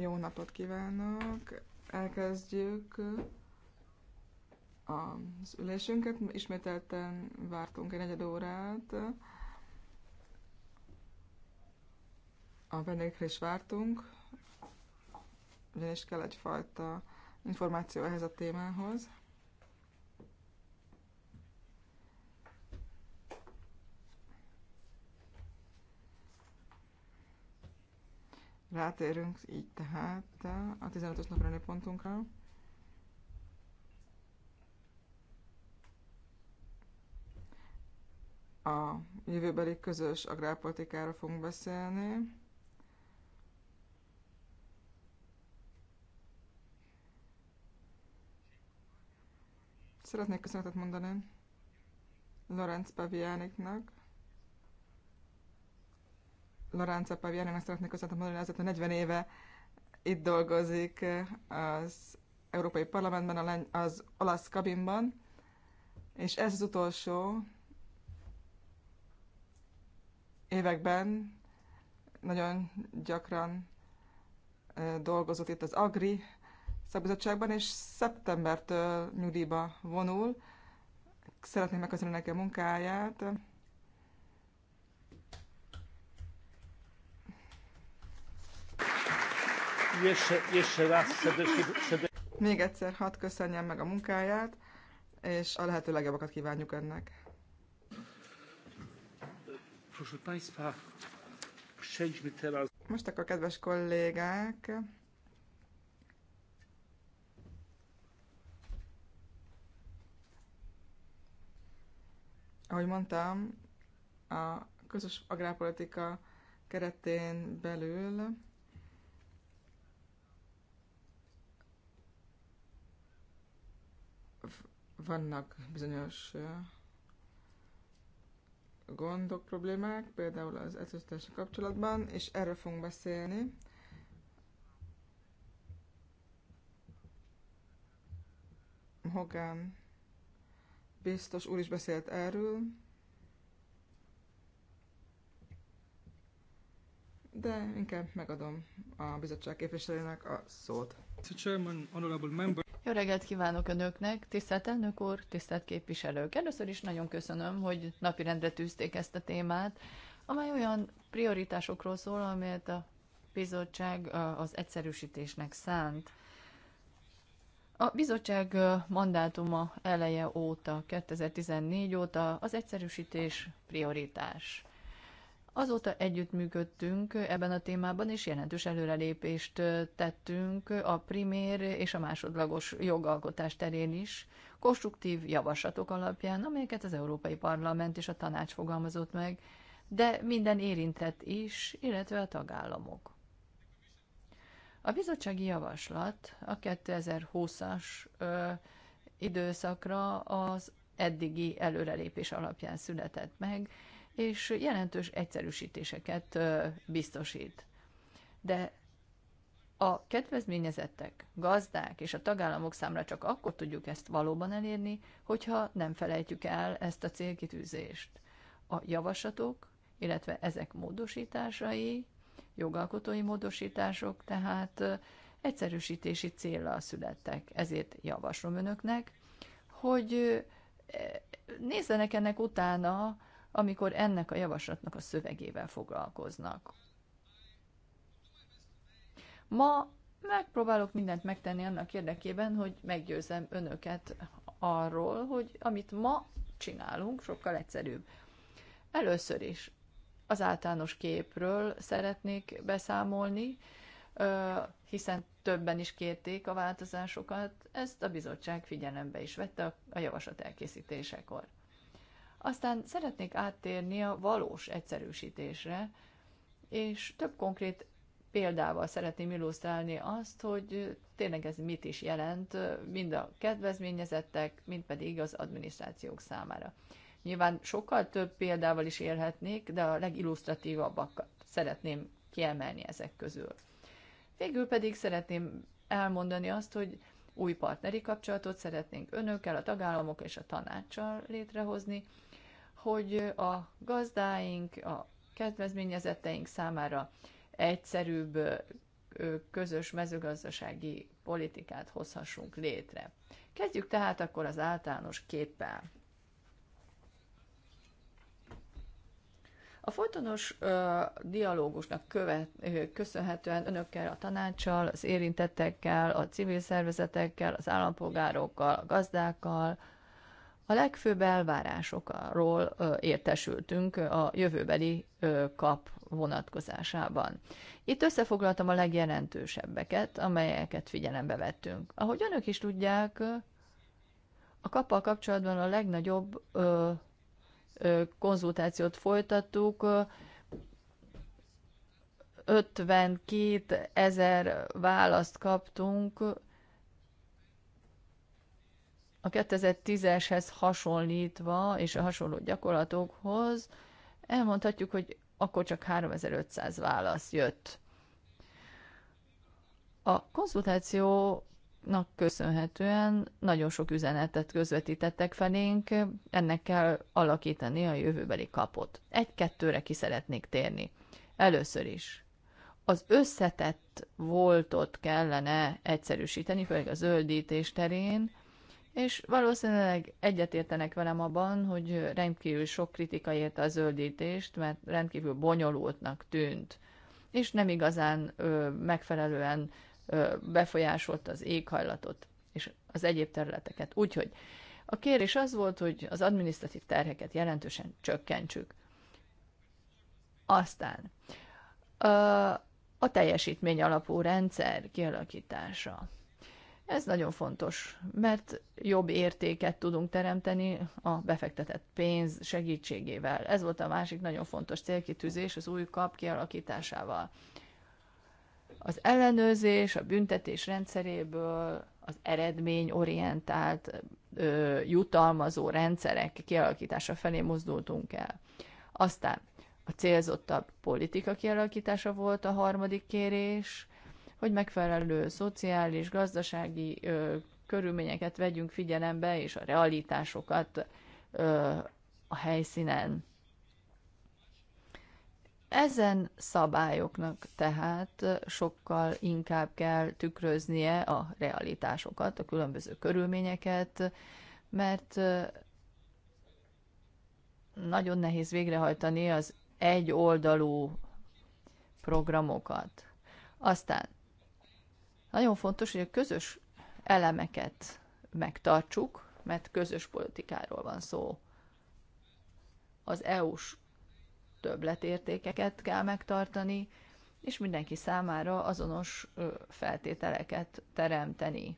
Jó napot kívánok! Elkezdjük az ülésünket. Ismételten vártunk egy negyed órát. A vendégekre is vártunk, ugyanis kell egyfajta információ ehhez a témához. Rátérünk így tehát a 15-ös napreni pontunkra. A jövőbeli közös agrárpolitikára fogunk beszélni. Szeretnék köszönetet mondani Lorenz Paviániknak, Loránca Pavianának szeretnék köszöntöm hogy azért, a 40 éve itt dolgozik eh, az Európai Parlamentben, az olasz kabinban, és ez az utolsó években nagyon gyakran eh, dolgozott itt az Agri szakbizottságban, és szeptembertől nyugdíjba vonul. Szeretném megköszönni neki a munkáját. Még egyszer hat köszönjem meg a munkáját, és a lehető legjobbakat kívánjuk önnek. Most akkor, kedves kollégák, ahogy mondtam, a közös agrárpolitika keretén belül vannak bizonyos gondok, problémák, például az eszköztársa kapcsolatban, és erről fogunk beszélni. Hogan biztos úr is beszélt erről, de inkább megadom a bizottság képviselőnek a szót. Mr. Chairman, honorable member. Jó reggelt kívánok Önöknek, tisztelt elnök úr, tisztelt képviselők! Először is nagyon köszönöm, hogy napirendre tűzték ezt a témát, amely olyan prioritásokról szól, amelyet a bizottság az egyszerűsítésnek szánt. A bizottság mandátuma eleje óta, 2014 óta az egyszerűsítés prioritás. Azóta együttműködtünk ebben a témában, és jelentős előrelépést tettünk a primér és a másodlagos jogalkotás terén is, konstruktív javaslatok alapján, amelyeket az Európai Parlament és a Tanács fogalmazott meg, de minden érintett is, illetve a tagállamok. A bizottsági javaslat a 2020-as időszakra az eddigi előrelépés alapján született meg, és jelentős egyszerűsítéseket biztosít. De a kedvezményezettek, gazdák és a tagállamok számra csak akkor tudjuk ezt valóban elérni, hogyha nem felejtjük el ezt a célkitűzést. A javaslatok, illetve ezek módosításai, jogalkotói módosítások tehát egyszerűsítési célra születtek. Ezért javaslom önöknek, hogy e, nézzenek ennek utána, amikor ennek a javaslatnak a szövegével foglalkoznak. Ma megpróbálok mindent megtenni annak érdekében, hogy meggyőzzem önöket arról, hogy amit ma csinálunk, sokkal egyszerűbb. Először is az általános képről szeretnék beszámolni, hiszen többen is kérték a változásokat, ezt a bizottság figyelembe is vette a javaslat elkészítésekor. Aztán szeretnék áttérni a valós egyszerűsítésre, és több konkrét példával szeretném illusztrálni azt, hogy tényleg ez mit is jelent, mind a kedvezményezettek, mind pedig az adminisztrációk számára. Nyilván sokkal több példával is élhetnék, de a legillusztratívabbakat szeretném kiemelni ezek közül. Végül pedig szeretném elmondani azt, hogy új partneri kapcsolatot szeretnénk önökkel, a tagállamok és a tanácssal létrehozni, hogy a gazdáink, a kedvezményezetteink számára egyszerűbb közös mezőgazdasági politikát hozhassunk létre. Kezdjük tehát akkor az általános képpel. A folytonos ö, dialógusnak követ, ö, köszönhetően önökkel, a tanácssal, az érintettekkel, a civil szervezetekkel, az állampolgárokkal, a gazdákkal, a legfőbb elvárásokról értesültünk a jövőbeli kap vonatkozásában. Itt összefoglaltam a legjelentősebbeket, amelyeket figyelembe vettünk. Ahogy önök is tudják, a kappal kapcsolatban a legnagyobb ö, ö, konzultációt folytattuk, 52 ezer választ kaptunk a 2010-eshez hasonlítva és a hasonló gyakorlatokhoz elmondhatjuk, hogy akkor csak 3500 válasz jött. A konzultációnak köszönhetően nagyon sok üzenetet közvetítettek felénk, ennek kell alakítani a jövőbeli kapot. Egy-kettőre ki szeretnék térni. Először is az összetett voltot kellene egyszerűsíteni, főleg a zöldítés terén, és valószínűleg egyetértenek velem abban, hogy rendkívül sok kritika érte a zöldítést, mert rendkívül bonyolultnak tűnt, és nem igazán ö, megfelelően ö, befolyásolt az éghajlatot és az egyéb területeket. Úgyhogy a kérés az volt, hogy az adminisztratív terheket jelentősen csökkentsük. Aztán a teljesítmény alapú rendszer kialakítása. Ez nagyon fontos, mert jobb értéket tudunk teremteni a befektetett pénz segítségével. Ez volt a másik nagyon fontos célkitűzés az új kap kialakításával. Az ellenőrzés, a büntetés rendszeréből, az eredményorientált, ö, jutalmazó rendszerek kialakítása felé mozdultunk el. Aztán a célzottabb politika kialakítása volt a harmadik kérés, hogy megfelelő szociális, gazdasági ö, körülményeket vegyünk figyelembe, és a realitásokat ö, a helyszínen. Ezen szabályoknak tehát sokkal inkább kell tükröznie a realitásokat, a különböző körülményeket, mert nagyon nehéz végrehajtani az egyoldalú programokat. Aztán nagyon fontos, hogy a közös elemeket megtartsuk, mert közös politikáról van szó. Az EU-s többletértékeket kell megtartani, és mindenki számára azonos feltételeket teremteni.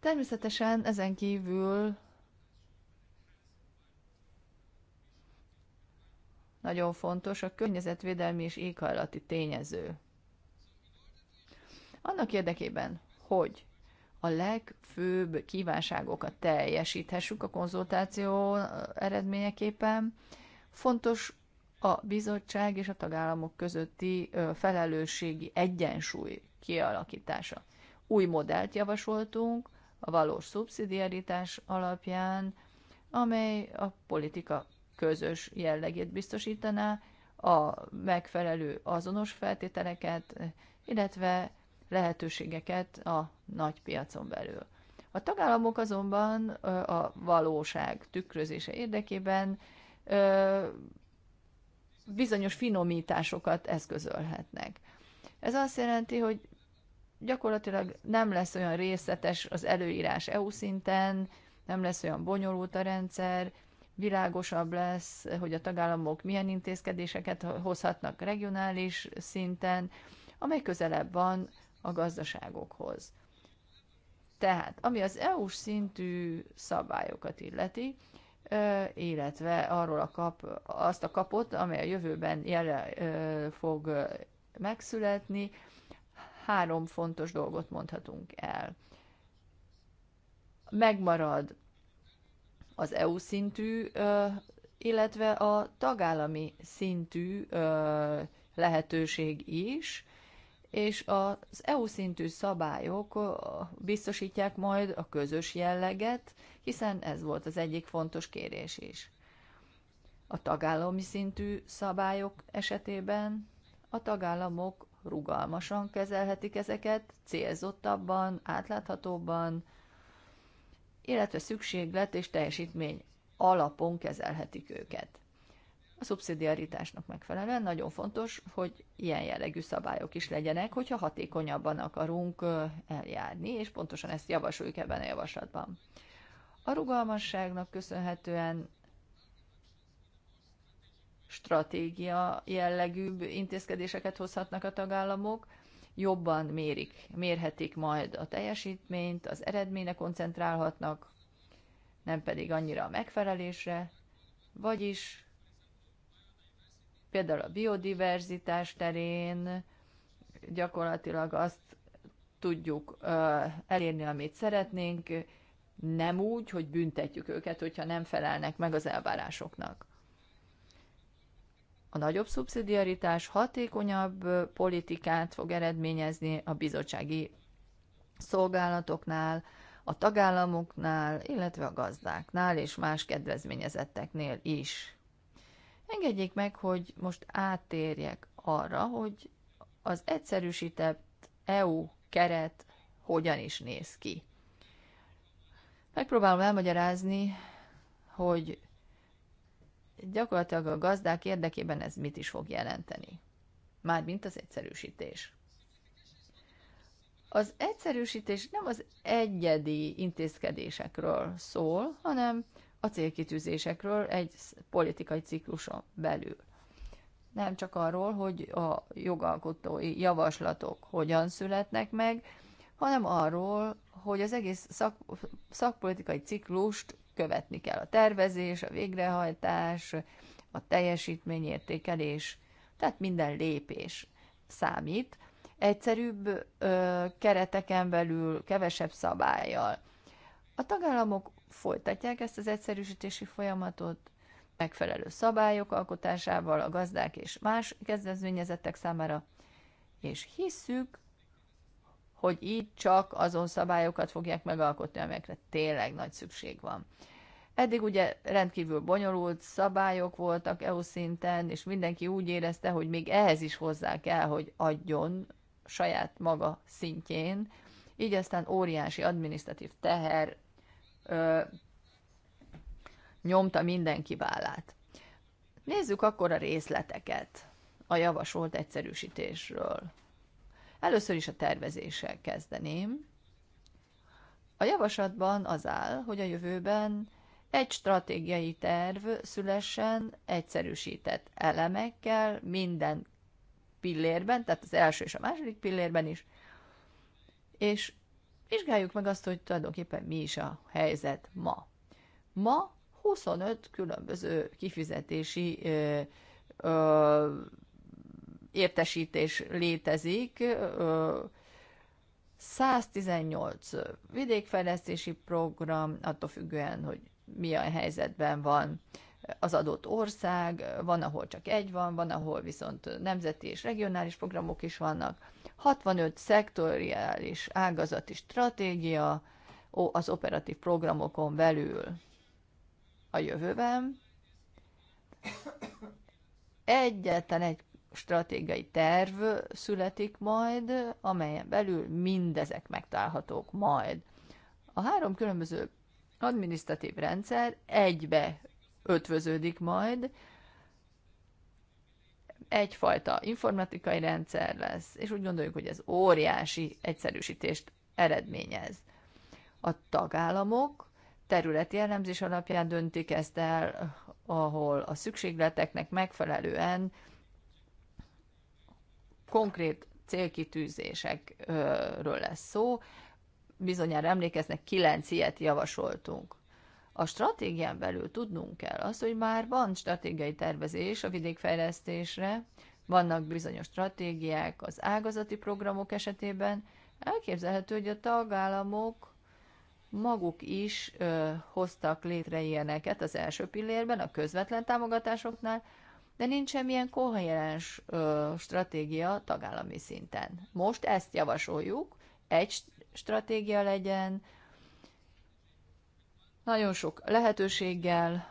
Természetesen ezen kívül nagyon fontos a környezetvédelmi és éghajlati tényező. Annak érdekében, hogy a legfőbb kívánságokat teljesíthessük a konzultáció eredményeképpen, fontos a bizottság és a tagállamok közötti felelősségi egyensúly kialakítása. Új modellt javasoltunk a valós szubszidiaritás alapján, amely a politika közös jellegét biztosítaná, a megfelelő azonos feltételeket, illetve lehetőségeket a nagy piacon belül. A tagállamok azonban a valóság tükrözése érdekében bizonyos finomításokat eszközölhetnek. Ez azt jelenti, hogy gyakorlatilag nem lesz olyan részletes az előírás EU szinten, nem lesz olyan bonyolult a rendszer, világosabb lesz, hogy a tagállamok milyen intézkedéseket hozhatnak regionális szinten, amely közelebb van a gazdaságokhoz. Tehát, ami az EU-s szintű szabályokat illeti, illetve arról a kap, azt a kapot, amely a jövőben jelen fog megszületni, három fontos dolgot mondhatunk el. Megmarad az EU szintű, illetve a tagállami szintű lehetőség is, és az EU szintű szabályok biztosítják majd a közös jelleget, hiszen ez volt az egyik fontos kérés is. A tagállami szintű szabályok esetében a tagállamok rugalmasan kezelhetik ezeket, célzottabban, átláthatóbban, illetve szükséglet és teljesítmény alapon kezelhetik őket a szubszidiaritásnak megfelelően nagyon fontos, hogy ilyen jellegű szabályok is legyenek, hogyha hatékonyabban akarunk eljárni, és pontosan ezt javasoljuk ebben a javaslatban. A rugalmasságnak köszönhetően stratégia jellegű intézkedéseket hozhatnak a tagállamok, jobban mérik, mérhetik majd a teljesítményt, az eredményre koncentrálhatnak, nem pedig annyira a megfelelésre, vagyis Például a biodiverzitás terén gyakorlatilag azt tudjuk elérni, amit szeretnénk, nem úgy, hogy büntetjük őket, hogyha nem felelnek meg az elvárásoknak. A nagyobb szubszidiaritás hatékonyabb politikát fog eredményezni a bizottsági szolgálatoknál, a tagállamoknál, illetve a gazdáknál és más kedvezményezetteknél is. Engedjék meg, hogy most áttérjek arra, hogy az egyszerűsített EU keret hogyan is néz ki. Megpróbálom elmagyarázni, hogy gyakorlatilag a gazdák érdekében ez mit is fog jelenteni. Mármint az egyszerűsítés. Az egyszerűsítés nem az egyedi intézkedésekről szól, hanem a célkitűzésekről egy politikai cikluson belül. Nem csak arról, hogy a jogalkotói javaslatok hogyan születnek meg, hanem arról, hogy az egész szak, szakpolitikai ciklust követni kell a tervezés, a végrehajtás, a teljesítményértékelés, tehát minden lépés számít. Egyszerűbb ö, kereteken belül, kevesebb szabályjal. A tagállamok folytatják ezt az egyszerűsítési folyamatot, megfelelő szabályok alkotásával a gazdák és más kezdvezményezettek számára, és hisszük, hogy így csak azon szabályokat fogják megalkotni, amelyekre tényleg nagy szükség van. Eddig ugye rendkívül bonyolult szabályok voltak EU szinten, és mindenki úgy érezte, hogy még ehhez is hozzá kell, hogy adjon saját maga szintjén, így aztán óriási adminisztratív teher ö, nyomta mindenki vállát. Nézzük akkor a részleteket a javasolt egyszerűsítésről. Először is a tervezéssel kezdeném. A javaslatban az áll, hogy a jövőben egy stratégiai terv szülessen egyszerűsített elemekkel minden pillérben, tehát az első és a második pillérben is, és Vizsgáljuk meg azt, hogy tulajdonképpen mi is a helyzet ma. Ma 25 különböző kifizetési ö, ö, értesítés létezik, ö, 118 vidékfejlesztési program, attól függően, hogy milyen helyzetben van az adott ország, van, ahol csak egy van, van, ahol viszont nemzeti és regionális programok is vannak. 65 szektoriális ágazati stratégia az operatív programokon belül a jövőben. Egyetlen egy stratégiai terv születik majd, amelyen belül mindezek megtalálhatók majd. A három különböző adminisztratív rendszer egybe ötvöződik majd, egyfajta informatikai rendszer lesz, és úgy gondoljuk, hogy ez óriási egyszerűsítést eredményez. A tagállamok területi elemzés alapján döntik ezt el, ahol a szükségleteknek megfelelően konkrét célkitűzésekről lesz szó. Bizonyára emlékeznek, kilenc ilyet javasoltunk. A stratégián belül tudnunk kell az, hogy már van stratégiai tervezés a vidékfejlesztésre, vannak bizonyos stratégiák az ágazati programok esetében, elképzelhető, hogy a tagállamok maguk is ö, hoztak létre ilyeneket az első pillérben, a közvetlen támogatásoknál, de nincs semmilyen koherens ö, stratégia tagállami szinten. Most ezt javasoljuk, egy stratégia legyen, nagyon sok lehetőséggel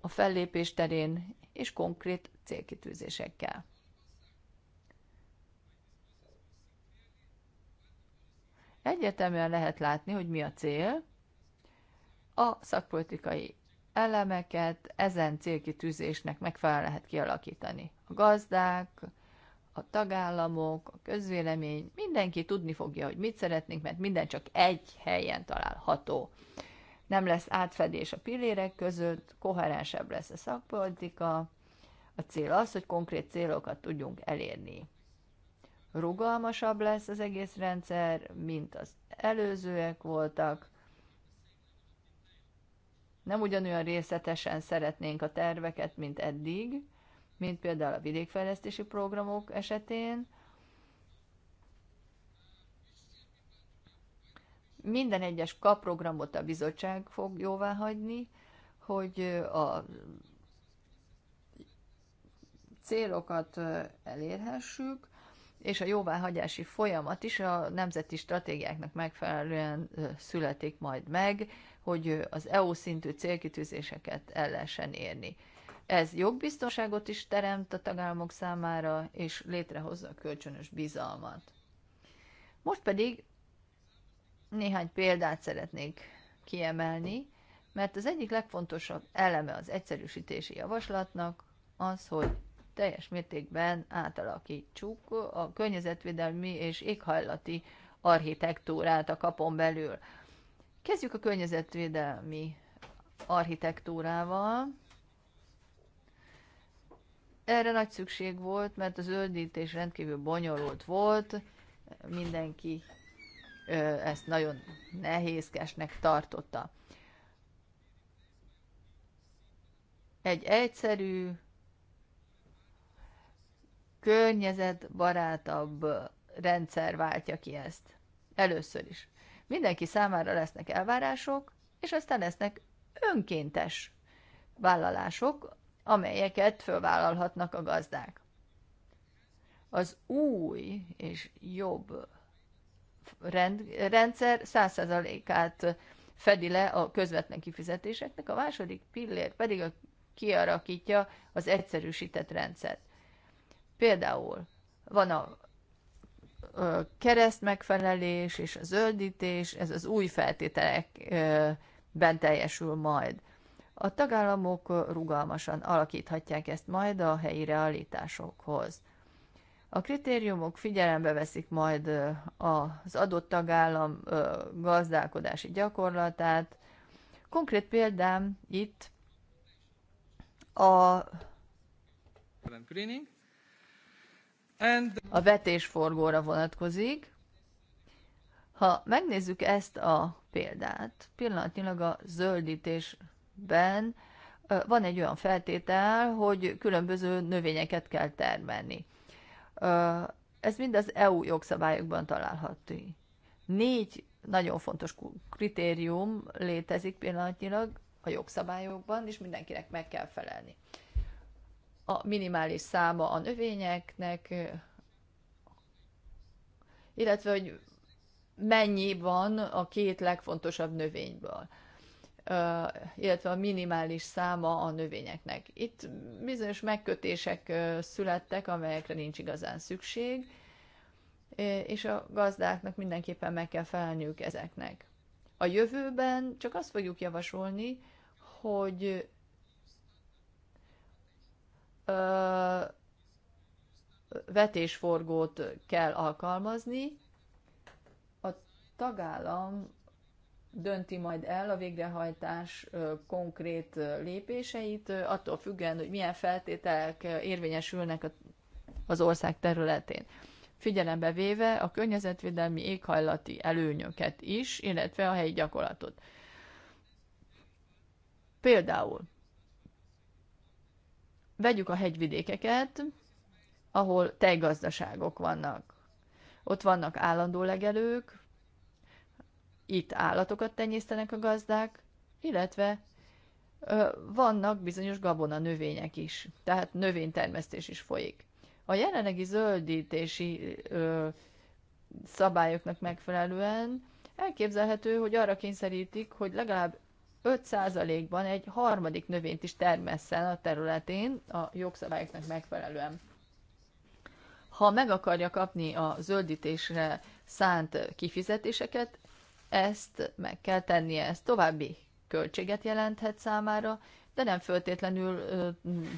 a fellépés terén és konkrét célkitűzésekkel. Egyértelműen lehet látni, hogy mi a cél, a szakpolitikai elemeket ezen célkitűzésnek megfelelően lehet kialakítani. A gazdák, a tagállamok, a közvélemény, mindenki tudni fogja, hogy mit szeretnénk, mert minden csak egy helyen található nem lesz átfedés a pillérek között, koherensebb lesz a szakpolitika, a cél az, hogy konkrét célokat tudjunk elérni. Rugalmasabb lesz az egész rendszer, mint az előzőek voltak. Nem ugyanolyan részletesen szeretnénk a terveket, mint eddig, mint például a vidékfejlesztési programok esetén, Minden egyes kaprogramot a bizottság fog jóvá hagyni, hogy a célokat elérhessük, és a jóváhagyási folyamat is a nemzeti stratégiáknak megfelelően születik majd meg, hogy az EU szintű célkitűzéseket el lehessen érni. Ez jogbiztonságot is teremt a tagállamok számára, és létrehozza a kölcsönös bizalmat. Most pedig néhány példát szeretnék kiemelni, mert az egyik legfontosabb eleme az egyszerűsítési javaslatnak az, hogy teljes mértékben átalakítsuk a környezetvédelmi és éghajlati architektúrát a kapon belül. Kezdjük a környezetvédelmi architektúrával. Erre nagy szükség volt, mert az öldítés rendkívül bonyolult volt, mindenki ezt nagyon nehézkesnek tartotta. Egy egyszerű, környezetbarátabb rendszer váltja ki ezt. Először is. Mindenki számára lesznek elvárások, és aztán lesznek önkéntes vállalások, amelyeket fölvállalhatnak a gazdák. Az új és jobb rend, rendszer 100%-át fedi le a közvetlen kifizetéseknek, a második pillér pedig a, kiarakítja az egyszerűsített rendszert. Például van a kereszt megfelelés és a zöldítés, ez az új feltételekben teljesül majd. A tagállamok rugalmasan alakíthatják ezt majd a helyi realitásokhoz. A kritériumok figyelembe veszik majd az adott tagállam gazdálkodási gyakorlatát. Konkrét példám itt a a vetésforgóra vonatkozik. Ha megnézzük ezt a példát, pillanatnyilag a zöldítésben van egy olyan feltétel, hogy különböző növényeket kell termelni. Ez mind az EU jogszabályokban található. Négy nagyon fontos kritérium létezik pillanatnyilag a jogszabályokban, és mindenkinek meg kell felelni. A minimális száma a növényeknek, illetve hogy mennyi van a két legfontosabb növényből illetve a minimális száma a növényeknek. Itt bizonyos megkötések születtek, amelyekre nincs igazán szükség, és a gazdáknak mindenképpen meg kell felelniük ezeknek. A jövőben csak azt fogjuk javasolni, hogy vetésforgót kell alkalmazni, a tagállam dönti majd el a végrehajtás konkrét lépéseit, attól függően, hogy milyen feltételek érvényesülnek az ország területén. Figyelembe véve a környezetvédelmi éghajlati előnyöket is, illetve a helyi gyakorlatot. Például vegyük a hegyvidékeket, ahol tejgazdaságok vannak. Ott vannak állandó legelők, itt állatokat tenyésztenek a gazdák, illetve ö, vannak bizonyos gabona növények is, tehát növénytermesztés is folyik. A jelenlegi zöldítési ö, szabályoknak megfelelően elképzelhető, hogy arra kényszerítik, hogy legalább 5%-ban egy harmadik növényt is termesszen a területén a jogszabályoknak megfelelően. Ha meg akarja kapni a zöldítésre szánt kifizetéseket, ezt meg kell tennie, ez további költséget jelenthet számára, de nem föltétlenül ö,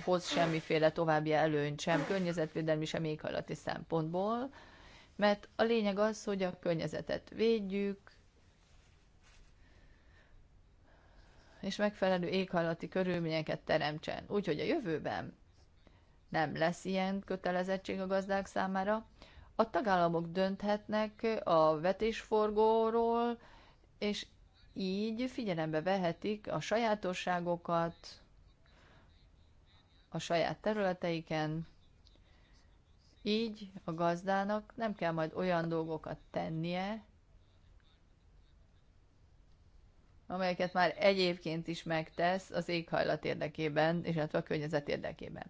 hoz semmiféle további előnyt sem környezetvédelmi, sem éghajlati szempontból, mert a lényeg az, hogy a környezetet védjük, és megfelelő éghajlati körülményeket teremtsen. Úgyhogy a jövőben nem lesz ilyen kötelezettség a gazdák számára, a tagállamok dönthetnek a vetésforgóról, és így figyelembe vehetik a sajátosságokat a saját területeiken, így a gazdának nem kell majd olyan dolgokat tennie, amelyeket már egyébként is megtesz az éghajlat érdekében, és hát a környezet érdekében.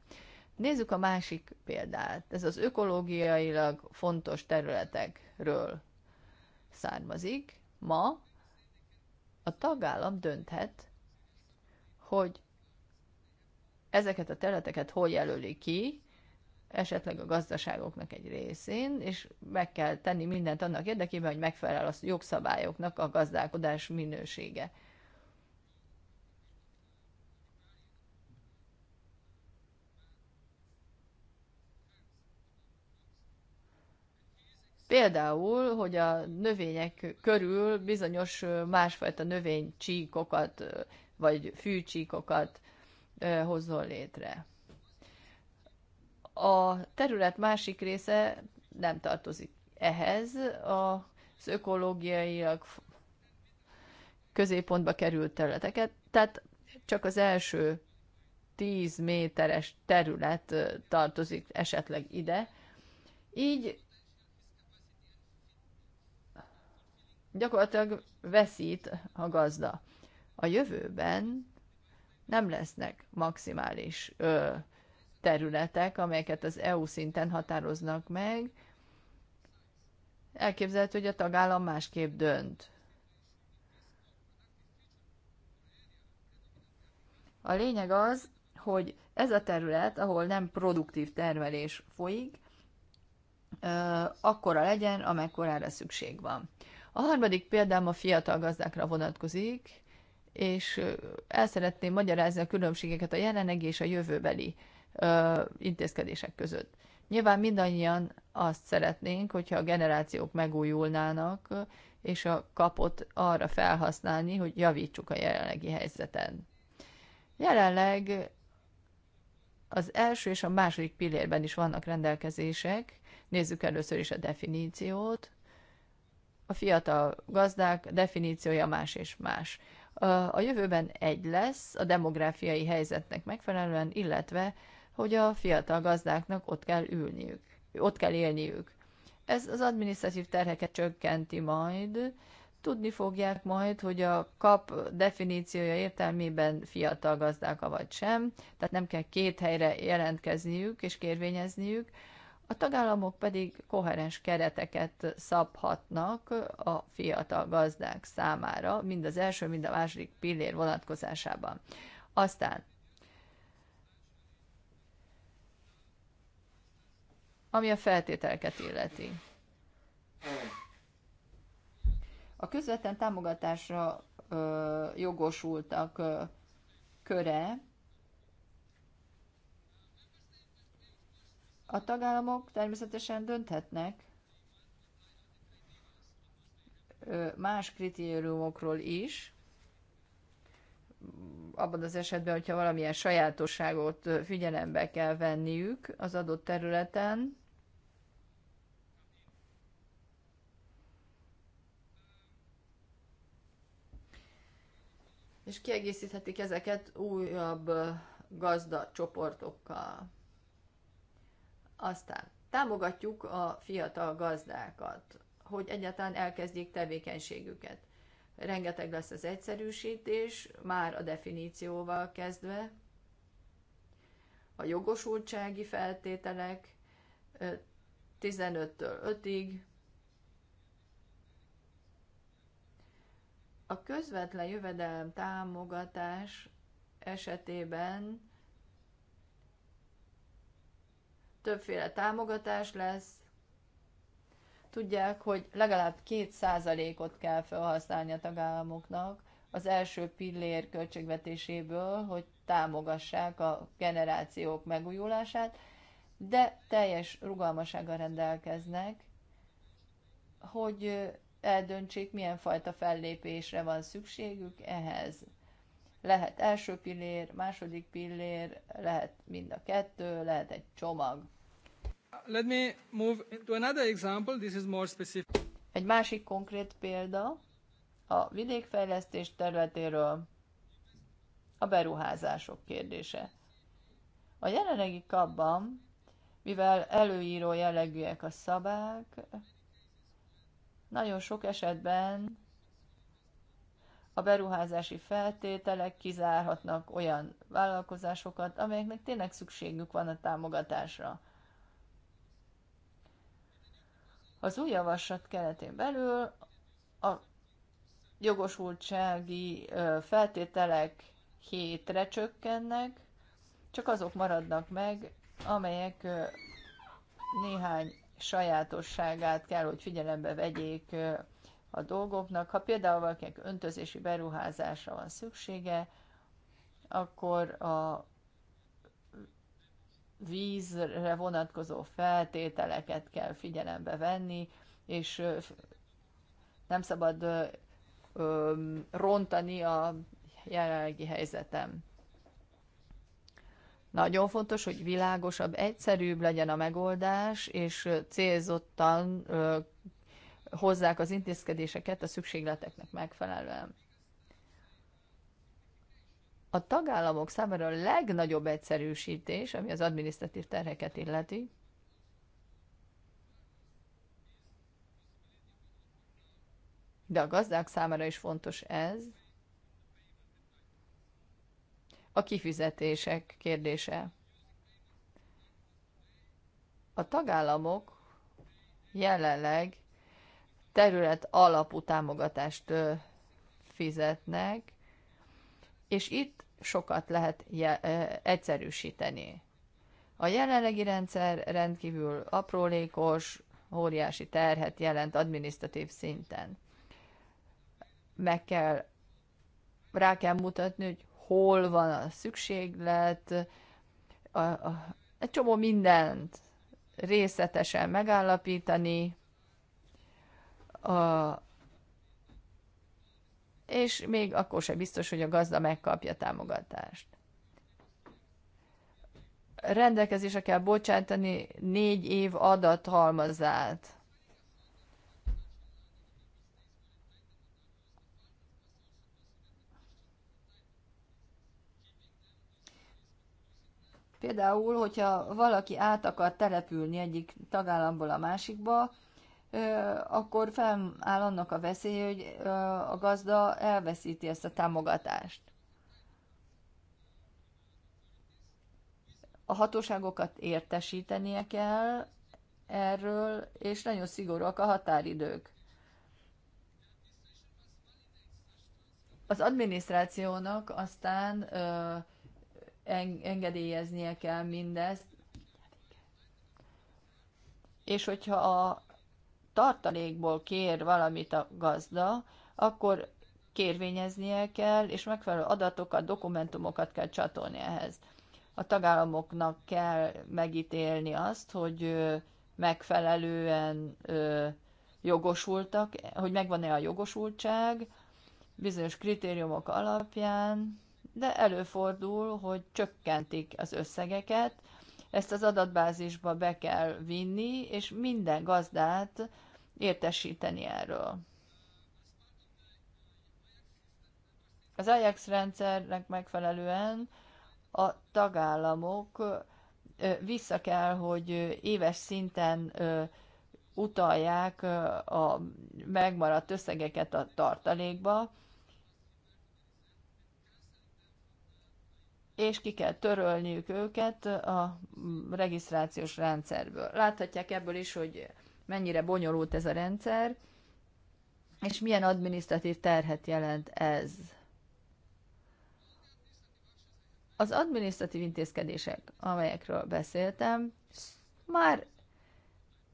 Nézzük a másik példát. Ez az ökológiailag fontos területekről származik. Ma a tagállam dönthet, hogy ezeket a területeket hol jelöli ki, esetleg a gazdaságoknak egy részén, és meg kell tenni mindent annak érdekében, hogy megfelel a jogszabályoknak a gazdálkodás minősége. Például, hogy a növények körül bizonyos másfajta növénycsíkokat vagy fűcsíkokat hozzon létre. A terület másik része nem tartozik ehhez, az ökológiailag középpontba került területeket, tehát csak az első 10 méteres terület tartozik esetleg ide. Így gyakorlatilag veszít a gazda. A jövőben nem lesznek maximális ö, területek, amelyeket az EU szinten határoznak meg. Elképzelhető, hogy a tagállam másképp dönt. A lényeg az, hogy ez a terület, ahol nem produktív termelés folyik, akkora legyen, amekkorára szükség van. A harmadik példám a fiatal gazdákra vonatkozik, és el szeretném magyarázni a különbségeket a jelenlegi és a jövőbeli ö, intézkedések között. Nyilván mindannyian azt szeretnénk, hogyha a generációk megújulnának, és a kapot arra felhasználni, hogy javítsuk a jelenlegi helyzeten. Jelenleg az első és a második pillérben is vannak rendelkezések. Nézzük először is a definíciót a fiatal gazdák definíciója más és más. A jövőben egy lesz a demográfiai helyzetnek megfelelően, illetve hogy a fiatal gazdáknak ott kell ülniük, ott kell élniük. Ez az adminisztratív terheket csökkenti majd, tudni fogják majd, hogy a kap definíciója értelmében fiatal gazdák vagy sem, tehát nem kell két helyre jelentkezniük és kérvényezniük, a tagállamok pedig koherens kereteket szabhatnak a fiatal gazdák számára, mind az első, mind a második pillér vonatkozásában. Aztán, ami a feltételeket illeti. A közvetlen támogatásra ö, jogosultak ö, köre A tagállamok természetesen dönthetnek más kritériumokról is, abban az esetben, hogyha valamilyen sajátosságot figyelembe kell venniük az adott területen, és kiegészíthetik ezeket újabb gazda csoportokkal. Aztán támogatjuk a fiatal gazdákat, hogy egyáltalán elkezdjék tevékenységüket. Rengeteg lesz az egyszerűsítés, már a definícióval kezdve, a jogosultsági feltételek 15-től 5-ig, a közvetlen jövedelem támogatás esetében többféle támogatás lesz, tudják, hogy legalább 2%-ot kell felhasználni a tagállamoknak az első pillér költségvetéséből, hogy támogassák a generációk megújulását, de teljes rugalmasággal rendelkeznek, hogy eldöntsék, milyen fajta fellépésre van szükségük ehhez. Lehet első pillér, második pillér, lehet mind a kettő, lehet egy csomag. Let me move to another example, this is more specific. Egy másik konkrét példa a vidékfejlesztés területéről a beruházások kérdése. A jelenlegi kapban, mivel előíró jellegűek a szabák, nagyon sok esetben a beruházási feltételek kizárhatnak olyan vállalkozásokat, amelyeknek tényleg szükségük van a támogatásra. Az új javaslat keretén belül a jogosultsági feltételek hétre csökkennek, csak azok maradnak meg, amelyek néhány sajátosságát kell, hogy figyelembe vegyék a dolgoknak. Ha például valakinek öntözési beruházásra van szüksége, akkor a vízre vonatkozó feltételeket kell figyelembe venni, és nem szabad rontani a jelenlegi helyzetem. Nagyon fontos, hogy világosabb, egyszerűbb legyen a megoldás, és célzottan hozzák az intézkedéseket a szükségleteknek megfelelően a tagállamok számára a legnagyobb egyszerűsítés, ami az adminisztratív terheket illeti, de a gazdák számára is fontos ez, a kifizetések kérdése. A tagállamok jelenleg terület alapú támogatást fizetnek, és itt sokat lehet egyszerűsíteni. A jelenlegi rendszer rendkívül aprólékos, óriási terhet jelent adminisztratív szinten. Meg kell, rá kell mutatni, hogy hol van a szükséglet, a, a, egy csomó mindent részletesen megállapítani, a, és még akkor sem biztos, hogy a gazda megkapja támogatást. Rendelkezésre kell bocsátani négy év adathalmazát. Például, hogyha valaki át akar települni egyik tagállamból a másikba, akkor fennáll annak a veszély, hogy a gazda elveszíti ezt a támogatást. A hatóságokat értesítenie kell erről, és nagyon szigorúak a határidők. Az adminisztrációnak aztán ö, engedélyeznie kell mindezt, és hogyha a tartalékból kér valamit a gazda, akkor kérvényeznie kell, és megfelelő adatokat, dokumentumokat kell csatolni ehhez. A tagállamoknak kell megítélni azt, hogy megfelelően jogosultak, hogy megvan-e a jogosultság bizonyos kritériumok alapján, de előfordul, hogy csökkentik az összegeket, ezt az adatbázisba be kell vinni, és minden gazdát értesíteni erről. Az Ajax rendszernek megfelelően a tagállamok vissza kell, hogy éves szinten utalják a megmaradt összegeket a tartalékba, és ki kell törölniük őket a regisztrációs rendszerből. Láthatják ebből is, hogy mennyire bonyolult ez a rendszer, és milyen adminisztratív terhet jelent ez. Az adminisztratív intézkedések, amelyekről beszéltem, már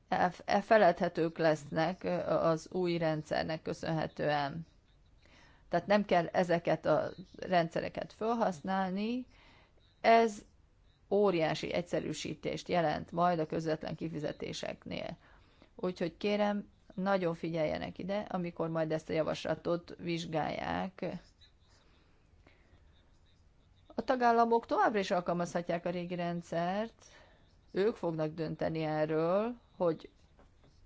e-, e feledhetők lesznek az új rendszernek köszönhetően. Tehát nem kell ezeket a rendszereket felhasználni. Ez óriási egyszerűsítést jelent majd a közvetlen kifizetéseknél. Úgyhogy kérem, nagyon figyeljenek ide, amikor majd ezt a javaslatot vizsgálják. A tagállamok továbbra is alkalmazhatják a régi rendszert, ők fognak dönteni erről, hogy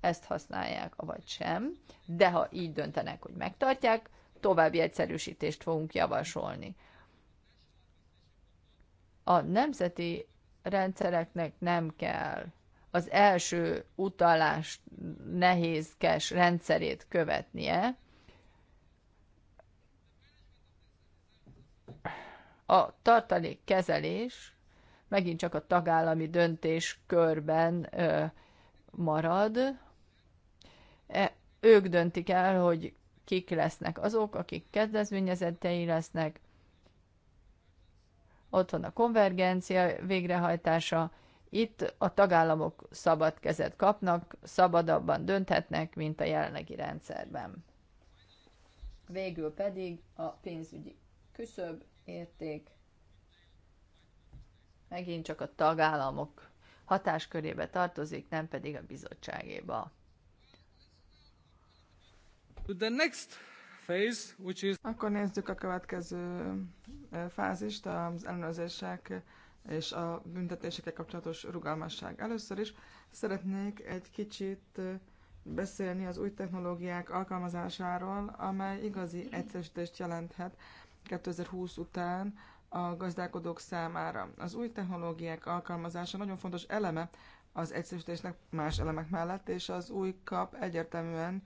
ezt használják, vagy sem, de ha így döntenek, hogy megtartják, további egyszerűsítést fogunk javasolni. A nemzeti rendszereknek nem kell az első utalás nehézkes rendszerét követnie, a tartalék kezelés megint csak a tagállami döntés körben ö, marad. E, ők döntik el, hogy kik lesznek azok, akik kedvezményezettei lesznek. Ott van a konvergencia végrehajtása, itt a tagállamok szabad kezet kapnak, szabadabban dönthetnek, mint a jelenlegi rendszerben. Végül pedig a pénzügyi küszöb érték megint csak a tagállamok hatáskörébe tartozik, nem pedig a bizottságéba. The next phase, which is... Akkor nézzük a következő eh, fázist, az ellenőrzések és a büntetésekkel kapcsolatos rugalmasság. Először is szeretnék egy kicsit beszélni az új technológiák alkalmazásáról, amely igazi egyszerűsítést jelenthet 2020 után a gazdálkodók számára. Az új technológiák alkalmazása nagyon fontos eleme az egyszerűsítésnek más elemek mellett, és az új kap egyértelműen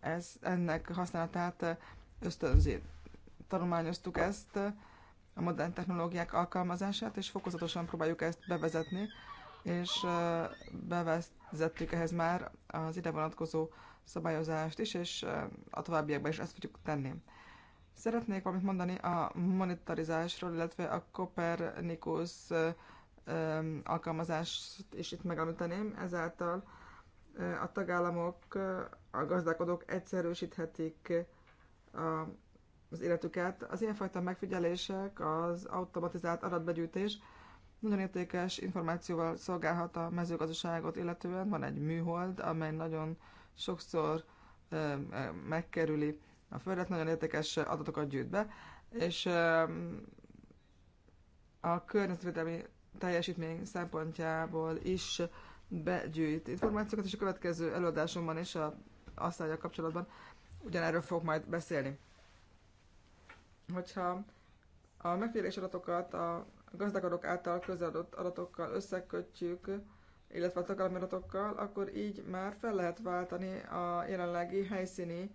ez, ennek használatát ösztönzi. Tanulmányoztuk ezt a modern technológiák alkalmazását, és fokozatosan próbáljuk ezt bevezetni, és bevezettük ehhez már az ide vonatkozó szabályozást is, és a továbbiakban is ezt fogjuk tenni. Szeretnék valamit mondani a monetarizásról, illetve a Copernicus alkalmazást is itt megemlíteném. Ezáltal a tagállamok, a gazdálkodók egyszerűsíthetik a az életüket. Az ilyenfajta megfigyelések, az automatizált adatbegyűjtés nagyon értékes információval szolgálhat a mezőgazdaságot, illetően van egy műhold, amely nagyon sokszor ö, megkerüli a földet, nagyon értékes adatokat gyűjt be, és ö, a környezetvédelmi teljesítmény szempontjából is begyűjt információkat, és a következő előadásomban is a asztalja kapcsolatban ugyanerről fog majd beszélni. Hogyha a megfigyelés adatokat a gazdagok által közadott adatokkal összekötjük, illetve a tagállami adatokkal, akkor így már fel lehet váltani a jelenlegi helyszíni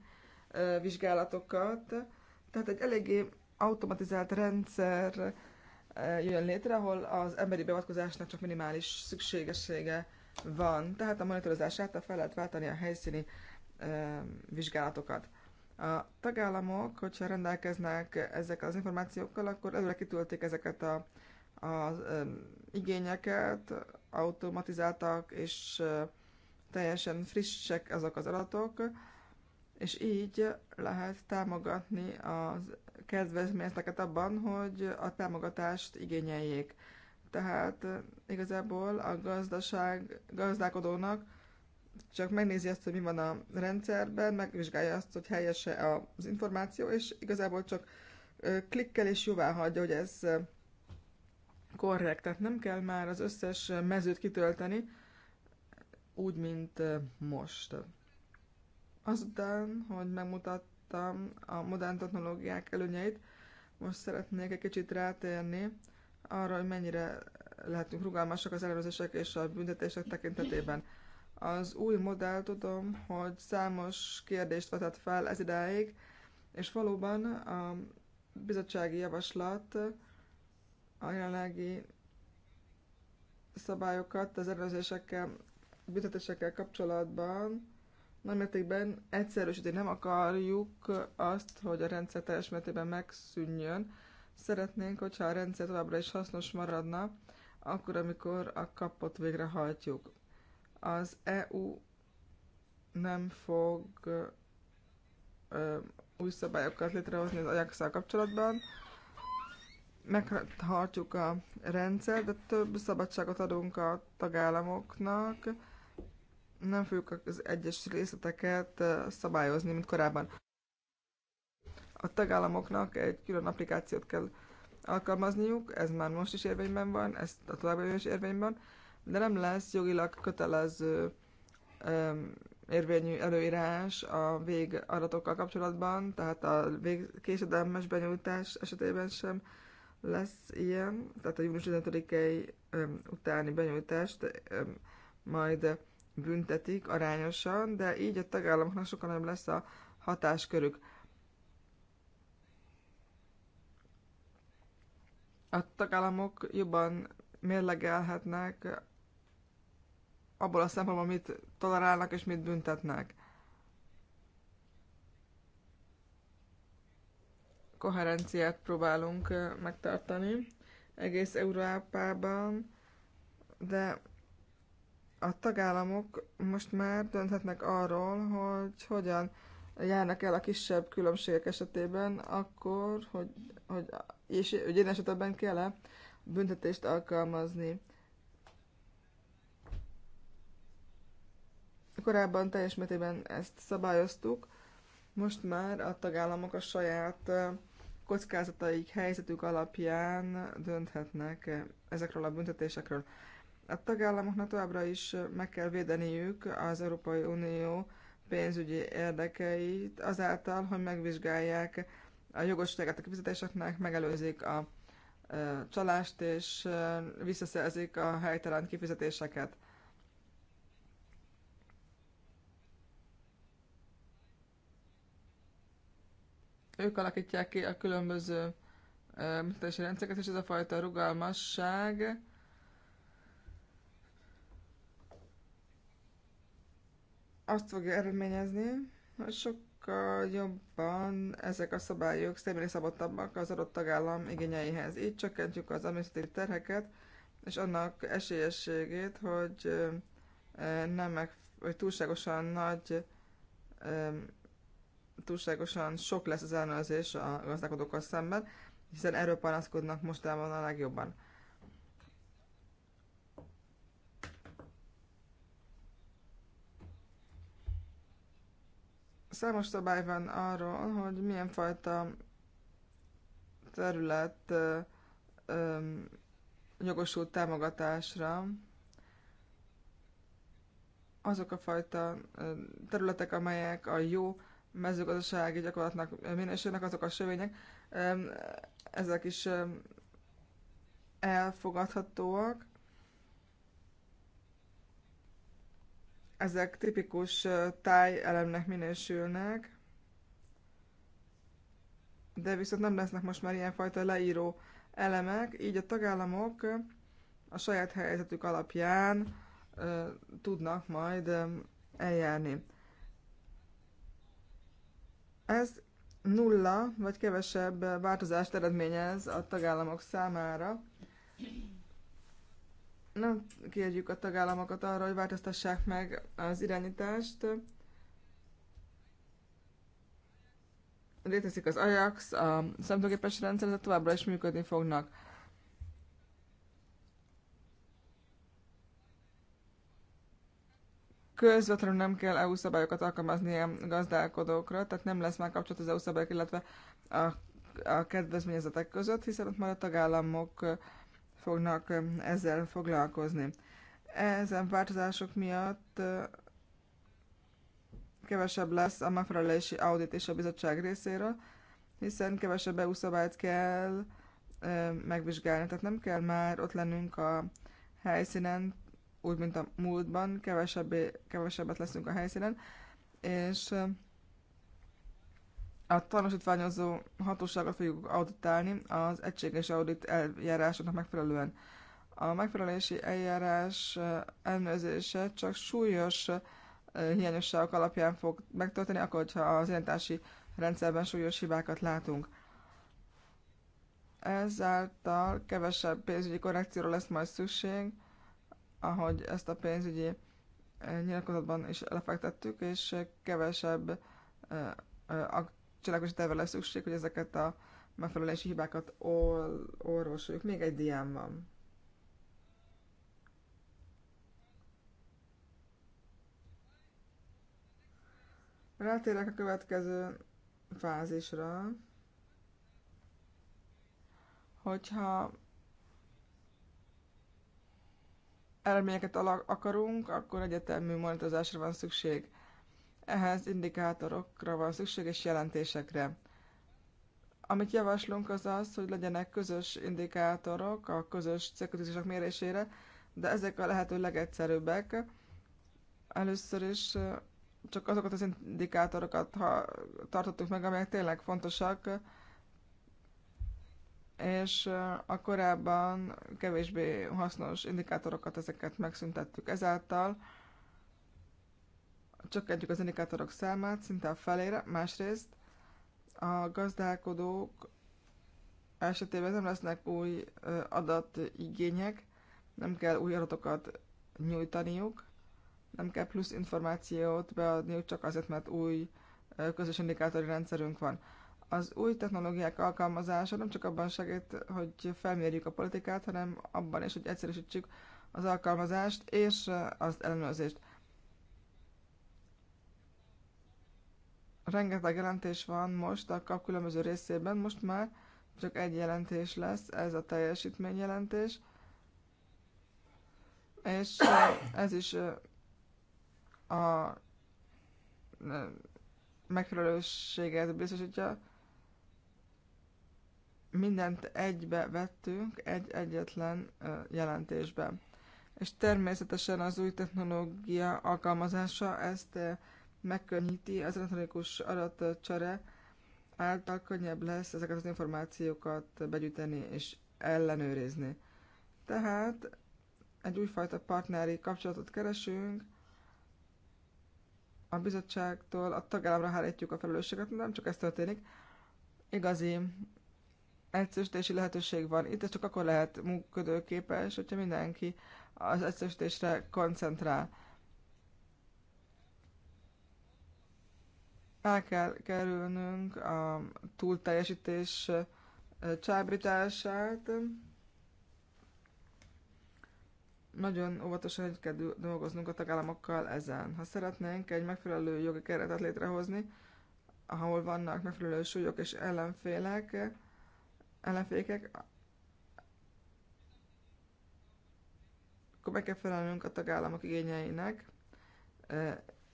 vizsgálatokat. Tehát egy eléggé automatizált rendszer jön létre, ahol az emberi beavatkozásnak csak minimális szükségessége van. Tehát a monitorozás által fel lehet váltani a helyszíni vizsgálatokat. A tagállamok, hogyha rendelkeznek ezekkel az információkkal, akkor előre kitölték ezeket a, a, az igényeket, automatizáltak, és teljesen frissek azok az adatok, és így lehet támogatni a kedvezményeket abban, hogy a támogatást igényeljék. Tehát igazából a gazdaság gazdálkodónak csak megnézi azt, hogy mi van a rendszerben, megvizsgálja azt, hogy helyese az információ, és igazából csak klikkel és jóvá hagyja, hogy ez korrekt. Tehát nem kell már az összes mezőt kitölteni, úgy, mint most. Azután, hogy megmutattam a modern technológiák előnyeit, most szeretnék egy kicsit rátérni arra, hogy mennyire lehetünk rugalmasak az előzések és a büntetések tekintetében. Az új modell tudom, hogy számos kérdést vetett fel ez idáig, és valóban a bizottsági javaslat a jelenlegi szabályokat az előzésekkel, büntetésekkel kapcsolatban nagy mértékben egyszerűsíti. Nem akarjuk azt, hogy a rendszer teljes mértékben megszűnjön. Szeretnénk, hogyha a rendszer továbbra is hasznos maradna, akkor, amikor a kapot végrehajtjuk az EU nem fog ö, új szabályokat létrehozni az ajax kapcsolatban. Megtartjuk a rendszer, de több szabadságot adunk a tagállamoknak. Nem fogjuk az egyes részleteket szabályozni, mint korábban. A tagállamoknak egy külön applikációt kell alkalmazniuk, ez már most is érvényben van, ez a továbbra is érvényben van de nem lesz jogilag kötelező érvényű előírás a végaratokkal kapcsolatban, tehát a vég, késedelmes benyújtás esetében sem lesz ilyen, tehát a június 15-i utáni benyújtást um, majd büntetik arányosan, de így a tagállamoknak sokkal nem lesz a hatáskörük. A tagállamok jobban mérlegelhetnek abból a szempontból, mit tolerálnak és mit büntetnek. Koherenciát próbálunk megtartani egész Európában, de a tagállamok most már dönthetnek arról, hogy hogyan járnak el a kisebb különbségek esetében, akkor, hogy, hogy és hogy ilyen esetben kell-e büntetést alkalmazni. Korábban teljes mértékben ezt szabályoztuk, most már a tagállamok a saját kockázataik, helyzetük alapján dönthetnek ezekről a büntetésekről. A tagállamoknak továbbra is meg kell védeniük az Európai Unió pénzügyi érdekeit azáltal, hogy megvizsgálják a jogosságát a kifizetéseknek, megelőzik a csalást és visszaszerzik a helytelen kifizetéseket. Ők alakítják ki a különböző mutatási rendszereket, és ez a fajta rugalmasság azt fogja eredményezni, hogy sokkal jobban ezek a szabályok személy szabottabbak az adott tagállam igényeihez. Így csökkentjük az administratív terheket, és annak esélyességét, hogy nem meg, hogy túlságosan nagy túlságosan sok lesz az ellenőrzés a gazdálkodókkal szemben, hiszen erről panaszkodnak mostában a legjobban. Számos szabály van arról, hogy milyen fajta terület ö, ö, jogosult támogatásra azok a fajta területek, amelyek a jó mezőgazdasági gyakorlatnak minősülnek azok a sövények, ezek is elfogadhatóak. Ezek tipikus tájelemnek minősülnek, de viszont nem lesznek most már ilyenfajta leíró elemek, így a tagállamok a saját helyzetük alapján tudnak majd eljárni. Ez nulla vagy kevesebb változást eredményez a tagállamok számára. Nem kérjük a tagállamokat arra, hogy változtassák meg az irányítást. Létezik az Ajax, a szemtőképes rendszer, de továbbra is működni fognak. közvetlenül nem kell EU szabályokat alkalmazni a gazdálkodókra, tehát nem lesz már kapcsolat az EU szabályok, illetve a, a kedvezményezetek között, hiszen ott majd a tagállamok fognak ezzel foglalkozni. Ezen változások miatt kevesebb lesz a megfelelési audit és a bizottság részéről, hiszen kevesebb EU szabályt kell megvizsgálni, tehát nem kell már ott lennünk a helyszínen, úgy, mint a múltban, kevesebbé, kevesebbet leszünk a helyszínen, és a tanúsítványozó hatóságot fogjuk auditálni az egységes audit eljárásoknak megfelelően. A megfelelési eljárás elnőzése csak súlyos hiányosságok alapján fog megtörténni, akkor, hogyha az irányítási rendszerben súlyos hibákat látunk. Ezáltal kevesebb pénzügyi korrekcióra lesz majd szükség, ahogy ezt a pénzügyi eh, nyilatkozatban is lefektettük, és kevesebb eh, eh, a cselekvési terve lesz szükség, hogy ezeket a megfelelési hibákat orvosoljuk. Még egy diám van. Rátérek a következő fázisra, hogyha eredményeket akarunk, akkor egyetemű monitorozásra van szükség. Ehhez indikátorokra van szükség és jelentésekre. Amit javaslunk az az, hogy legyenek közös indikátorok a közös célkötőzések mérésére, de ezek a lehető legegyszerűbbek. Először is csak azokat az indikátorokat ha tartottuk meg, amelyek tényleg fontosak és a korábban kevésbé hasznos indikátorokat, ezeket megszüntettük. Ezáltal csökkentjük az indikátorok számát szinte a felére, másrészt a gazdálkodók esetében nem lesznek új adatigények, nem kell új adatokat nyújtaniuk, nem kell plusz információt beadniuk csak azért, mert új közös indikátori rendszerünk van. Az új technológiák alkalmazása nem csak abban segít, hogy felmérjük a politikát, hanem abban is, hogy egyszerűsítsük az alkalmazást és az ellenőrzést. Rengeteg jelentés van most a kap különböző részében, most már csak egy jelentés lesz, ez a teljesítményjelentés. És ez is a megfelelőséget biztosítja mindent egybe vettünk egy egyetlen jelentésbe. És természetesen az új technológia alkalmazása ezt megkönnyíti, az elektronikus adatcsere által könnyebb lesz ezeket az információkat begyűjteni és ellenőrizni. Tehát egy újfajta partneri kapcsolatot keresünk, a bizottságtól a tagállamra hárítjuk a felelősséget, nem csak ez történik, igazi egyszerűsítési lehetőség van. Itt ez csak akkor lehet működőképes, hogyha mindenki az egyszerűsítésre koncentrál. El kell kerülnünk a túlteljesítés csábrítását. Nagyon óvatosan egy kell dolgoznunk a tagállamokkal ezen. Ha szeretnénk egy megfelelő jogi keretet létrehozni, ahol vannak megfelelő súlyok és ellenfélek, ellenfélkek, akkor meg kell felelnünk a tagállamok igényeinek,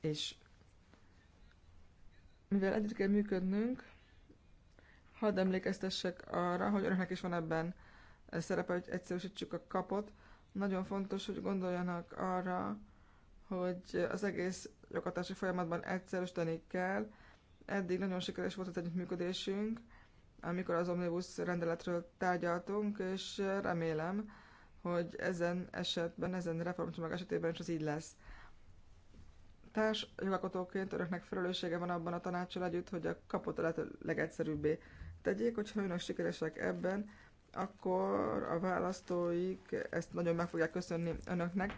és mivel együtt kell működnünk, hadd emlékeztessek arra, hogy önöknek is van ebben szerepe, hogy egyszerűsítsük a kapot. Nagyon fontos, hogy gondoljanak arra, hogy az egész jogatási folyamatban egyszerűsíteni kell. Eddig nagyon sikeres volt az együttműködésünk, amikor az Omnibus rendeletről tárgyaltunk, és remélem, hogy ezen esetben, ezen reformcsomag esetében is az így lesz. Társ jogalkotóként önöknek felelőssége van abban a tanácsal együtt, hogy a kapott a lehető legegyszerűbbé tegyék, hogyha önök sikeresek ebben, akkor a választóik ezt nagyon meg fogják köszönni önöknek,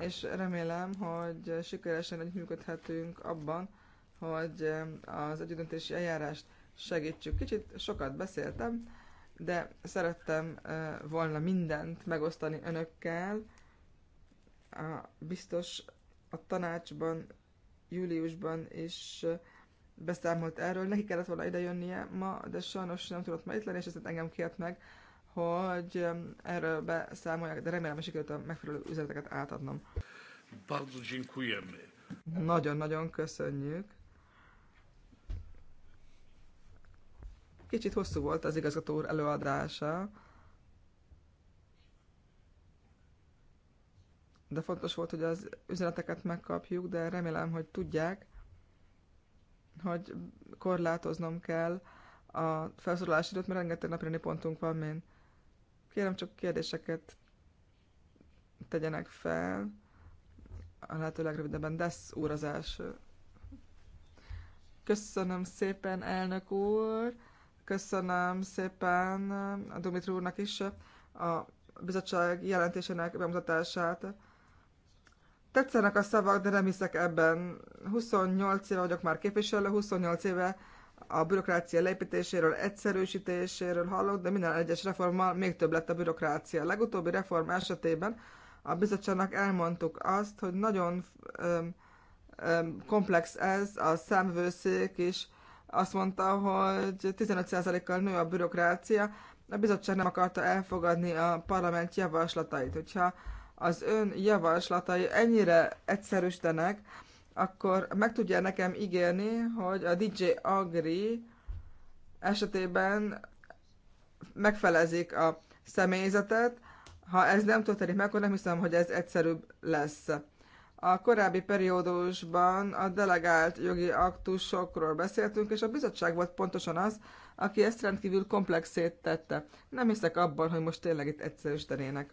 és remélem, hogy sikeresen együttműködhetünk abban, hogy az együttöntési eljárást segítsük. Kicsit sokat beszéltem, de szerettem eh, volna mindent megosztani önökkel. A, biztos a tanácsban, júliusban is eh, beszámolt erről. Neki kellett volna jönnie ma, de sajnos nem tudott ma itt lenni, és ezt engem kért meg, hogy eh, erről beszámolják, de remélem, hogy sikerült a megfelelő üzeneteket átadnom. Bardzo dziękujemy. Nagyon-nagyon köszönjük. Kicsit hosszú volt az igazgató úr előadása, de fontos volt, hogy az üzeneteket megkapjuk, de remélem, hogy tudják, hogy korlátoznom kell a felszorolási időt, mert rengeteg napirendi pontunk van, mint kérem csak kérdéseket tegyenek fel, a lehető legrövidebben Desz úr az első. Köszönöm szépen, elnök úr! Köszönöm szépen a eh, Dumitru úrnak is eh, a bizottság jelentésének bemutatását. Tetszenek a szavak, de nem hiszek ebben. 28 éve vagyok már képviselő, 28 éve a bürokrácia leépítéséről, egyszerűsítéséről hallok, de minden egyes reformmal még több lett a bürokrácia. A legutóbbi reform esetében a bizottságnak elmondtuk azt, hogy nagyon öm, öm, komplex ez, a számvőszék is azt mondta, hogy 15%-kal nő a bürokrácia, a bizottság nem akarta elfogadni a parlament javaslatait. Hogyha az ön javaslatai ennyire egyszerűstenek, akkor meg tudja nekem ígérni, hogy a DJ Agri esetében megfelezik a személyzetet. Ha ez nem történik meg, akkor nem hiszem, hogy ez egyszerűbb lesz. A korábbi periódusban a delegált jogi aktusokról beszéltünk, és a bizottság volt pontosan az, aki ezt rendkívül komplexét tette. Nem hiszek abban, hogy most tényleg itt egyszerűsítenének.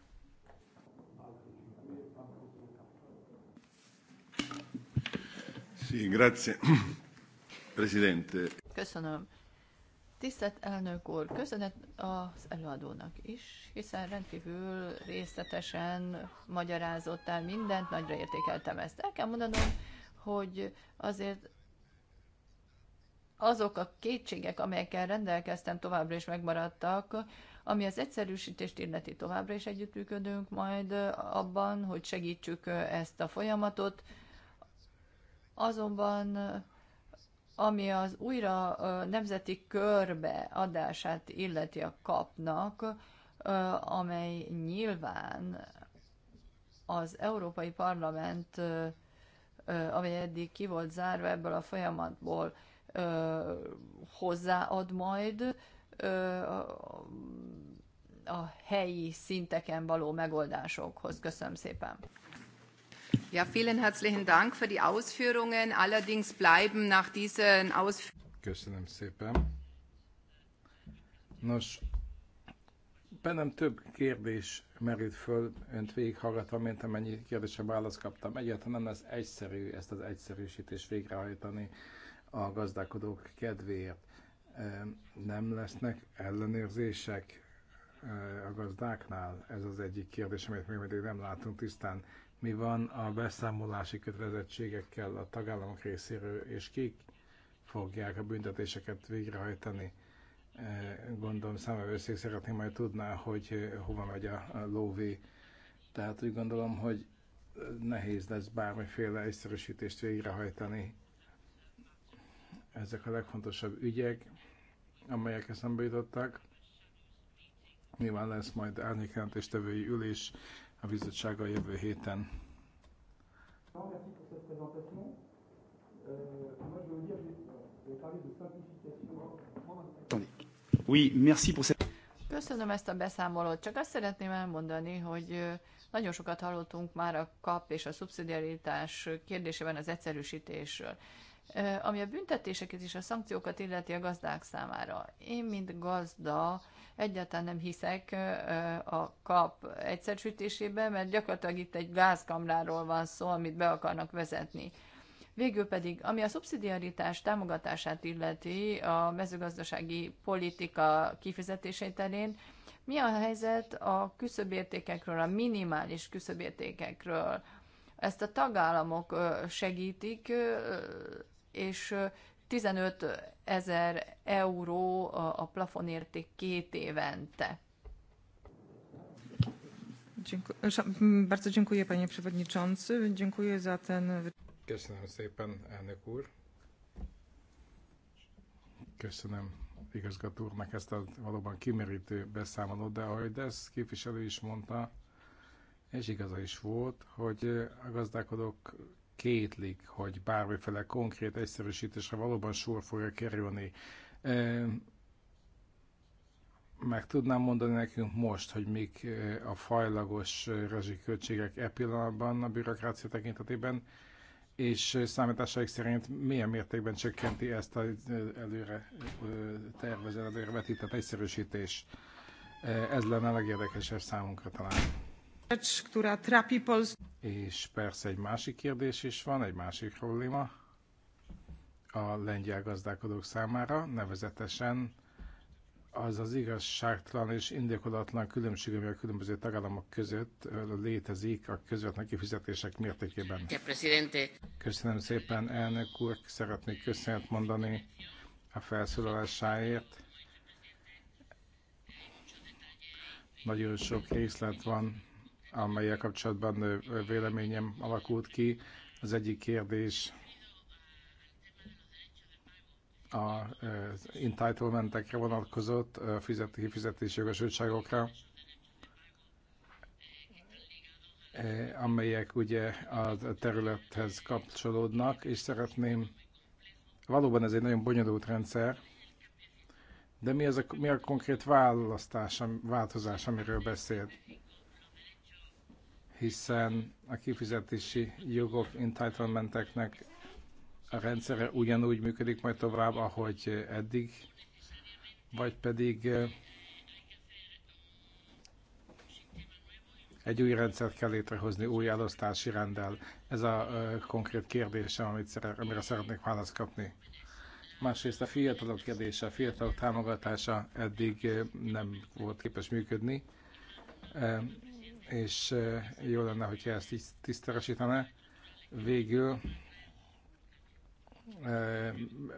Sí, grazie. Presidente. Köszönöm, Tisztelt elnök úr, köszönet az előadónak is, hiszen rendkívül részletesen magyarázott mindent, nagyra értékeltem ezt. El kell mondanom, hogy azért azok a kétségek, amelyekkel rendelkeztem, továbbra is megmaradtak, ami az egyszerűsítést illeti továbbra is együttműködünk majd abban, hogy segítsük ezt a folyamatot. Azonban ami az újra nemzeti körbe adását illeti a kapnak, amely nyilván az Európai Parlament, amely eddig ki volt zárva ebből a folyamatból, hozzáad majd a helyi szinteken való megoldásokhoz. Köszönöm szépen! Ja, vielen herzlichen Dank für die Ausführungen. Allerdings bleiben nach diesen Ausführungen. Köszönöm szépen. Nos, bennem több kérdés merült föl, önt végighallgatva, mint amennyi kérdésre választ kaptam. Egyáltalán nem lesz egyszerű ezt az egyszerűsítést végrehajtani a gazdálkodók kedvéért. Nem lesznek ellenőrzések a gazdáknál? Ez az egyik kérdés, amit még mindig nem látunk tisztán mi van a beszámolási kötelezettségekkel a tagállamok részéről, és kik fogják a büntetéseket végrehajtani. E, gondolom számára szeretném majd tudná, hogy hova megy a lóvé. Tehát úgy gondolom, hogy nehéz lesz bármiféle egyszerűsítést végrehajtani. Ezek a legfontosabb ügyek, amelyek eszembe jutottak. Nyilván lesz majd árnyékjelentéstevői ülés a bizottsága jövő héten. Köszönöm ezt a beszámolót. Csak azt szeretném elmondani, hogy nagyon sokat hallottunk már a kap és a szubszidiaritás kérdésében az egyszerűsítésről. Ami a büntetéseket és a szankciókat illeti a gazdák számára. Én, mint gazda, Egyáltalán nem hiszek a kap egyszerűsítésében, mert gyakorlatilag itt egy gázkamráról van szó, amit be akarnak vezetni. Végül pedig, ami a szubszidiaritás támogatását illeti a mezőgazdasági politika kifizetései terén, mi a helyzet a küszöbértékekről, a minimális küszöbértékekről? Ezt a tagállamok segítik, és 15 ezer euró a plafonérték két évente. Bardzo dziękuję, panie przewodniczący. Dziękuję za ten... Köszönöm szépen, elnök úr. Köszönöm igazgató úrnak ezt a valóban kimerítő beszámolót, de ahogy ezt képviselő is mondta, és igaza is volt, hogy a gazdálkodók kétlik, hogy bármiféle konkrét egyszerűsítésre valóban sor fogja kerülni. Meg tudnám mondani nekünk most, hogy mik a fajlagos rezsiköltségek e pillanatban a bürokrácia tekintetében, és számításaik szerint milyen mértékben csökkenti ezt az előre tervezett, előre vetített egyszerűsítés. Ez lenne a legérdekesebb számunkra talán. która trapi Polskę és persze egy másik kérdés is van, egy másik probléma a lengyel gazdálkodók számára, nevezetesen az az igazságtalan és indokolatlan különbség, ami a különböző tagállamok között létezik a közvetlen kifizetések mértékében. Köszönöm szépen, elnök úr, szeretnék köszönet mondani a felszólalásáért. Nagyon sok részlet van amelyek kapcsolatban véleményem alakult ki. Az egyik kérdés a entitlementekre vonatkozott, a fizeti, fizetési jogosultságokra, amelyek ugye a területhez kapcsolódnak, és szeretném, valóban ez egy nagyon bonyolult rendszer, de mi, az a, mi a konkrét választás, változás, amiről beszélt? hiszen a kifizetési jogok, entitlementeknek a rendszere ugyanúgy működik majd tovább, ahogy eddig, vagy pedig eh, egy új rendszert kell létrehozni, új elosztási rendel. Ez a eh, konkrét kérdésem, amit szere, amire szeretnék választ kapni. Másrészt a fiatalok kérdése, a fiatalok támogatása eddig eh, nem volt képes működni és jó lenne, hogyha ezt így tisztelesítene. Végül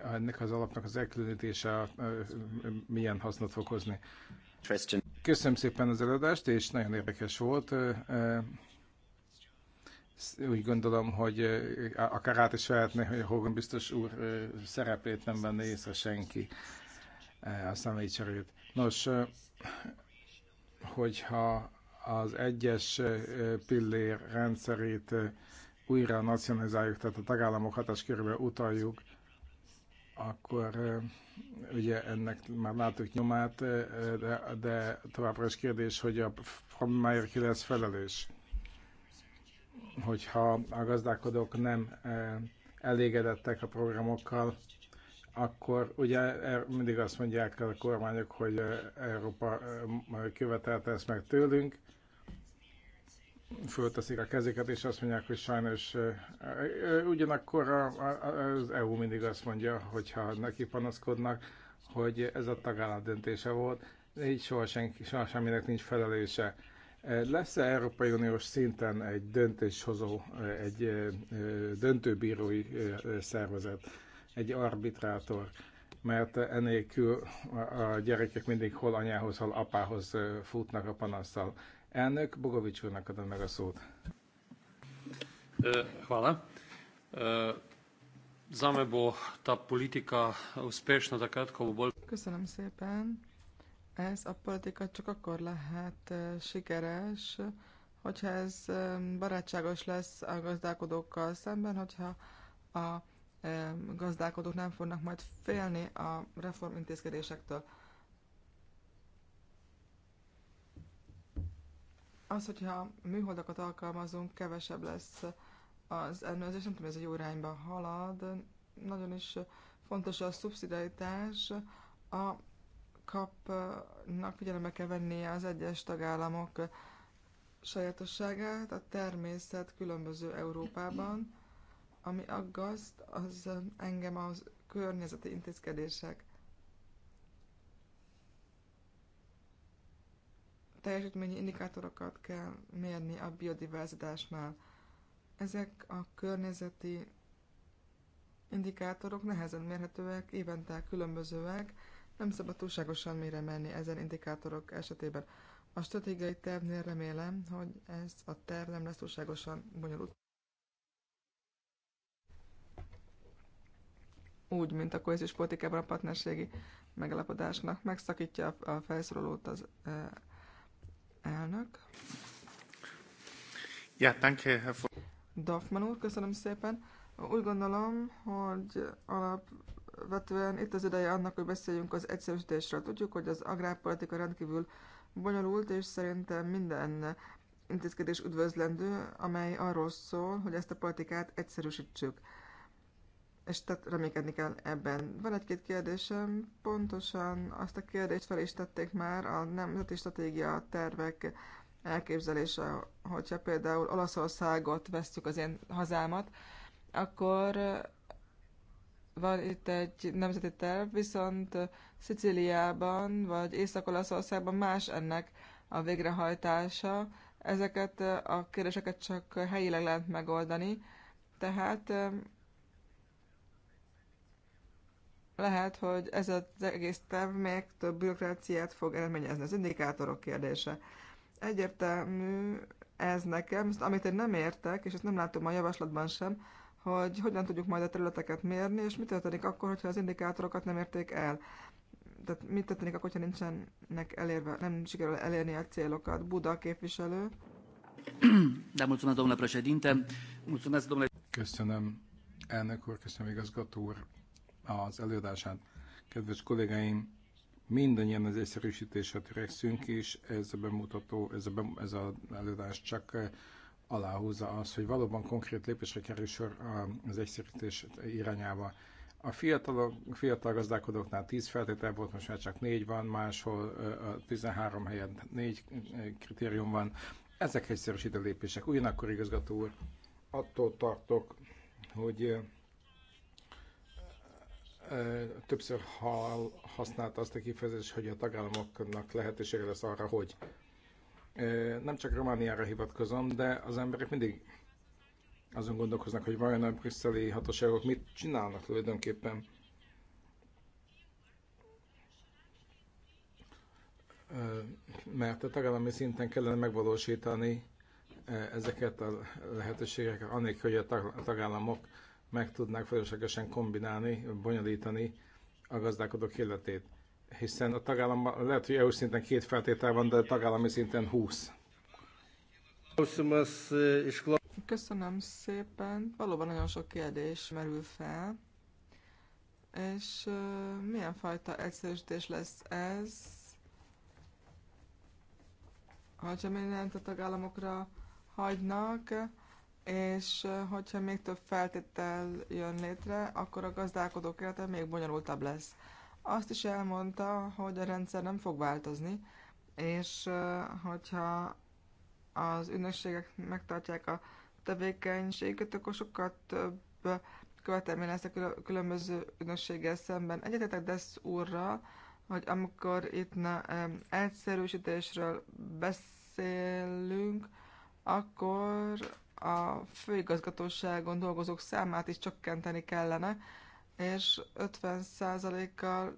ennek az alapnak az elkülönítése milyen hasznot fog hozni. Köszönöm szépen az előadást, és nagyon érdekes volt. Úgy gondolom, hogy akár át is vehetné, hogy a Hogan biztos úr szerepét nem venné észre senki a cserét. Nos, hogyha az egyes pillér rendszerét újra nacionalizáljuk, tehát a tagállamok hatáskörébe utaljuk, akkor ugye ennek már látjuk nyomát, de, de továbbra is kérdés, hogy a problémáért ki lesz felelős. Hogyha a gazdálkodók nem elégedettek a programokkal, akkor ugye e, mindig azt mondják a kormányok, hogy Európa követelte ezt meg tőlünk, fölteszik a kezéket, és azt mondják, hogy sajnos ugyanakkor az EU mindig azt mondja, hogyha neki panaszkodnak, hogy ez a tagállam döntése volt, így soha, senki, soha semminek nincs felelőse. Lesz-e Európai Uniós szinten egy döntéshozó, egy döntőbírói szervezet, egy arbitrátor, mert enélkül a gyerekek mindig hol anyához, hol apához futnak a panasztal Elnök Bogovics úrnak adom meg a szót. Hvala. Zame bo ta politika uspešna takrat, ko bo bolj... Köszönöm szépen. Ez a politika csak akkor lehet sikeres, hogyha ez barátságos lesz a gazdálkodókkal szemben, hogyha a gazdálkodók nem fognak majd félni a reformintézkedésektől. az, hogyha műholdakat alkalmazunk, kevesebb lesz az ellenőrzés, nem tudom, ez egy jó irányba halad. Nagyon is fontos a szubszidaritás, a kapnak figyelembe kell vennie az egyes tagállamok sajátosságát, a természet különböző Európában, ami aggaszt, az engem az környezeti intézkedések. teljesítményi indikátorokat kell mérni a biodiverzitásnál. Ezek a környezeti indikátorok nehezen mérhetőek, évente különbözőek, nem szabad túlságosan mélyre menni ezen indikátorok esetében. A stratégiai tervnél remélem, hogy ez a terv nem lesz túlságosan bonyolult. Úgy, mint a kohéziós politikában a partnerségi megállapodásnak megszakítja a felszólalót az eh, Elnök. Ja, danke, Herr Dorfman úr, köszönöm szépen. Úgy gondolom, hogy alapvetően itt az ideje annak, hogy beszéljünk az egyszerűsítésről. Tudjuk, hogy az agrárpolitika rendkívül bonyolult, és szerintem minden intézkedés üdvözlendő, amely arról szól, hogy ezt a politikát egyszerűsítsük és tehát reménykedni kell ebben. Van egy-két kérdésem, pontosan azt a kérdést fel is tették már a nemzeti stratégia tervek elképzelése, hogyha például Olaszországot vesztjük az én hazámat, akkor van itt egy nemzeti terv, viszont Szicíliában vagy Észak-Olaszországban más ennek a végrehajtása. Ezeket a kérdéseket csak helyileg lehet megoldani, tehát lehet, hogy ez az egész terv még több bürokráciát fog eredményezni. Az indikátorok kérdése. Egyértelmű ez nekem, amit én nem értek, és ezt nem látom a javaslatban sem, hogy hogyan tudjuk majd a területeket mérni, és mi történik akkor, hogyha az indikátorokat nem érték el. Tehát mit történik akkor, hogyha nincsenek elérve, nem sikerül elérni a célokat. Buda képviselő. De mulțumesc, domnule președinte. Mulțumesc, domnule... Köszönöm, elnök úr, köszönöm, igazgató úr az előadását. Kedves kollégáim, mindannyian az egyszerűsítésre törekszünk, és ez a bemutató, ez a, be, ez az előadás csak eh, aláhúzza az, hogy valóban konkrét lépésre kerül sor eh, az egyszerűsítés irányába. A fiatalok, fiatal gazdálkodóknál 10 feltétel volt, most már csak 4 van, máshol 13 helyen 4 kritérium van. Ezek egyszerűsítő lépések. Ugyanakkor igazgató úr, attól tartok, hogy eh, többször használta azt a kifejezést, hogy a tagállamoknak lehetősége lesz arra, hogy nem csak Romániára hivatkozom, de az emberek mindig azon gondolkoznak, hogy vajon a brüsszeli hatóságok mit csinálnak tulajdonképpen. Mert a tagállami szinten kellene megvalósítani ezeket a lehetőségeket, anélkül, hogy a tagállamok meg tudnák fölöslegesen kombinálni, bonyolítani a gazdálkodók életét. Hiszen a tagállam, lehet, hogy EU szinten két feltétel van, de a tagállami szinten húsz. Köszönöm szépen. Valóban nagyon sok kérdés merül fel. És milyen fajta egyszerűsítés lesz ez? Ha mindent a tagállamokra hagynak, és hogyha még több feltétel jön létre, akkor a gazdálkodók élete még bonyolultabb lesz. Azt is elmondta, hogy a rendszer nem fog változni, és hogyha az ünnökségek megtartják a tevékenységüket, akkor sokkal több követelmény lesz a különböző ünnökséggel szemben. Egyetetek Desz úrral, hogy amikor itt na, egyszerűsítésről beszélünk, akkor a főigazgatóságon dolgozók számát is csökkenteni kellene, és 50%-kal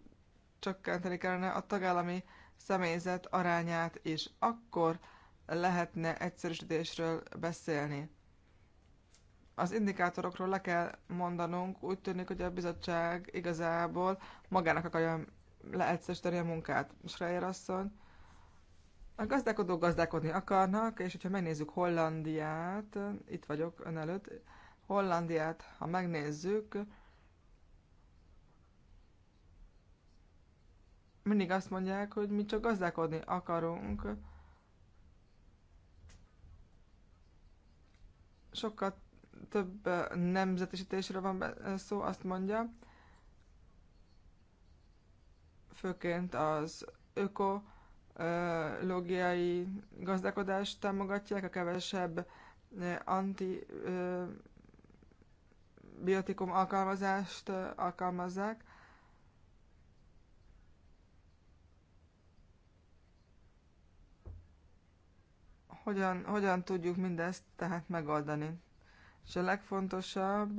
csökkenteni kellene a tagállami személyzet arányát is. Akkor lehetne egyszerűsítésről beszélni. Az indikátorokról le kell mondanunk, úgy tűnik, hogy a bizottság igazából magának akarja leegyszerűsíteni a munkát. Schreier asszony a gazdálkodók gazdálkodni akarnak, és hogyha megnézzük Hollandiát, itt vagyok ön előtt, Hollandiát, ha megnézzük, mindig azt mondják, hogy mi csak gazdálkodni akarunk. Sokkal több nemzetesítésre van szó, azt mondja. Főként az öko ökológiai gazdálkodást támogatják, a kevesebb antibiotikum alkalmazást alkalmazzák. Hogyan, hogyan tudjuk mindezt tehát megoldani? És a legfontosabb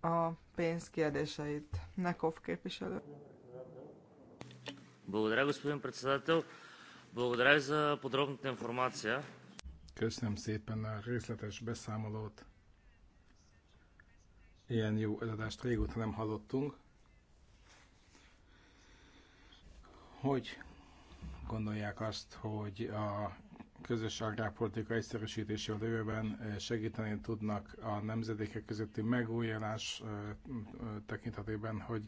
a pénz kérdéseit. Nekov képviselő. Благодаря, господин председател. Благодаря за подробната информация. Köszönöm szépen a részletes beszámolót. Ilyen jó eladást régóta nem hallottunk. Hogy gondolják azt, hogy a közös agrárpolitika egyszerűsítésével a jövőben eh, segíteni tudnak a nemzedékek közötti megújulás eh, tekintetében, hogy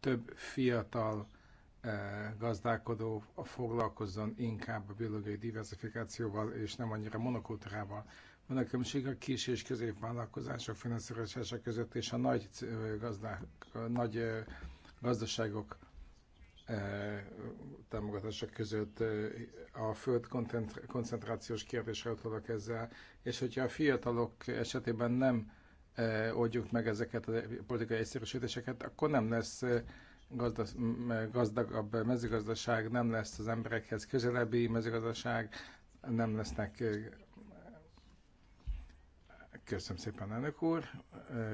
több fiatal E, gazdálkodó foglalkozzon inkább a biológiai diversifikációval, és nem annyira monokultúrával. Van a különbség a kis és középvállalkozások finanszírozása között és a nagy, gazdák, nagy gazdaságok e, támogatása között a föld koncentrációs kérdésre utalok ezzel, és hogyha a fiatalok esetében nem e, oldjuk meg ezeket a politikai egyszerűsítéseket, akkor nem lesz gazdagabb mezőgazdaság nem lesz az emberekhez közelebbi mezőgazdaság, nem lesznek... Köszönöm szépen, elnök úr.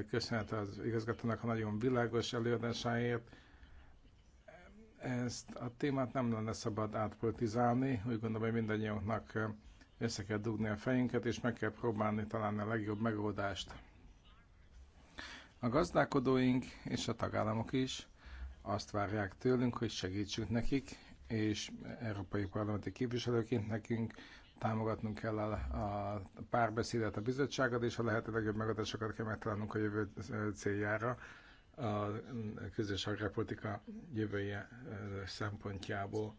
Köszönet az igazgatónak a nagyon világos előadásáért. Ezt a témát nem lenne szabad átpolitizálni. Úgy gondolom, hogy mindannyiunknak össze kell dugni a fejünket, és meg kell próbálni talán a legjobb megoldást. A gazdálkodóink és a tagállamok is azt várják tőlünk, hogy segítsünk nekik, és európai parlamenti képviselőként nekünk támogatnunk kell a, a párbeszédet a bizottságot, és a lehető legjobb megoldásokat kell megtalálnunk a jövő céljára, a közös agrárpolitika jövője szempontjából.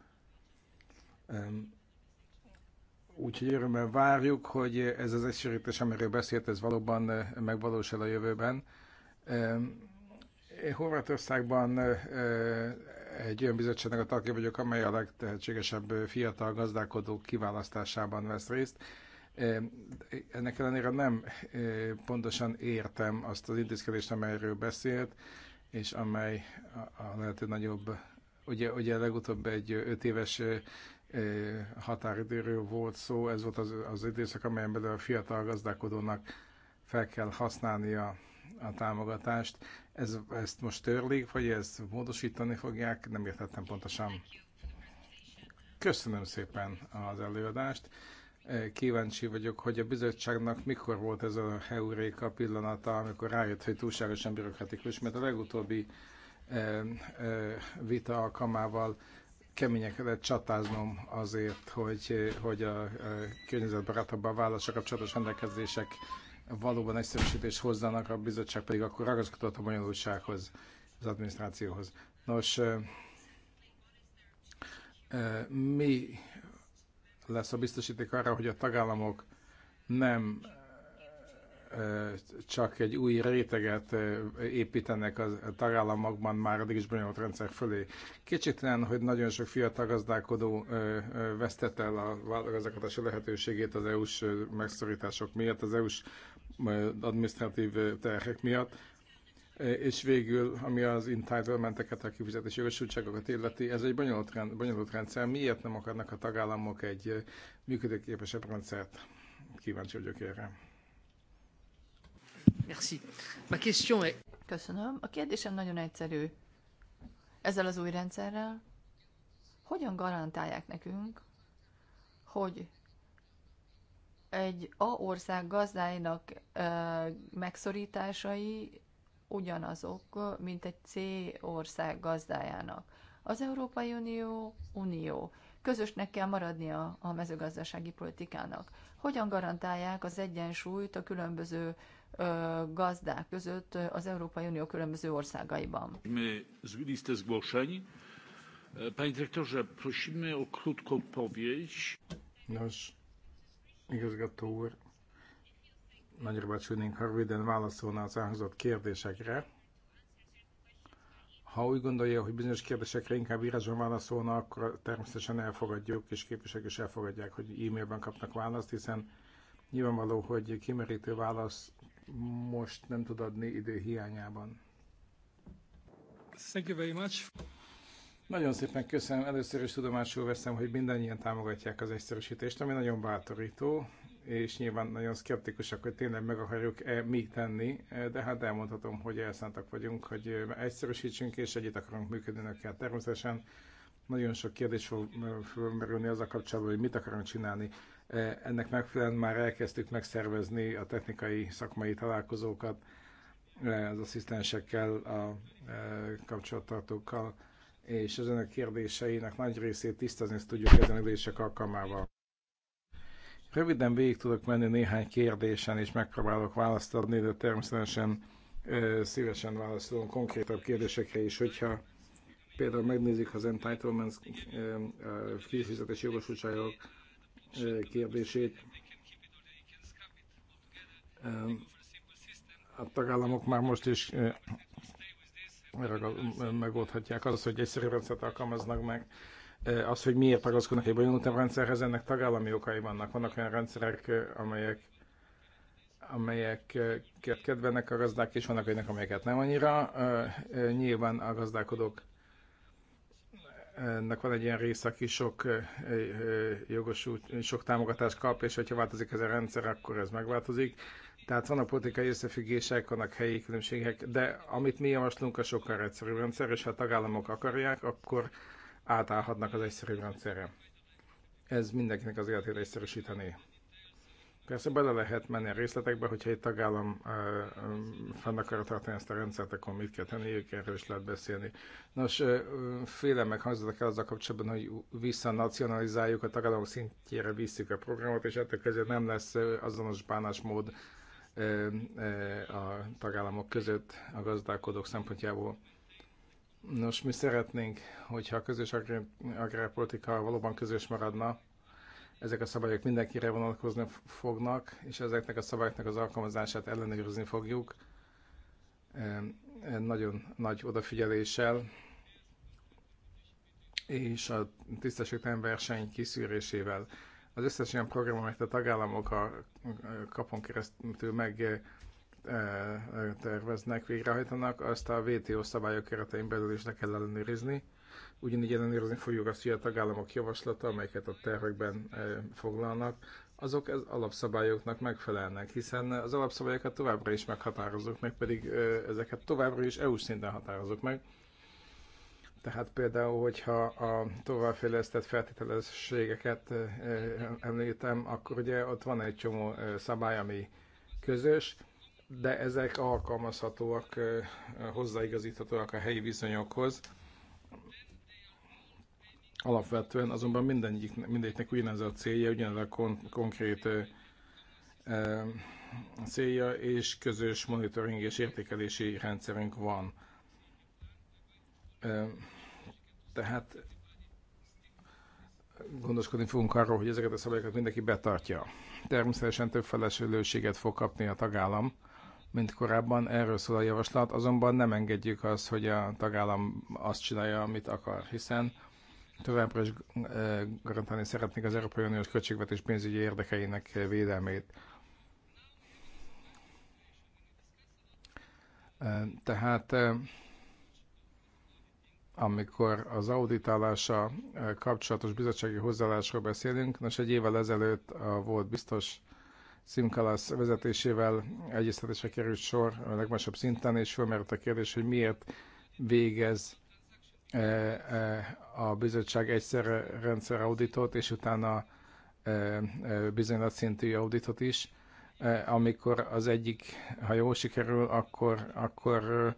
Úgyhogy örömmel várjuk, hogy ez az egysérítés, amiről beszélt, ez valóban megvalósul a jövőben. Én Horvátországban egy olyan bizottságnak a tagja vagyok, amely a legtehetségesebb fiatal gazdálkodók kiválasztásában vesz részt. Ennek ellenére nem pontosan értem azt az intézkedést, amelyről beszélt, és amely a lehető nagyobb, ugye, ugye legutóbb egy öt éves határidőről volt szó, ez volt az, az időszak, amelyen belül a fiatal gazdálkodónak fel kell használnia a támogatást. Ez, ezt most törlik, vagy ezt módosítani fogják? Nem értettem pontosan. Köszönöm szépen az előadást. Kíváncsi vagyok, hogy a bizottságnak mikor volt ez a heuréka pillanata, amikor rájött, hogy túlságosan bürokratikus, mert a legutóbbi eh, eh, vita alkalmával Keményeket kellett csatáznom azért, hogy, eh, hogy a környezetbarátabb a válaszra kapcsolatos rendelkezések valóban egyszerűsítést hozzanak, a bizottság pedig akkor ragaszkodott a bonyolultsághoz, az adminisztrációhoz. Nos, mi lesz a biztosíték arra, hogy a tagállamok nem csak egy új réteget építenek a tagállamokban már eddig is bonyolult rendszer fölé. Kétségtelen, hogy nagyon sok fiatal gazdálkodó vesztett el a vállalkozási lehetőségét az EU-s megszorítások miatt. Az EU-s administratív terhek miatt. És végül, ami az entitlementeket, a kifizetési jogosultságokat illeti, ez egy bonyolult, rend, bonyolult rendszer. Miért nem akarnak a tagállamok egy működőképesebb rendszert? Kíváncsi vagyok erre. Merci. Ma question est... Köszönöm. A kérdésem nagyon egyszerű. Ezzel az új rendszerrel hogyan garantálják nekünk, hogy egy A ország gazdáinak megszorításai ugyanazok, mint egy C ország gazdájának. Az Európai Unió unió. Közösnek kell maradnia a mezőgazdasági politikának. Hogyan garantálják az egyensúlyt a különböző ö, gazdák között az Európai Unió különböző országaiban? Mi listę zgłoszeń. E, panie dyrektorze, prosimy o krótką odpowiedź. Nasz igazgató úr, nagyra becsülnénk, ha röviden válaszolna az elhangzott kérdésekre. Ha úgy gondolja, hogy bizonyos kérdésekre inkább írásban válaszolna, akkor természetesen elfogadjuk, és képviselők is elfogadják, hogy e-mailben kapnak választ, hiszen nyilvánvaló, hogy kimerítő válasz most nem tud adni idő hiányában. Thank you very much. Nagyon szépen köszönöm. Először is tudomásul veszem, hogy mindannyian támogatják az egyszerűsítést, ami nagyon bátorító, és nyilván nagyon szkeptikusak, hogy tényleg meg akarjuk-e mi tenni, de hát elmondhatom, hogy elszántak vagyunk, hogy egyszerűsítsünk, és együtt akarunk működni nekkel. Természetesen nagyon sok kérdés fog fölmerülni az a kapcsolatban, hogy mit akarunk csinálni. E, ennek megfelelően már elkezdtük megszervezni a technikai szakmai találkozókat e, az asszisztensekkel, a e, kapcsolattartókkal, és az önök kérdéseinek nagy részét tisztázni ezt tudjuk ezen ülések alkalmával. Röviden végig tudok menni néhány kérdésen, és megpróbálok választ adni, de természetesen ö, szívesen válaszolom konkrétabb kérdésekre is, hogyha például megnézik az entitlements kifizetési jogosultságok kérdését, a tagállamok már most is megoldhatják az, hogy egyszerű rendszert alkalmaznak meg, az, hogy miért ragaszkodnak egy bonyolultabb rendszerhez, ennek tagállami okai vannak. Vannak olyan rendszerek, amelyek amelyeket kedvenek a gazdák, és vannak olyanok, amelyeket nem annyira. Nyilván a gazdálkodók ennek van egy ilyen része, aki sok jogosult, sok támogatást kap, és hogyha változik ez a rendszer, akkor ez megváltozik. Tehát vannak politikai összefüggések, vannak helyi különbségek, de amit mi javaslunk a sokkal egyszerűbb rendszer, és ha a tagállamok akarják, akkor átállhatnak az egyszerű rendszerre. Ez mindenkinek az életét egyszerűsítené. Persze bele lehet menni a részletekbe, hogyha egy tagállam uh, fenn akar tartani ezt a rendszert, akkor mit kell ők erről is lehet beszélni. Nos, uh, félelmek hangzottak el azzal kapcsolatban, hogy visszanacionalizáljuk, a tagállamok szintjére visszük a programot, és ettől között nem lesz azonos bánásmód a tagállamok között a gazdálkodók szempontjából. Nos, mi szeretnénk, hogyha a közös agrár, agrárpolitika valóban közös maradna, ezek a szabályok mindenkire vonatkozni fognak, és ezeknek a szabályoknak az alkalmazását ellenőrizni fogjuk nagyon nagy odafigyeléssel és a tisztességtelen verseny kiszűrésével. Az összes ilyen program, amelyet a tagállamok a kapon keresztül meg eh, eh, terveznek, végrehajtanak, azt a WTO szabályok keretein belül is le kell ellenőrizni. Ugyanígy ellenőrizni fogjuk azt, hogy a tagállamok javaslata, amelyeket a tervekben eh, foglalnak, azok az alapszabályoknak megfelelnek, hiszen az alapszabályokat továbbra is meghatározok meg, pedig ezeket továbbra is EU-s szinten határozok meg. Tehát például, hogyha a továbbfejlesztett feltételességeket említem, akkor ugye ott van egy csomó szabály, ami közös, de ezek alkalmazhatóak, hozzáigazíthatóak a helyi viszonyokhoz. Alapvetően azonban mindegyik, mindegyiknek ugyanez a célja, ugyanez a kon- konkrét célja, és közös monitoring és értékelési rendszerünk van tehát gondoskodni fogunk arról, hogy ezeket a szabályokat mindenki betartja. Természetesen több felelősséget fog kapni a tagállam, mint korábban, erről szól a javaslat, azonban nem engedjük azt, hogy a tagállam azt csinálja, amit akar, hiszen továbbra is garantálni szeretnék az Európai Uniós költségvetés pénzügyi érdekeinek védelmét. Tehát amikor az auditálása eh, kapcsolatos bizottsági hozzáállásról beszélünk. Nos, egy évvel ezelőtt a eh, volt biztos Simkalász vezetésével egyeztetésre került sor a eh, legmagasabb szinten, és fölmerült a kérdés, hogy miért végez a bizottság egyszerre rendszer auditot, és utána bizonylatszintű auditot is. Amikor az egyik, ha jól sikerül, akkor, akkor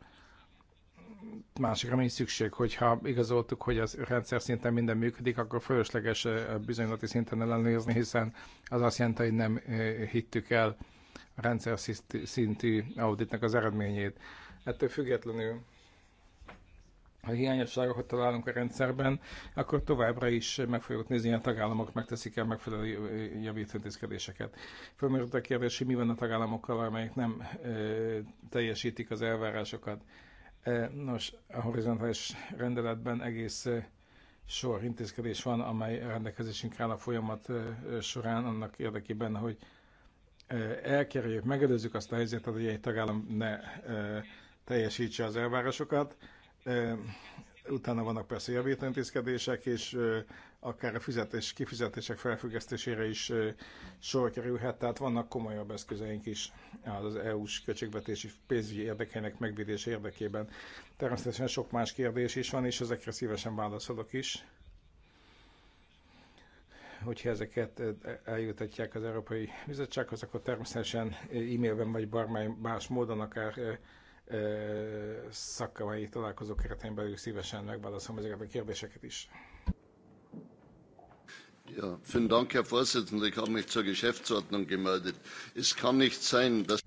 másikra nincs szükség, hogyha igazoltuk, hogy az rendszer szinten minden működik, akkor fölösleges bizonylati szinten ellenőrizni, hiszen az azt jelenti, hogy nem hittük el a rendszer szintű auditnak az eredményét. Ettől függetlenül, ha hiányosságokat találunk a rendszerben, akkor továbbra is meg fogjuk nézni, a tagállamok megteszik el megfelelő javító intézkedéseket. Fölmerült a kérdés, hogy mi van a tagállamokkal, amelyek nem ö, teljesítik az elvárásokat E, nos, a horizontális rendeletben egész e, sor intézkedés van, amely rendelkezésünkre áll a folyamat e, során annak érdekében, hogy elkerüljük, megelőzzük azt a helyzetet, hogy egy tagállam ne teljesítse az elvárásokat. Utána vannak persze javító intézkedések, és akár a fizetés, kifizetések felfüggesztésére is sor kerülhet, tehát vannak komolyabb eszközeink is az EU-s költségvetési pénzügyi érdekeinek megvédése érdekében. Természetesen sok más kérdés is van, és ezekre szívesen válaszolok is hogyha ezeket eljutatják az Európai Bizottsághoz, akkor természetesen e-mailben vagy bármely más módon akár szakmai találkozó keretein belül szívesen megválaszolom ezeket a kérdéseket is. Ja, vielen Dank, Herr Vorsitzender. Ich habe mich zur Geschäftsordnung gemeldet. Es kann nicht sein, dass...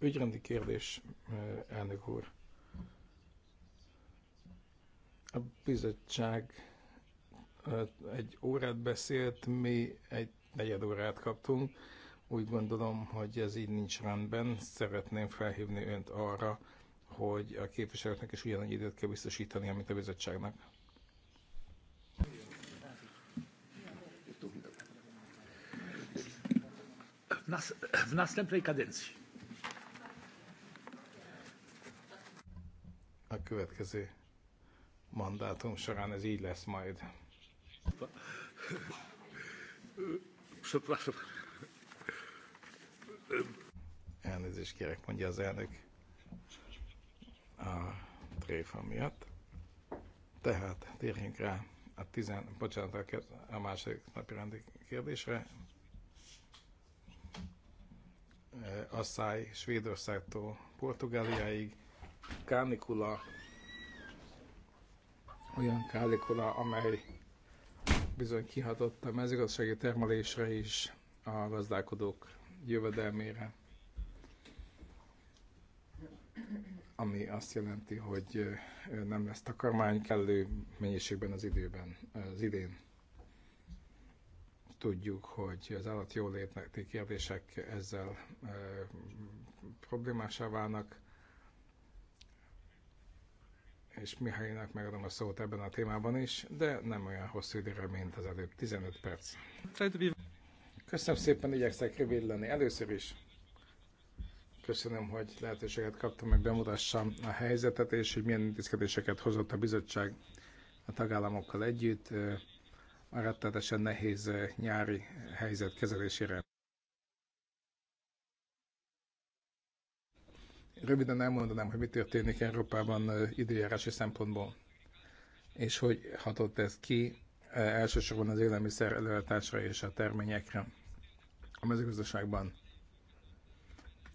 Ügyrendi kérdés, eh, elnök úr. A bizottság eh, egy órát beszélt, mi egy negyed órát kaptunk. Úgy gondolom, hogy ez így nincs rendben. Szeretném felhívni önt arra, hogy a képviselőknek is ugyanannyi időt kell biztosítani, amit a bizottságnak. w następnej kadencji. A következő mandátum során ez így lesz majd. Przepraszam. Elnézést kérek, mondja az elnök a tréfa miatt. Tehát térjünk rá a, tizen, bocsánat, a második napi rendi kérdésre, Eh, Asszály Svédországtól Portugáliáig, kánikula, olyan kánikula, amely bizony kihatott a mezőgazdasági termelésre is, a gazdálkodók jövedelmére, ami azt jelenti, hogy eh, nem lesz takarmány kellő mennyiségben az időben, eh, az idén. Tudjuk, hogy az jólétnek kérdések ezzel e, problémásá válnak, és Mihálynak megadom a szót ebben a témában is, de nem olyan hosszú időre, mint az előbb, 15 perc. Köszönöm szépen, igyekszek rövid lenni. Először is köszönöm, hogy lehetőséget kaptam, hogy bemutassam a helyzetet, és hogy milyen intézkedéseket hozott a bizottság a tagállamokkal együtt a rettenetesen nehéz eh, nyári helyzet kezelésére. Röviden elmondanám, hogy mi történik Európában eh, időjárási szempontból, és hogy hatott ez ki eh, elsősorban az élelmiszer előállításra és a terményekre a mezőgazdaságban.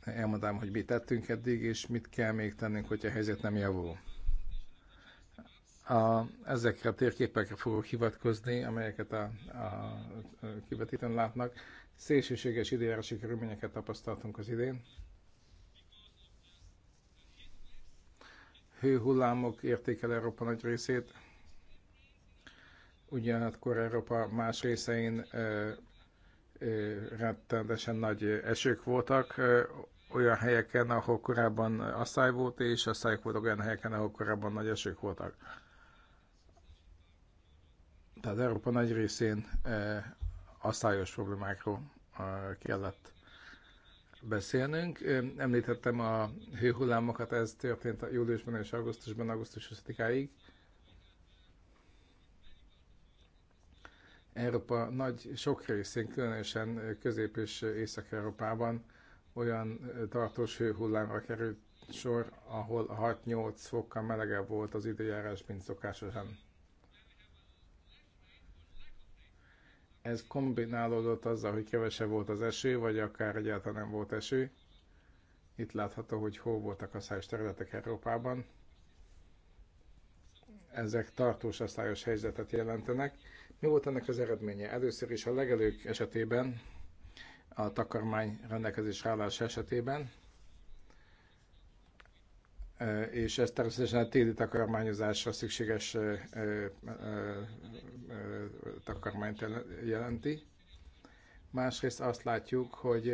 Elmondám, hogy mit tettünk eddig, és mit kell még tennünk, hogyha a helyzet nem javul. A, ezekre a térképekre fogok hivatkozni, amelyeket a, a kivetítőn látnak. Szélsőséges időjárási körülményeket tapasztaltunk az idén. Hőhullámok érték el Európa nagy részét, ugyanakkor Európa más részein ö, ö, rettenetesen nagy esők voltak, ö, olyan helyeken, ahol korábban asszály volt, és asszályok voltak olyan helyeken, ahol korábban nagy esők voltak tehát Európa nagy részén eh, asszályos problémákról eh, kellett beszélnünk. Említettem a hőhullámokat, ez történt a júliusban és augusztusban, augusztus 20-áig. Európa nagy, sok részén, különösen Közép- és Észak-Európában olyan eh, tartós hőhullámra került sor, ahol 6-8 fokkal melegebb volt az időjárás, mint szokásosan. Ez kombinálódott azzal, hogy kevesebb volt az eső, vagy akár egyáltalán nem volt eső. Itt látható, hogy hol voltak a szájos területek Európában. Ezek tartós asszályos helyzetet jelentenek. Mi volt ennek az eredménye? Először is a legelők esetében, a takarmány rendelkezés állása esetében Eh, és ez természetesen a téli takarmányozásra szükséges eh, eh, takarmányt jelenti. Másrészt azt látjuk, hogy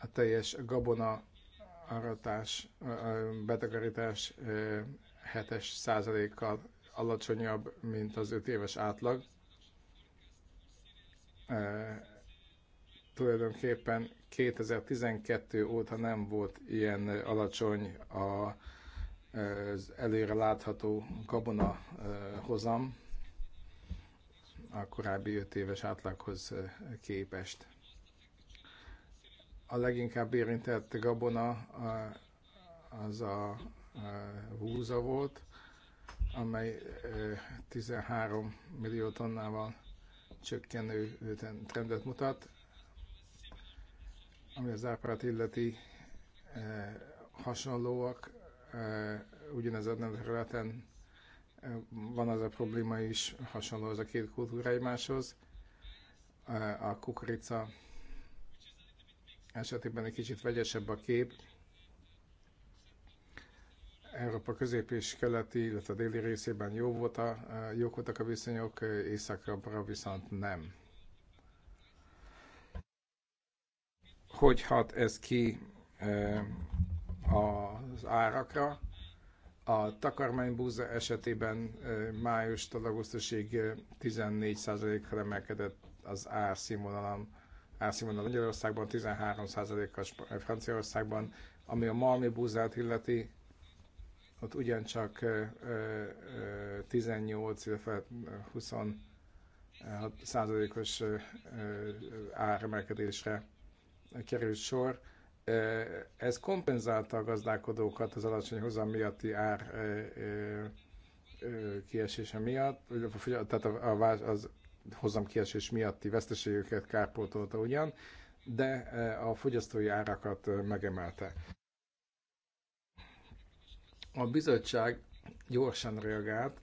a teljes gabona aratás, betakarítás 7-es százalékkal alacsonyabb, mint az 5 éves átlag. Tulajdonképpen 2012 óta nem volt ilyen alacsony a, az előre látható kabona hozam a korábbi 5 éves átlaghoz képest. A leginkább érintett gabona az a húza volt, amely 13 millió tonnával csökkenő trendet mutat ami az ápát illeti, eh, hasonlóak, eh, ugyanez a területen eh, van az a probléma is, hasonló az a két kultúra egymáshoz. A kukorica esetében egy kicsit vegyesebb a kép. Európa közép és keleti, illetve a déli részében jó volt a, jók voltak a viszonyok, északra viszont nem. hogy hat ez ki az árakra. A takarmánybúza esetében májustól augusztusig 14%-ra emelkedett az árszínvonalam, árszínvonal Magyarországban, 13%-kal Franciaországban, ami a malmi búzát illeti, ott ugyancsak 18, illetve 20 százalékos áremelkedésre került sor, ez kompenzálta a gazdálkodókat az alacsony hozam miatti ár kiesése miatt, tehát a, a, az hozam kiesés miatti veszteségeket kárpótolta ugyan, de a fogyasztói árakat megemelte. A bizottság gyorsan reagált,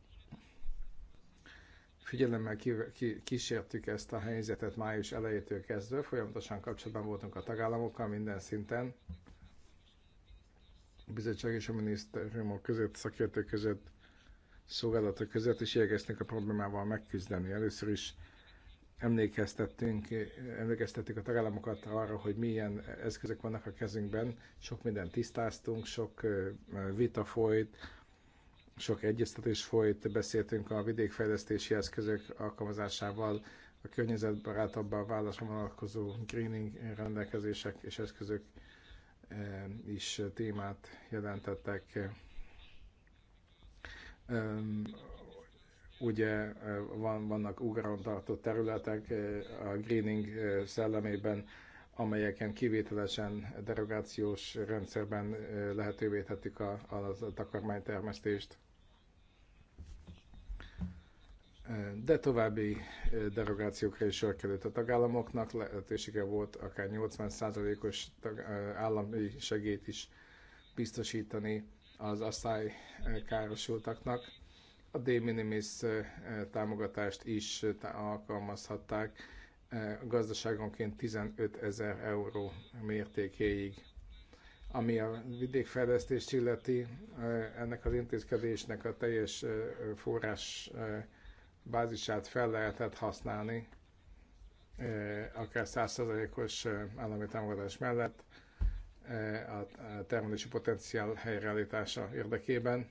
Figyelemmel kísértük ezt a helyzetet május elejétől kezdve, folyamatosan kapcsolatban voltunk a tagállamokkal minden szinten, a bizottság és a minisztériumok között, szakértők között, szolgálatok között, és igyekeztünk a problémával megküzdeni. Először is emlékeztettünk, emlékeztettük a tagállamokat arra, hogy milyen eszközök vannak a kezünkben, sok mindent tisztáztunk, sok vita folyt, sok egyeztetés folyt, beszéltünk a vidékfejlesztési eszközök alkalmazásával, a környezetbarátabbá válaszra vonatkozó greening rendelkezések és eszközök eh, is témát jelentettek. Ugye eh, van, vannak ugron tartott területek eh, a greening szellemében, amelyeken kivételesen derogációs rendszerben lehetővé tettük a, a, a takarmánytermesztést. De további derogációkra is sor került a tagállamoknak, lehetősége volt akár 80%-os állami segélyt is biztosítani az asszály károsultaknak. A de minimis támogatást is alkalmazhatták Eh, gazdaságonként 15 ezer euró mértékéig. Ami a vidékfejlesztést illeti, eh, ennek az intézkedésnek a teljes eh, forrás bázisát fel lehetett használni, akár 100%-os állami támogatás mellett a termelési potenciál helyreállítása érdekében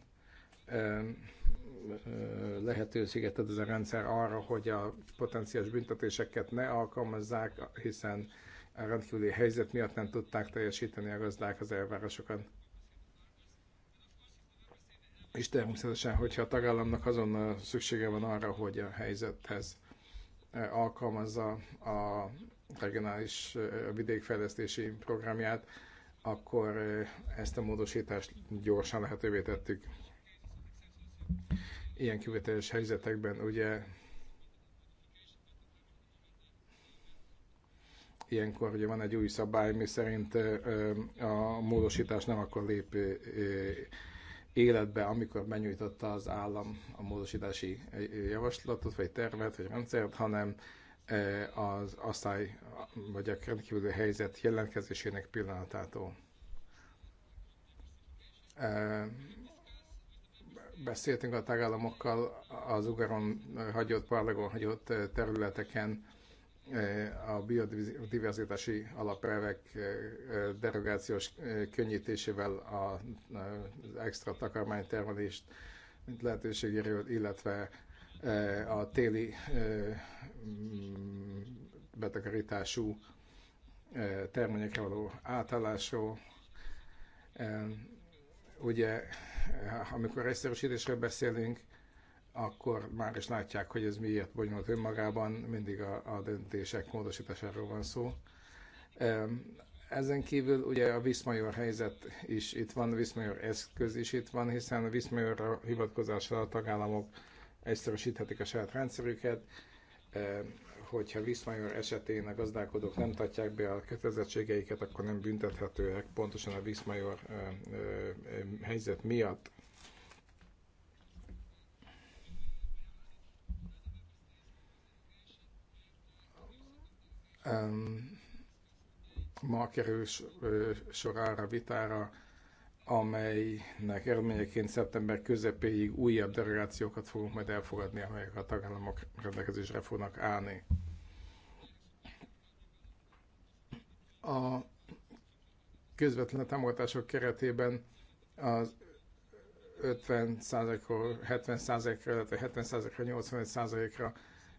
lehetőséget ad ez a rendszer arra, hogy a potenciális büntetéseket ne alkalmazzák, hiszen a rendkívüli helyzet miatt nem tudták teljesíteni a gazdák az elvárásokat. És természetesen, hogyha a tagállamnak azonnal szüksége van arra, hogy a helyzethez alkalmazza a regionális vidékfejlesztési programját, akkor ezt a módosítást gyorsan lehetővé tettük ilyen kivételes helyzetekben ugye ilyenkor ugye van egy új szabály, mi szerint a módosítás nem akkor lép életbe, amikor benyújtotta az állam a módosítási javaslatot, vagy tervet, vagy rendszert, hanem az asszály, vagy a rendkívüli helyzet jelentkezésének pillanatától beszéltünk a tagállamokkal az ugaron hagyott, parlagon hagyott eh, területeken eh, a biodiverzitási alapelvek eh, derogációs könnyítésével az extra takarmánytermelést mint lehetőségéről, illetve a téli mm, betakarítású terményekre való átállásról, Ugye, amikor egyszerűsítésről beszélünk, akkor már is látják, hogy ez miért bonyolult önmagában, mindig a, a döntések módosításáról van szó. Ezen kívül ugye a Viszmajor helyzet is itt van, a Viszmajor eszköz is itt van, hiszen a Viszmajorra hivatkozással a tagállamok egyszerűsíthetik a saját rendszerüket, hogyha Viszmajor esetén a gazdálkodók nem tartják be a kötelezettségeiket, akkor nem büntethetőek pontosan a Viszmajor helyzet miatt. Ma kerül sorára vitára, amelynek eredményeként szeptember közepéig újabb derogációkat fogunk majd elfogadni, amelyek a tagállamok rendelkezésre fognak állni. A közvetlen támogatások keretében az 50 százalékról, 70%-ra, illetve 70%-ra, 85%-ra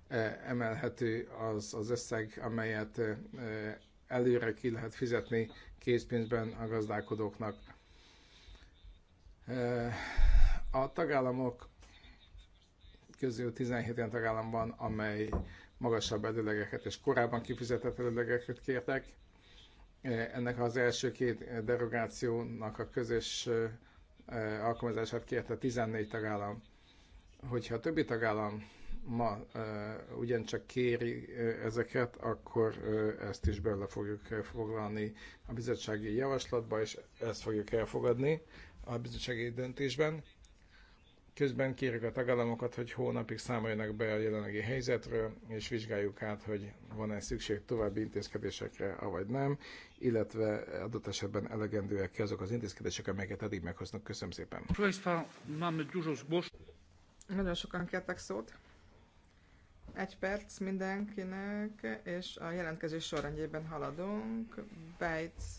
eh, emelhető az, az összeg, amelyet eh, előre ki lehet fizetni készpénzben a gazdálkodóknak. Eh, a tagállamok közül 17 olyan tagállam van, amely magasabb előlegeket és korábban kifizetett előlegeket kértek. Eh, ennek az első két eh, derogációnak a közös eh, alkalmazását kérte 14 tagállam. Hogyha a többi tagállam ma ugyancsak kéri ezeket, akkor ezt is bele fogjuk foglalni a bizottsági javaslatba, és ezt fogjuk elfogadni a bizottsági döntésben. Közben kérjük a tagállamokat, hogy hónapig számoljanak be a jelenlegi helyzetről, és vizsgáljuk át, hogy van-e szükség további intézkedésekre, avagy nem, illetve adott esetben elegendőek azok az intézkedések, amelyeket eddig meghoznak. Köszönöm szépen. Nagyon sokan kértek szót. Egy perc mindenkinek, és a jelentkezés sorrendjében haladunk. Bejc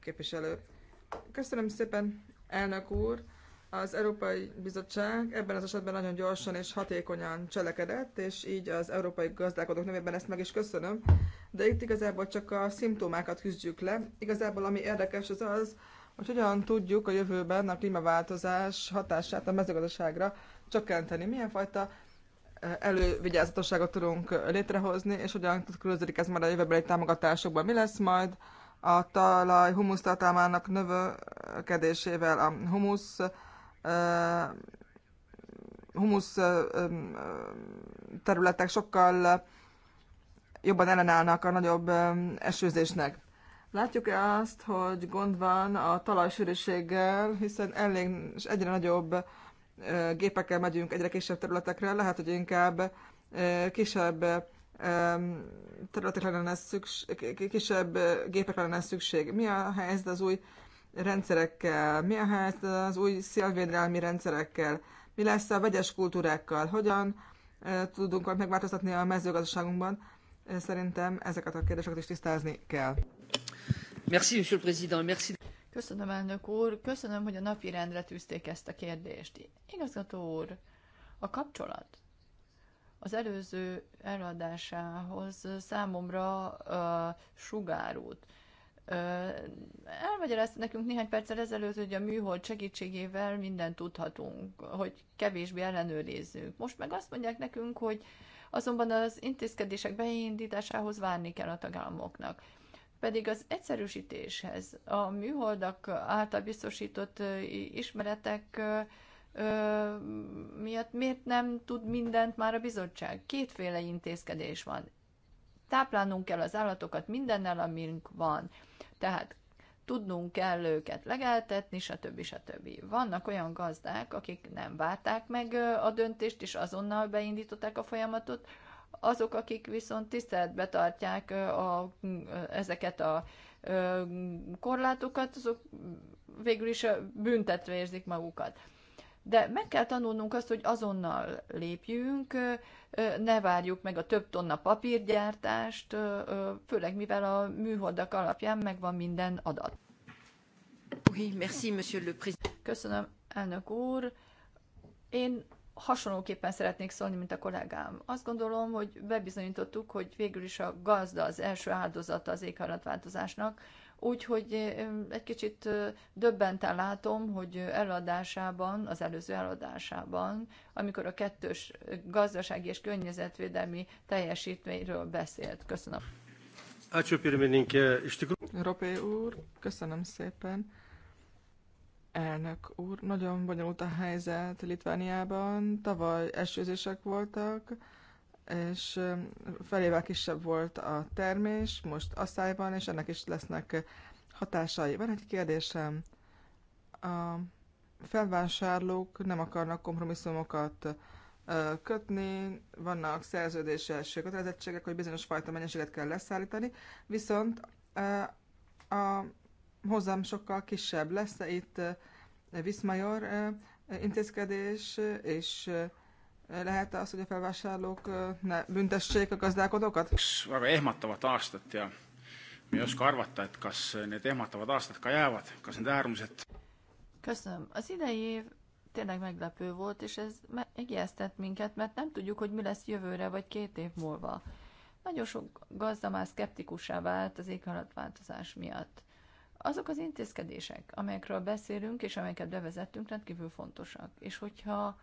képviselő. Köszönöm szépen, elnök úr, az Európai Bizottság ebben az esetben nagyon gyorsan és hatékonyan cselekedett, és így az európai gazdálkodók nevében ezt meg is köszönöm. De itt igazából csak a szimptomákat küzdjük le. Igazából ami érdekes az az, hogy hogyan tudjuk a jövőben a klímaváltozás hatását a mezőgazdaságra csökkenteni. Milyen fajta e, elővigyázatosságot tudunk létrehozni, és hogyan közödik ez már a jövőbeli támogatásokban. Mi lesz majd a talaj humusztartalmának növekedésével, a humusz humusz területek sokkal jobban ellenállnak a nagyobb esőzésnek. Látjuk-e azt, hogy gond van a talajsűrűséggel, hiszen elég és egyre nagyobb gépekkel megyünk egyre kisebb területekre, lehet, hogy inkább kisebb területekre lenne szükség, kisebb gépekre lenne szükség. Mi a helyzet az új rendszerekkel? Mi a helyzet az új szélvédelmi rendszerekkel? Mi lesz a vegyes kultúrákkal? Hogyan tudunk megváltoztatni a mezőgazdaságunkban? Szerintem ezeket a kérdéseket is tisztázni kell. Merci, Monsieur le Président. Merci. Köszönöm, elnök úr. Köszönöm, hogy a napi rendre tűzték ezt a kérdést. Igazgató úr, a kapcsolat az előző eladásához számomra uh, sugárút. Uh, elmagyarázta nekünk néhány perccel ezelőtt, hogy a műhold segítségével mindent tudhatunk, hogy kevésbé ellenőrizzünk. Most meg azt mondják nekünk, hogy azonban az intézkedések beindításához várni kell a tagállamoknak. Pedig az egyszerűsítéshez a műholdak által biztosított ismeretek uh, ö, miatt miért nem tud mindent már a bizottság? Kétféle intézkedés van. Táplálnunk kell az állatokat mindennel, amink van. Tehát tudnunk kell őket legeltetni, stb. stb. Vannak olyan gazdák, akik nem várták meg a döntést, és azonnal beindították a folyamatot, azok, akik viszont tiszteletbe tartják a, ezeket a korlátokat, azok végül is büntetve érzik magukat de meg kell tanulnunk azt, hogy azonnal lépjünk, ne várjuk meg a több tonna papírgyártást, főleg mivel a műholdak alapján megvan minden adat. Oui, merci, monsieur le président. Köszönöm, elnök úr. Én hasonlóképpen szeretnék szólni, mint a kollégám. Azt gondolom, hogy bebizonyítottuk, hogy végül is a gazda az első áldozata az éghajlatváltozásnak, Úgyhogy egy kicsit döbbenten látom, hogy előadásában, az előző előadásában, amikor a kettős gazdasági és környezetvédelmi teljesítményről beszélt. Köszönöm. Ropé úr, köszönöm szépen. Elnök úr, nagyon bonyolult a helyzet Litvániában. Tavaly esőzések voltak, és felével kisebb volt a termés, most asszályban, és ennek is lesznek hatásai. Van egy kérdésem. A felvásárlók nem akarnak kompromisszumokat kötni, vannak szerződéses kötelezettségek, hogy bizonyos fajta mennyiséget kell leszállítani, viszont a hozam sokkal kisebb lesz, itt Viszmajor intézkedés, és lehet az, hogy a felvásárlók ne büntessék a gazdálkodókat? väga ehmatavat aastat ja mi ei karvatta, arvata, et hát kas need hát ehmatavat aastat ka jäävad, kas need äärmused. köszönöm. Az idei év tényleg meglepő volt, és ez megijesztett minket, mert nem tudjuk, hogy mi lesz jövőre vagy két év múlva. Nagyon sok gazda már szkeptikussá vált az éghajlatváltozás miatt. Azok az intézkedések, amelyekről beszélünk és amelyeket bevezettünk, rendkívül fontosak. És hogyha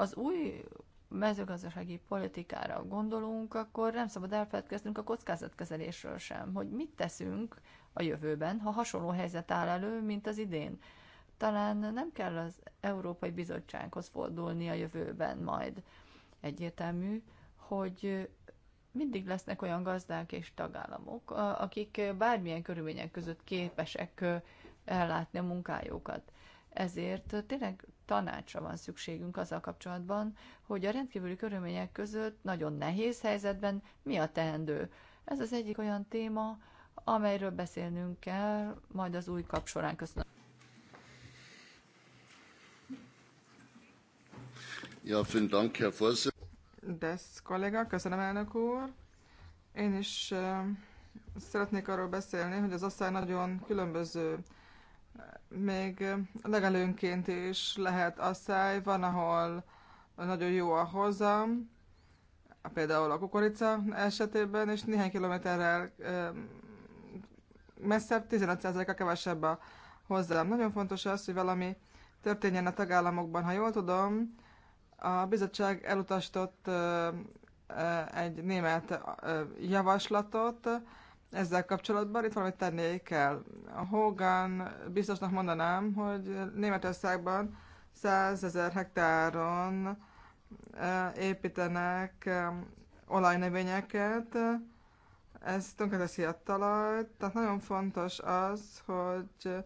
az új mezőgazdasági politikára gondolunk, akkor nem szabad elfeledkeznünk a kockázatkezelésről sem, hogy mit teszünk a jövőben, ha hasonló helyzet áll elő, mint az idén. Talán nem kell az Európai Bizottsághoz fordulni a jövőben majd. Egyértelmű, hogy mindig lesznek olyan gazdák és tagállamok, akik bármilyen körülmények között képesek ellátni a munkájukat. Ezért tényleg tanácsra van szükségünk azzal kapcsolatban, hogy a rendkívüli körülmények között nagyon nehéz helyzetben mi a teendő. Ez az egyik olyan téma, amelyről beszélnünk kell majd az új kapcsolán. Köszönöm. Ja, vielen Dank, Herr Vorsitz. Desz kollega, köszönöm elnök úr. Én is uh, szeretnék arról beszélni, hogy az asszály nagyon különböző még legelőnként is lehet asszály, van, ahol nagyon jó a hozam, például a kukorica esetében, és néhány kilométerrel messzebb 15%-a kevesebb a hozzám. Nagyon fontos az, hogy valami történjen a tagállamokban. Ha jól tudom, a bizottság elutasított egy német javaslatot, ezzel kapcsolatban. Itt valamit tennék kell. A Hogan biztosnak mondanám, hogy Németországban 100 ezer hektáron e, építenek e, olajnövényeket, ez tönkreteszi a talajt, tehát nagyon fontos az, hogy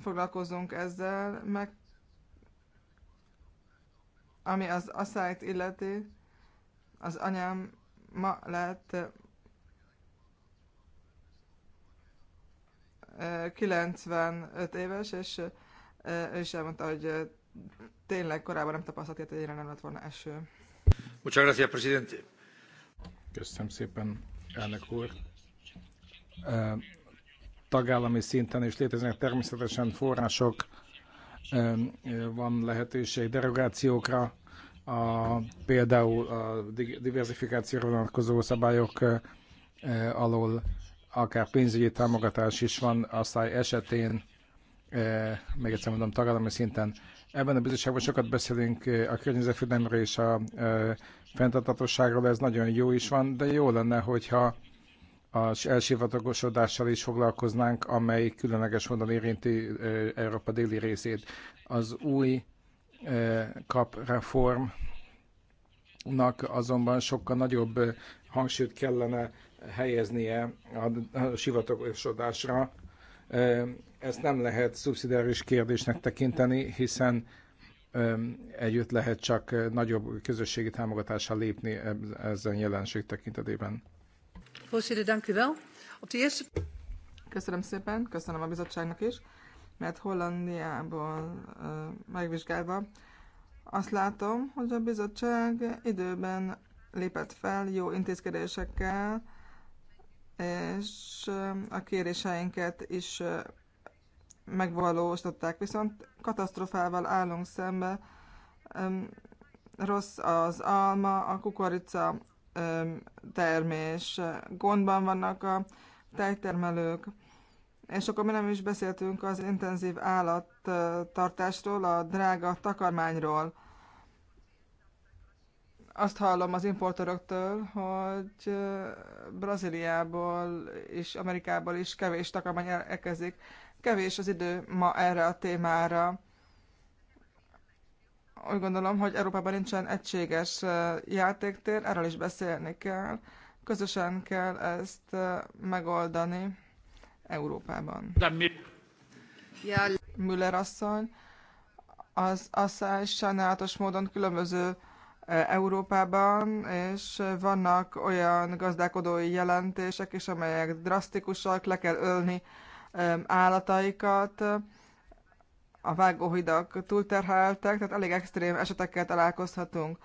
foglalkozunk ezzel, meg ami az asszályt illeti, az anyám ma lett 95 éves, és ő is elmondta, hogy tényleg korábban nem tapasztalt ilyet, hogy ennyire nem lett volna eső. Muchas gracias, presidente. Köszönöm szépen, elnök úr. Tagállami szinten is léteznek természetesen források, van lehetőség derogációkra, a, például a diversifikációra vonatkozó szabályok alól akár pénzügyi támogatás is van a száj esetén, e, még egyszer mondom, tagállami szinten. Ebben a bizottságban sokat beszélünk e, a környezetvédelemről és a e, fenntartatóságról, ez nagyon jó is van, de jó lenne, hogyha az elsivatagosodással is foglalkoznánk, amely különleges módon érinti Európa déli részét. Az új kap reformnak azonban sokkal nagyobb hangsúlyt kellene helyeznie a sivatagosodásra. Ezt nem lehet szubszidiáris kérdésnek tekinteni, hiszen együtt lehet csak nagyobb közösségi támogatással lépni ezen jelenség tekintetében. Köszönöm szépen, köszönöm a bizottságnak is, mert Hollandiából megvizsgálva azt látom, hogy a bizottság időben lépett fel jó intézkedésekkel, és a kéréseinket is megvalósították. Viszont katasztrofával állunk szembe, rossz az alma, a kukorica termés, gondban vannak a tejtermelők. És akkor mi nem is beszéltünk az intenzív állattartásról, a drága takarmányról azt hallom az importoroktól, hogy Brazíliából és Amerikából is kevés takarmány elkezik. Kevés az idő ma erre a témára. Úgy gondolom, hogy Európában nincsen egységes játéktér, erről is beszélni kell. Közösen kell ezt megoldani Európában. De mi? Müller asszony, az asszály sajnálatos módon különböző Európában, és vannak olyan gazdálkodói jelentések is, amelyek drasztikusak, le kell ölni állataikat, a vágóhidak túlterheltek, tehát elég extrém esetekkel találkozhatunk.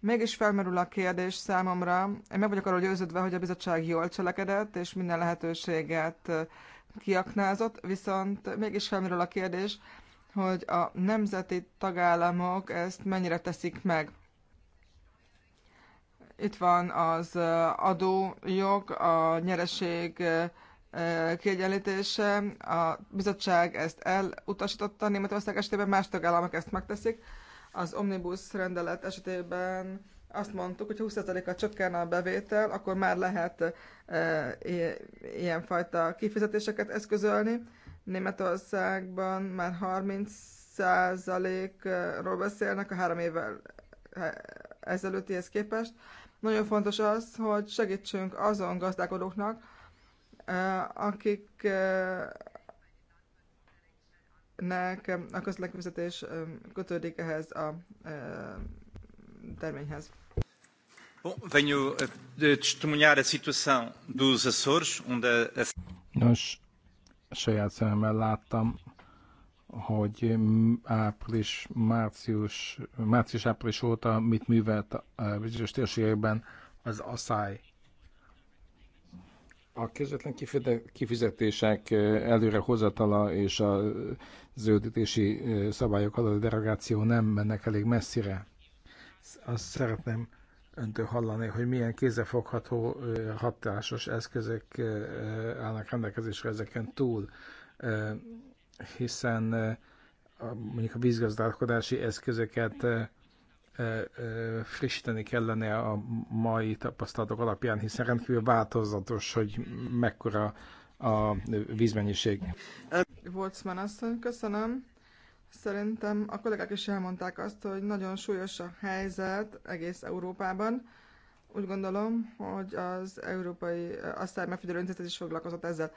Mégis felmerül a kérdés számomra, én meg vagyok arról győződve, hogy a bizottság jól cselekedett, és minden lehetőséget kiaknázott, viszont mégis felmerül a kérdés, hogy a nemzeti tagállamok ezt mennyire teszik meg. Itt van az adójog, a nyereség kiegyenlítése. A bizottság ezt elutasította, Németország esetében más tagállamok ezt megteszik. Az omnibus rendelet esetében azt mondtuk, hogy 20%-kal csökken a bevétel, akkor már lehet e, ilyenfajta kifizetéseket eszközölni. Németországban már 30%-ról beszélnek a három évvel ezelőttihez képest. Nagyon fontos az, hogy segítsünk azon gazdálkodóknak, akiknek a közlekvizetés kötődik ehhez a terményhez. Bom, venho eh, testemunhar a situação dos Açores, onde a... Nos, saját szememmel láttam hogy április, március, március-április óta mit művelt a eh, bizonyos térségekben az asszály. A közvetlen kifizetések eh, előre hozatala és a zöldítési eh, szabályok adott derogáció nem mennek elég messzire. Azt szeretném öntől hallani, hogy milyen kézefogható hatásos eszközök állnak rendelkezésre ezeken túl hiszen a, mondjuk a vízgazdálkodási eszközöket frissíteni kellene a mai tapasztalatok alapján, hiszen rendkívül változatos, hogy mekkora a vízmennyiség. Voltzman asszony, köszönöm. Szerintem a kollégák is elmondták azt, hogy nagyon súlyos a helyzet egész Európában. Úgy gondolom, hogy az Európai Aztán Megfigyelő Intézet is foglalkozott ezzel.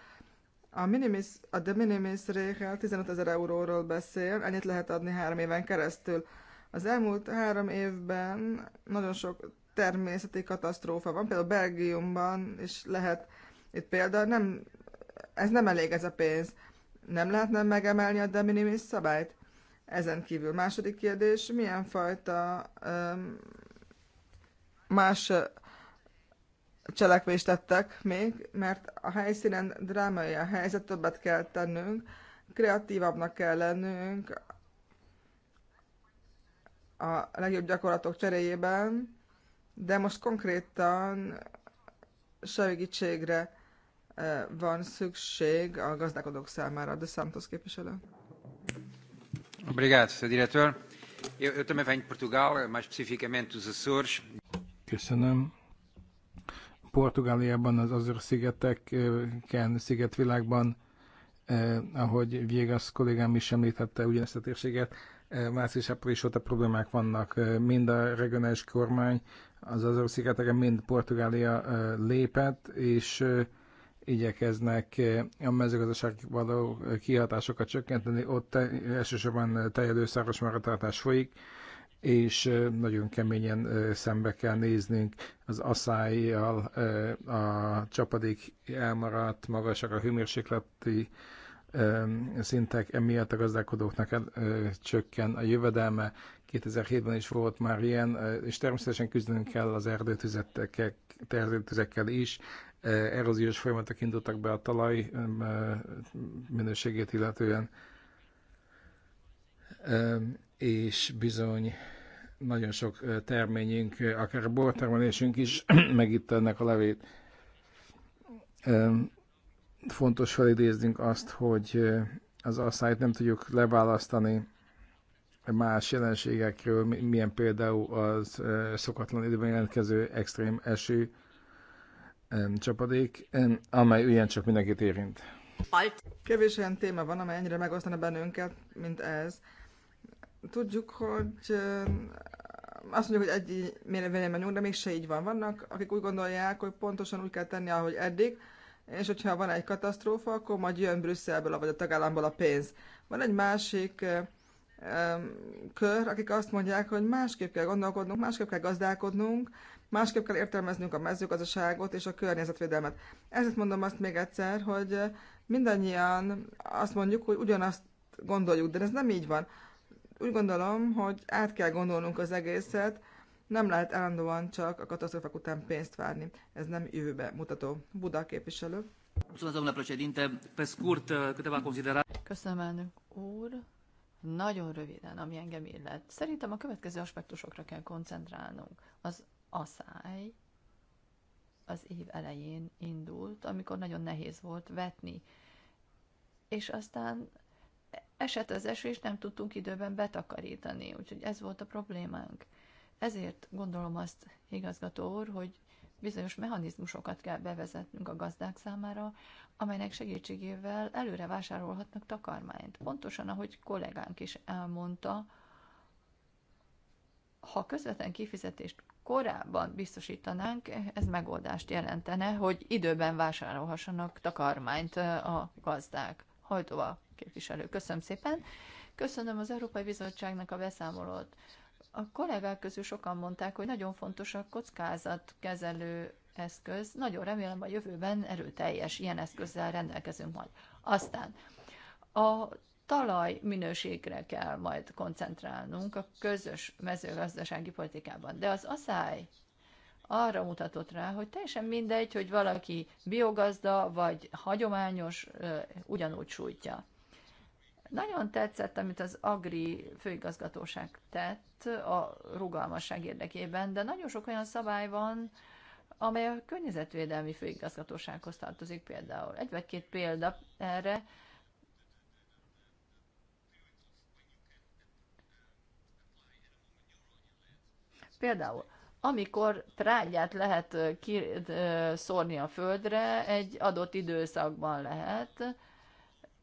A, minimis, a de minimis réhel 15 ezer euróról beszél, ennyit lehet adni három éven keresztül. Az elmúlt három évben nagyon sok természeti katasztrófa van, például Belgiumban is lehet itt példa, nem, ez nem elég ez a pénz. Nem lehetne megemelni a de minimis szabályt? Ezen kívül második kérdés, milyen fajta um, más cselekvést tettek még, mert a helyszínen drámai a helyzet, többet kell tennünk, kreatívabbnak kell lennünk a legjobb gyakorlatok cseréjében, de most konkrétan segítségre eh, van szükség a gazdálkodók számára. De Santos képviselő. Obrigado, Sr. Diretor. Eu, eu também venho de Portugal, mais especificamente dos Açores. Köszönöm. Portugáliában, az Azor-szigeteken, szigetvilágban, eh, ahogy Viegas kollégám is említette ugyanezt a térséget, eh, március-április óta problémák vannak. Eh, mind a regionális kormány az Azor-szigeteken, mind Portugália eh, lépett, és eh, igyekeznek eh, a mezőgazdaság való eh, kihatásokat csökkenteni, ott eh, elsősorban teljelőszáros magatartás folyik, és nagyon keményen szembe kell néznünk az asszályjal, a csapadék elmaradt, magasak a hőmérsékleti szintek, emiatt a gazdálkodóknak csökken a jövedelme. 2007-ben is volt már ilyen, és természetesen küzdenünk kell az erdőtüzekkel is. Eróziós folyamatok indultak be a talaj minőségét illetően, és bizony nagyon sok terményünk, akár a bortermelésünk is megitt ennek a levét. Fontos felidéznünk azt, hogy az asszályt nem tudjuk leválasztani más jelenségekről, milyen például az szokatlan időben jelentkező extrém eső csapadék, amely ugyancsak mindenkit érint. Kevés olyan téma van, amely ennyire megosztana bennünket, mint ez tudjuk, hogy azt mondjuk, hogy egy véleményen vagyunk, de mégse így van. Vannak, akik úgy gondolják, hogy pontosan úgy kell tenni, ahogy eddig, és hogyha van egy katasztrófa, akkor majd jön Brüsszelből vagy a tagállamból a pénz. Van egy másik kör, akik azt mondják, hogy másképp kell gondolkodnunk, másképp kell gazdálkodnunk, másképp kell értelmeznünk a mezőgazdaságot és a környezetvédelmet. Ezért mondom azt még egyszer, hogy mindannyian azt mondjuk, hogy ugyanazt gondoljuk, de ez nem így van úgy gondolom, hogy át kell gondolnunk az egészet, nem lehet állandóan csak a katasztrofák után pénzt várni. Ez nem jövőbe mutató. Buda képviselő. Uh, Köszönöm, elnök úr. Nagyon röviden, ami engem illet. Szerintem a következő aspektusokra kell koncentrálnunk. Az asszály az év elején indult, amikor nagyon nehéz volt vetni. És aztán esett az eső, és nem tudtunk időben betakarítani, úgyhogy ez volt a problémánk. Ezért gondolom azt, igazgató úr, hogy bizonyos mechanizmusokat kell bevezetnünk a gazdák számára, amelynek segítségével előre vásárolhatnak takarmányt. Pontosan, ahogy kollégánk is elmondta, ha közvetlen kifizetést korábban biztosítanánk, ez megoldást jelentene, hogy időben vásárolhassanak takarmányt a gazdák. Hajtóval képviselő. Köszönöm szépen. Köszönöm az Európai Bizottságnak a beszámolót. A kollégák közül sokan mondták, hogy nagyon fontos a kockázatkezelő eszköz. Nagyon remélem a jövőben erőteljes ilyen eszközzel rendelkezünk majd. Aztán a talaj minőségre kell majd koncentrálnunk a közös mezőgazdasági politikában. De az asszály arra mutatott rá, hogy teljesen mindegy, hogy valaki biogazda vagy hagyományos, ugyanúgy sújtja. Nagyon tetszett, amit az Agri főigazgatóság tett a rugalmasság érdekében, de nagyon sok olyan szabály van, amely a környezetvédelmi főigazgatósághoz tartozik például. Egy vagy két példa erre. Például, amikor trágyát lehet szórni a földre, egy adott időszakban lehet,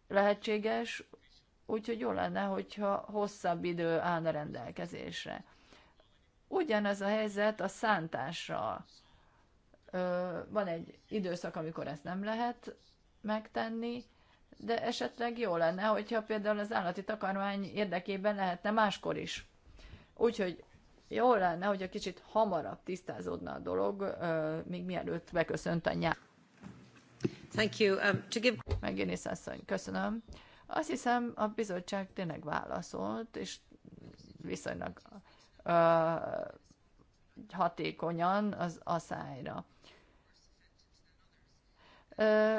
lehetséges, úgyhogy jó lenne, hogyha hosszabb idő állna rendelkezésre. Ugyanaz a helyzet a szántással. van egy időszak, amikor ezt nem lehet megtenni, de esetleg jó lenne, hogyha például az állati takarmány érdekében lehetne máskor is. Úgyhogy jó lenne, hogy a kicsit hamarabb tisztázódna a dolog, még mielőtt beköszönt a nyár. Thank you. Um, to give... Megénész asszony, köszönöm. Azt hiszem, a bizottság tényleg válaszolt, és viszonylag ö, hatékonyan az asszályra.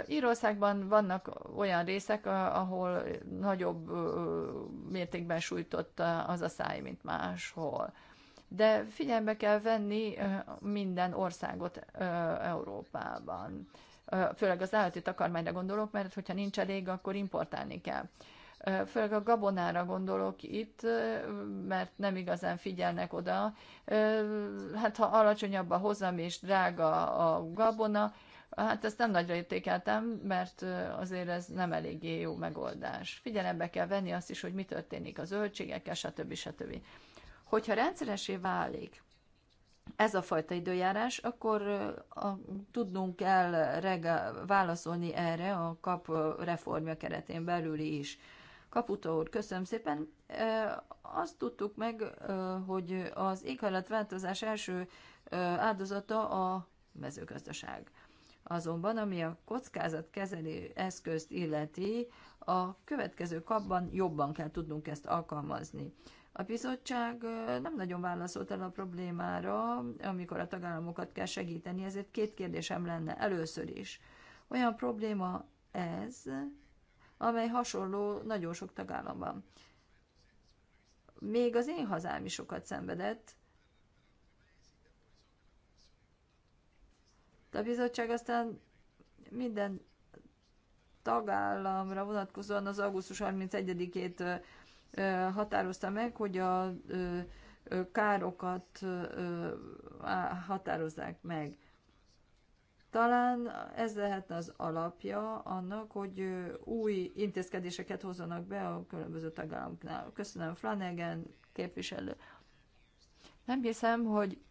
Írországban vannak olyan részek, ahol nagyobb mértékben sújtott az a száj, mint máshol. De figyelme kell venni minden országot Európában főleg az állati takarmányra gondolok, mert hogyha nincs elég, akkor importálni kell. Főleg a gabonára gondolok itt, mert nem igazán figyelnek oda. Hát ha alacsonyabb a hozam és drága a gabona, Hát ezt nem nagyra értékeltem, mert azért ez nem eléggé jó megoldás. Figyelembe kell venni azt is, hogy mi történik a zöldségekkel, stb. stb. Hogyha rendszeresé válik ez a fajta időjárás, akkor a, tudnunk kell rega válaszolni erre a kap reformja keretén belüli is. Kaputó úr, köszönöm szépen. Azt tudtuk meg, hogy az éghajlatváltozás első áldozata a mezőgazdaság. Azonban, ami a kockázatkezelő eszközt illeti, a következő kapban jobban kell tudnunk ezt alkalmazni. A bizottság nem nagyon válaszolt el a problémára, amikor a tagállamokat kell segíteni, ezért két kérdésem lenne először is. Olyan probléma ez, amely hasonló nagyon sok tagállamban. Még az én hazám is sokat szenvedett, de a bizottság aztán minden tagállamra vonatkozóan az augusztus 31-ét határozta meg, hogy a károkat határozzák meg. Talán ez lehetne az alapja annak, hogy új intézkedéseket hozzanak be a különböző tagállamoknál. Köszönöm Flanagan képviselő. Nem hiszem, hogy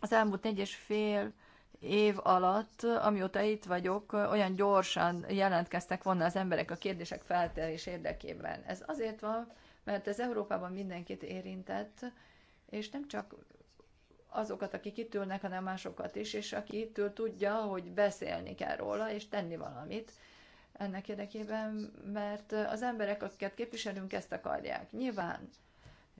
az elmúlt négy és fél év alatt, amióta itt vagyok, olyan gyorsan jelentkeztek volna az emberek a kérdések feltelés érdekében. Ez azért van, mert ez Európában mindenkit érintett, és nem csak azokat, akik itt ülnek, hanem másokat is, és aki itt ül, tudja, hogy beszélni kell róla, és tenni valamit ennek érdekében, mert az emberek, akiket képviselünk, ezt akarják. Nyilván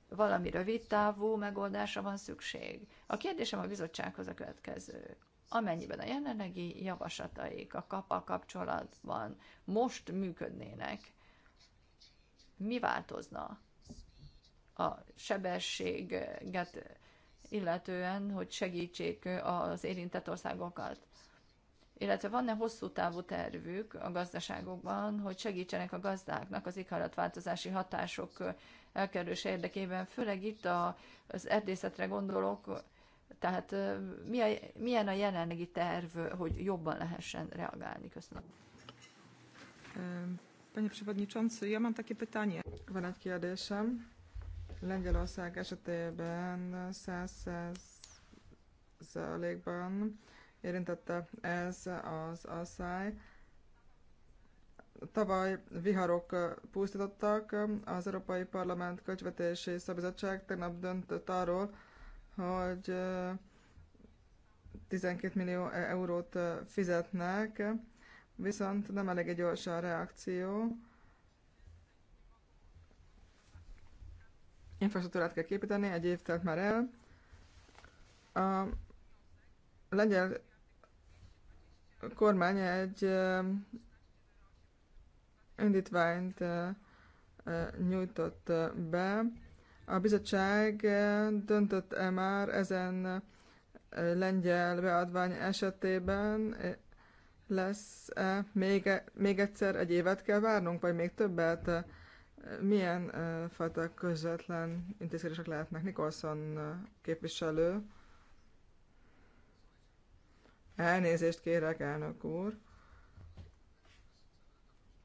valami rövid távú megoldásra van szükség. A kérdésem a bizottsághoz a következő amennyiben a jelenlegi javaslataik a kapa kapcsolatban most működnének, mi változna a sebességet illetően, hogy segítsék az érintett országokat? Illetve van-e hosszú távú tervük a gazdaságokban, hogy segítsenek a gazdáknak az éghajlatváltozási hatások elkerülése érdekében, főleg itt az erdészetre gondolok, tehát mi a, milyen a jelenlegi terv, hogy jobban lehessen reagálni? Köszönöm. Panie Przewodniczący, ja mam takie pytanie. Van egy kérdésem. Lengyelország esetében 100%-ban érintette ez az asszály. Tavaly viharok pusztítottak, az Európai Parlament Költségvetési Szabizottság tegnap döntött arról, hogy 12 millió e- eurót fizetnek, viszont nem elég egy gyors a reakció. Infrastruktúrát kell képíteni, egy év telt már el. A lengyel kormány egy indítványt nyújtott be, a bizottság eh, döntött-e már ezen eh, lengyel beadvány esetében, eh, lesz -e még, még egyszer egy évet kell várnunk, vagy még többet? Milyen fajta közvetlen intézkedések lehetnek? Nikolson képviselő. Elnézést kérek, elnök úr.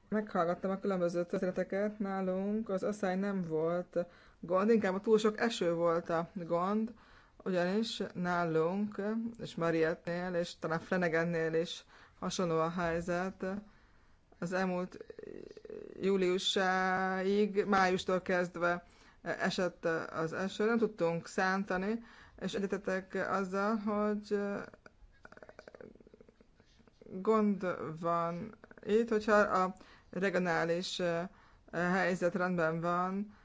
Meghallgattam a különböző történeteket nálunk. Az asszály nem volt gond, inkább a túl sok eső volt a gond, ugyanis nálunk, és Marietnél, és talán Flanagannél is hasonló a helyzet, az elmúlt júliusáig, májustól kezdve esett az eső, nem tudtunk szántani, és egyetetek azzal, hogy gond van itt, hogyha a regionális helyzet rendben van,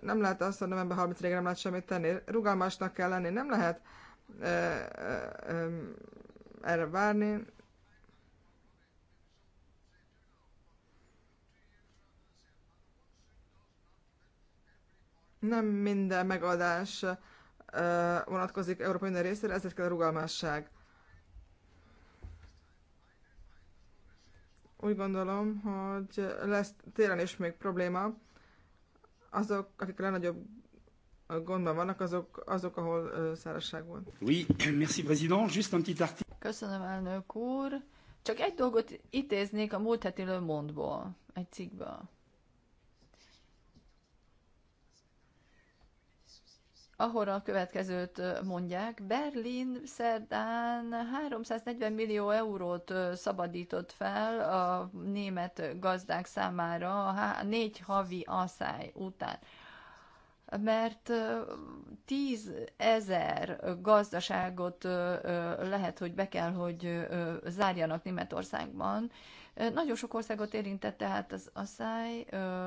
nem lehet azt, mondani, november 30-ig nem lehet semmit tenni. Rugalmasnak kell lenni, nem lehet erre várni. Nem minden megadás vonatkozik Európa minden részére, ezért kell a rugalmasság. Úgy gondolom, hogy lesz téren is még probléma, azok, akik a legnagyobb gondban vannak, azok, azok ahol uh, szárazság van. Oui, merci président, juste un petit article. Köszönöm, elnök úr. Csak egy dolgot idéznék a múlt heti Le Monde-ból, egy cikkből. ahol a következőt mondják, Berlin szerdán 340 millió eurót szabadított fel a német gazdák számára a négy havi asszály után mert tízezer gazdaságot lehet, hogy be kell, hogy zárjanak Németországban. Nagyon sok országot érintett tehát az asszály,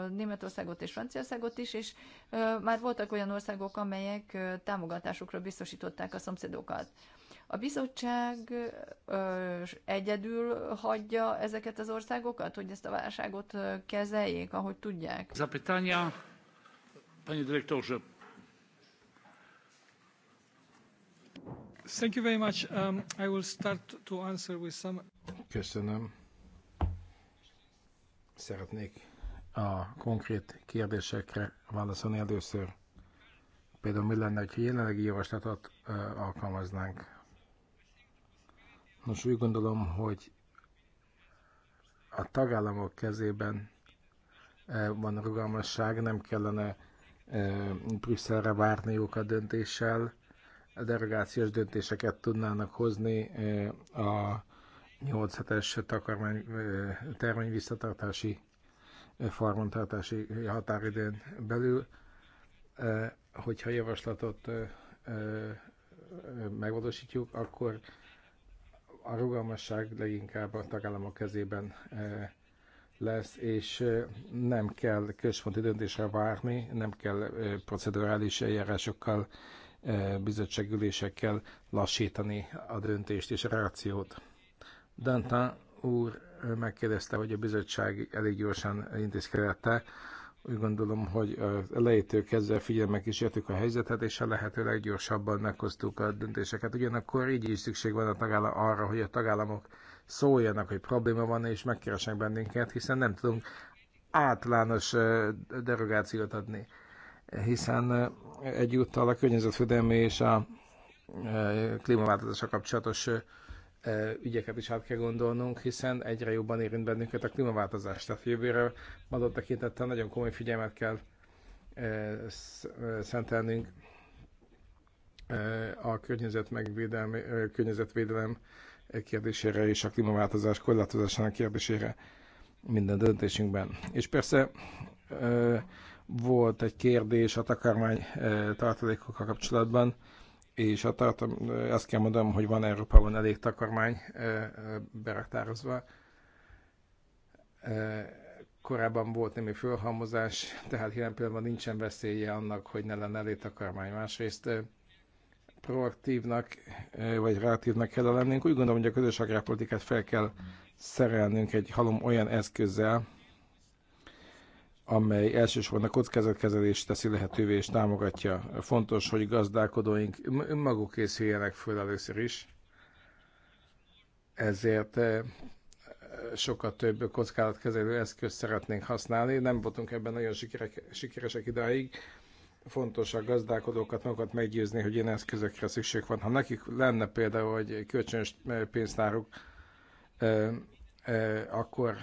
Németországot és Franciaországot is, és már voltak olyan országok, amelyek támogatásukra biztosították a szomszédokat. A bizottság egyedül hagyja ezeket az országokat, hogy ezt a válságot kezeljék, ahogy tudják. Zapytania Panie dyrektorze. Thank you very much. Um, I will start to answer with some... Köszönöm. Szeretnék a konkrét kérdésekre válaszolni először. Például mi lenne, ha jelenlegi javaslatot uh, alkalmaznánk? Most úgy gondolom, hogy a tagállamok kezében uh, van rugalmasság, nem kellene Brüsszelre várniuk a döntéssel, a derogációs döntéseket tudnának hozni a 8 hetes takarmány, termény visszatartási, farmontartási határidőn belül, hogyha javaslatot megvalósítjuk, akkor a rugalmasság leginkább a tagállamok kezében lesz, és nem kell központi döntésre várni, nem kell procedurális eljárásokkal, bizottságülésekkel lassítani a döntést és a reakciót. Dantan úr megkérdezte, hogy a bizottság elég gyorsan intézkedette. Úgy gondolom, hogy az elejétől kezdve figyelmek is értük a helyzetet, és a lehető leggyorsabban meghoztuk a döntéseket. Ugyanakkor így is szükség van a tagállam arra, hogy a tagállamok szóljanak, hogy probléma van, és megkeresnek bennünket, hiszen nem tudunk általános derogációt adni. Hiszen egyúttal a környezetvédelmi és a klímaváltozásra kapcsolatos ügyeket is át kell gondolnunk, hiszen egyre jobban érint bennünket a klímaváltozás. Tehát jövőre adott tekintettel nagyon komoly figyelmet kell szentelnünk a környezet megvédelmi, környezetvédelem E kérdésére és a klímaváltozás korlátozásának kérdésére minden döntésünkben. És persze volt egy kérdés a takarmány tartalékokkal kapcsolatban, és a tartom, azt kell mondom, hogy van Európában elég takarmány beraktározva. Korábban volt némi fölhalmozás, tehát jelen pillanatban nincsen veszélye annak, hogy ne lenne elég takarmány. Másrészt proaktívnak vagy reaktívnak kell lennünk. Úgy gondolom, hogy a közös agrárpolitikát fel kell szerelnünk egy halom olyan eszközzel, amely elsősorban a kockázatkezelést teszi lehetővé és támogatja. Fontos, hogy gazdálkodóink önmaguk készüljenek föl először is, ezért sokkal több kockázatkezelő eszközt szeretnénk használni. Nem voltunk ebben nagyon sikeresek idáig, fontos a gazdálkodókat magukat meggyőzni, hogy ilyen eszközökre szükség van. Ha nekik lenne például egy kölcsönös eh, pénztáruk, eh, eh, akkor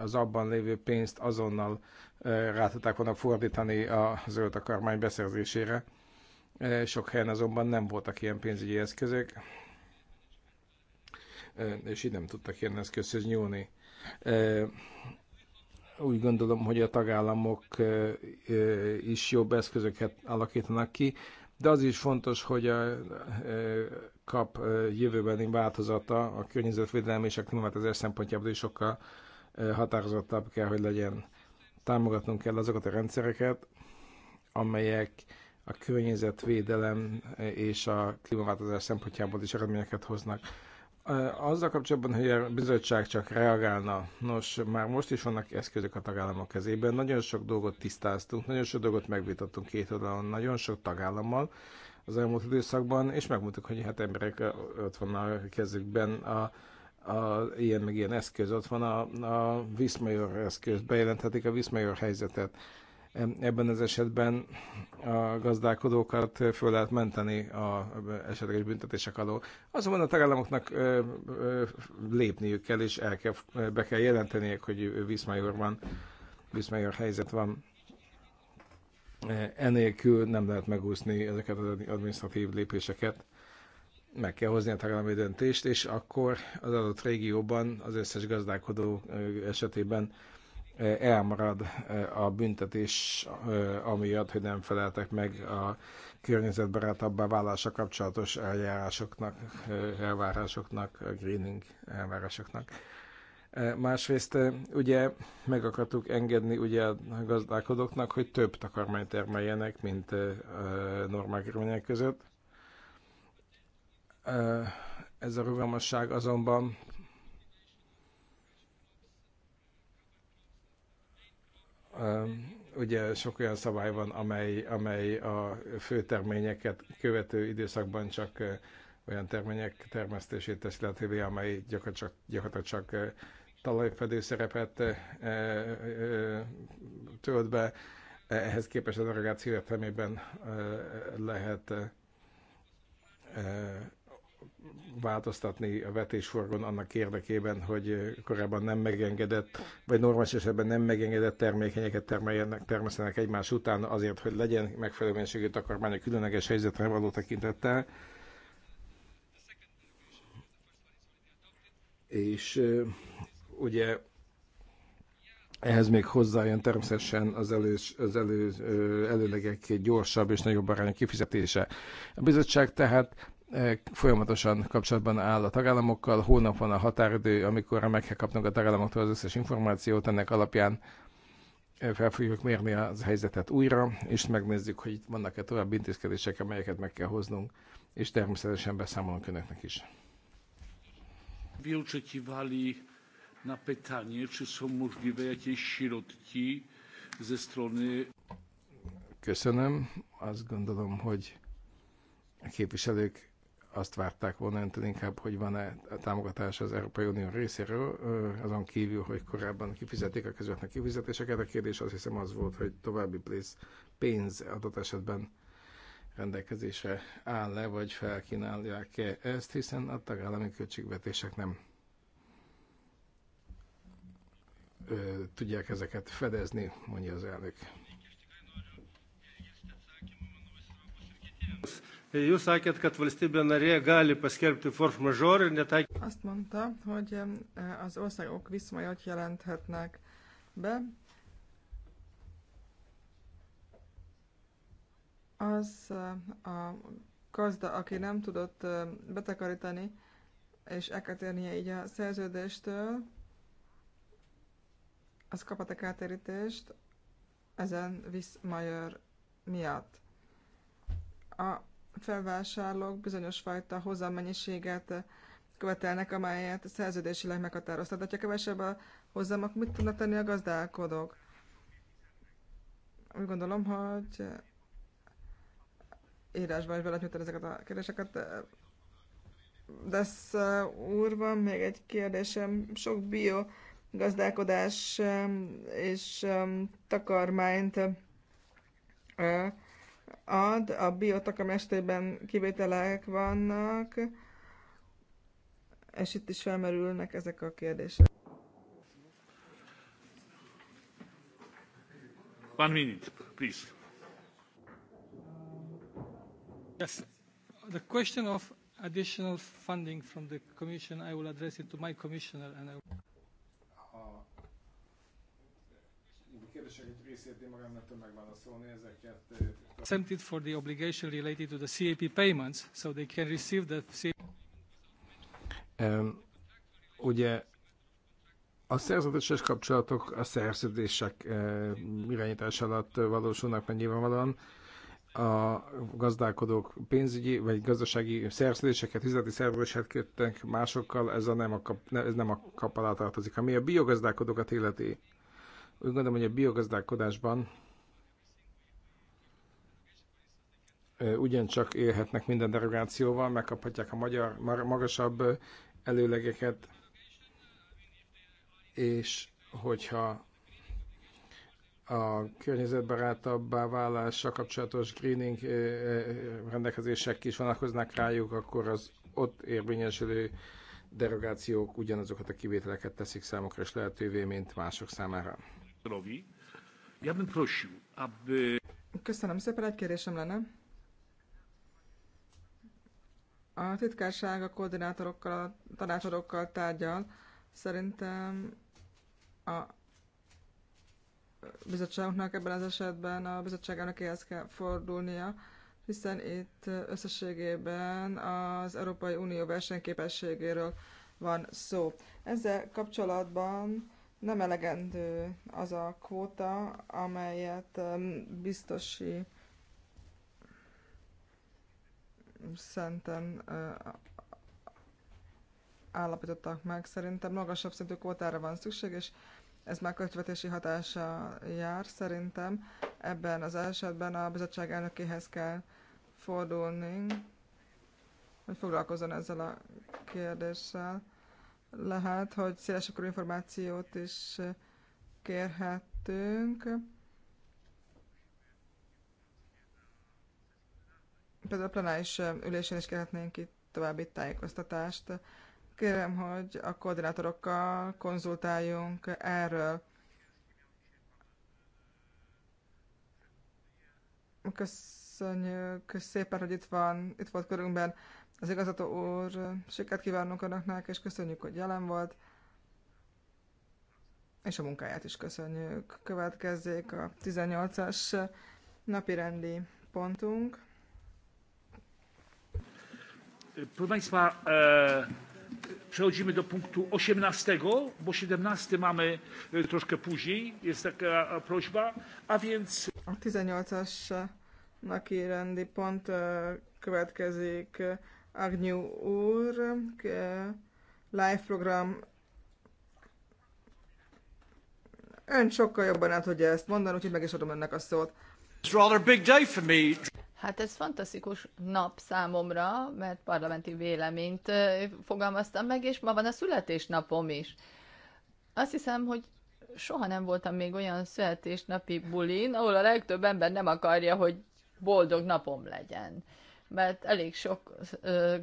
az abban lévő pénzt azonnal rá tudták volna fordítani a zöld akarmány beszerzésére. Sok helyen azonban nem voltak ilyen pénzügyi eszközök, és így nem tudtak ilyen eszközhöz nyúlni úgy gondolom, hogy a tagállamok is jobb eszközöket alakítanak ki, de az is fontos, hogy a kap jövőbeni változata a környezetvédelem és a klímaváltozás szempontjából is sokkal határozottabb kell, hogy legyen. Támogatnunk kell azokat a rendszereket, amelyek a környezetvédelem és a klímaváltozás szempontjából is eredményeket hoznak azzal kapcsolatban, hogy a bizottság csak reagálna, nos, már most is vannak eszközök a tagállamok kezében, nagyon sok dolgot tisztáztunk, nagyon sok dolgot megvitattunk két oldalon, nagyon sok tagállammal az elmúlt időszakban, és megmutattuk, hogy hát emberek ott van a kezükben a, a, ilyen meg ilyen eszköz, ott van a, a Viszmajor eszköz, bejelenthetik a Viszmajor helyzetet Ebben az esetben a gazdálkodókat föl lehet menteni a esetleges büntetések alól. Azonban a tagállamoknak lépniük kell, és el kell, be kell jelenteniük, hogy Viszmajor van, Viszmajor helyzet van. Enélkül nem lehet megúszni ezeket az administratív lépéseket meg kell hozni a tagállami döntést, és akkor az adott régióban az összes gazdálkodó esetében elmarad a büntetés amiatt, hogy nem feleltek meg a környezetbarátabbá válása kapcsolatos eljárásoknak, elvárásoknak, a greening elvárásoknak. Másrészt ugye meg akartuk engedni ugye a gazdálkodóknak, hogy több takarmányt termeljenek, mint normál körülmények között. Ez a rugalmasság azonban ugye sok olyan szabály van, amely, amely a főterményeket követő időszakban csak olyan termények termesztését tesz lehetővé, amely gyakorlatilag, gyakorlatilag csak talajfedő szerepet tölt be. Ehhez képest az irrigáció értelmében lehet változtatni a vetésforgon annak érdekében, hogy korábban nem megengedett, vagy normális esetben nem megengedett termékenyeket termeljenek, termesztenek egymás után azért, hogy legyen megfelelő mennyiségű takarmány a különleges helyzetre való tekintettel. És ugye ehhez még hozzájön természetesen az, elős, az elő, előlegek gyorsabb és nagyobb arányú kifizetése. A bizottság tehát folyamatosan kapcsolatban áll a tagállamokkal. Hónap van a határidő, amikor meg kell kapnunk a tagállamoktól az összes információt, ennek alapján fel fogjuk mérni az helyzetet újra, és megnézzük, hogy itt vannak-e további intézkedések, amelyeket meg kell hoznunk, és természetesen beszámolunk önöknek is. Wyczekiwali na pytanie, czy są możliwe jakieś środki ze strony... Köszönöm. Azt gondolom, hogy a képviselők azt várták volna öntől inkább, hogy van-e a támogatás az Európai Unió részéről, azon kívül, hogy korábban kifizetik a közvetlen kifizetéseket. A kérdés azt hiszem az volt, hogy további pénz adott esetben rendelkezésre áll-e, vagy felkínálják-e ezt, hiszen a tagállami költségvetések nem ö, tudják ezeket fedezni, mondja az elnök. E, jūs sakėt, kad valstybė narė gali paskelbti force majeure, netaikyti. Azt mondta, hogy e, az országok viszonyot jelenthetnek be. Az e, a gazda, aki nem tudott betakarítani, és ekatérnie így a szerződéstől, az kaphat a kártérítést ezen Viszmajor miatt. A felvásárlók bizonyos fajta hozammennyiséget követelnek, amelyet szerződésileg meghatároztat. Ha kevesebb a hozzám, akkor mit tudnak tenni a gazdálkodók? Úgy gondolom, hogy írásban is beletnyújtani ezeket a kérdéseket. de uh, úr, van még egy kérdésem. Sok bio gazdálkodás um, és um, takarmányt uh, ad, a biotaka mestében kivételek vannak, és itt is felmerülnek ezek a kérdések. One minute, please. Yes. The question of additional funding from the Commission, I will address it to my commissioner and I will... Exempted for the obligation related to the CAP payments, so they can receive the CAP. ugye a szerződéses kapcsolatok a szerződések irányítás alatt valósulnak meg nyilvánvalóan. A gazdálkodók pénzügyi vagy gazdasági szerződéseket, üzleti szerződéseket kötnek másokkal, ez, a nem, a kap, ez nem a kap alá tartozik. Ami a biogazdálkodókat illeti, úgy gondolom, hogy a biogazdálkodásban ugyancsak élhetnek minden derogációval, megkaphatják a magyar, magasabb előlegeket, és hogyha a környezetbarátabbá válással kapcsolatos greening rendelkezések is vonatkoznak rájuk, akkor az ott érvényesülő derogációk ugyanazokat a kivételeket teszik számukra és lehetővé, mint mások számára. Köszönöm szépen, egy kérdésem lenne. A titkárság a koordinátorokkal, a tanácsadókkal tárgyal. Szerintem a bizottságunknak ebben az esetben a bizottság elnökéhez kell fordulnia, hiszen itt összességében az Európai Unió versenyképességéről van szó. Ezzel kapcsolatban nem elegendő az a kvóta, amelyet biztosi szenten állapítottak meg. Szerintem magasabb szintű kvótára van szükség, és ez már költségvetési hatása jár szerintem. Ebben az esetben a bizottság elnökéhez kell fordulni, hogy foglalkozzon ezzel a kérdéssel lehet, hogy szélesebb információt is kérhetünk. Például a plenáris ülésen is kérhetnénk itt további tájékoztatást. Kérem, hogy a koordinátorokkal konzultáljunk erről. Köszönjük szépen, hogy itt van, itt volt körünkben az igazgató úr, sikert kívánunk önöknek, és köszönjük, hogy jelen volt, és a munkáját is köszönjük. Következzék a 18-as napirendi pontunk. Proszę Państwa, e, przechodzimy do punktu 18, bo 17 mamy e, troszkę później, jest taka e, prośba, a więc... A 18-as napirendi pont e, következik Agnew úr, live program. Ön sokkal jobban át tudja ezt mondani, úgyhogy meg is adom önnek a szót. It's rather big day for me. Hát ez fantasztikus nap számomra, mert parlamenti véleményt fogalmaztam meg, és ma van a születésnapom is. Azt hiszem, hogy soha nem voltam még olyan születésnapi bulin, ahol a legtöbb ember nem akarja, hogy boldog napom legyen mert elég sok ö,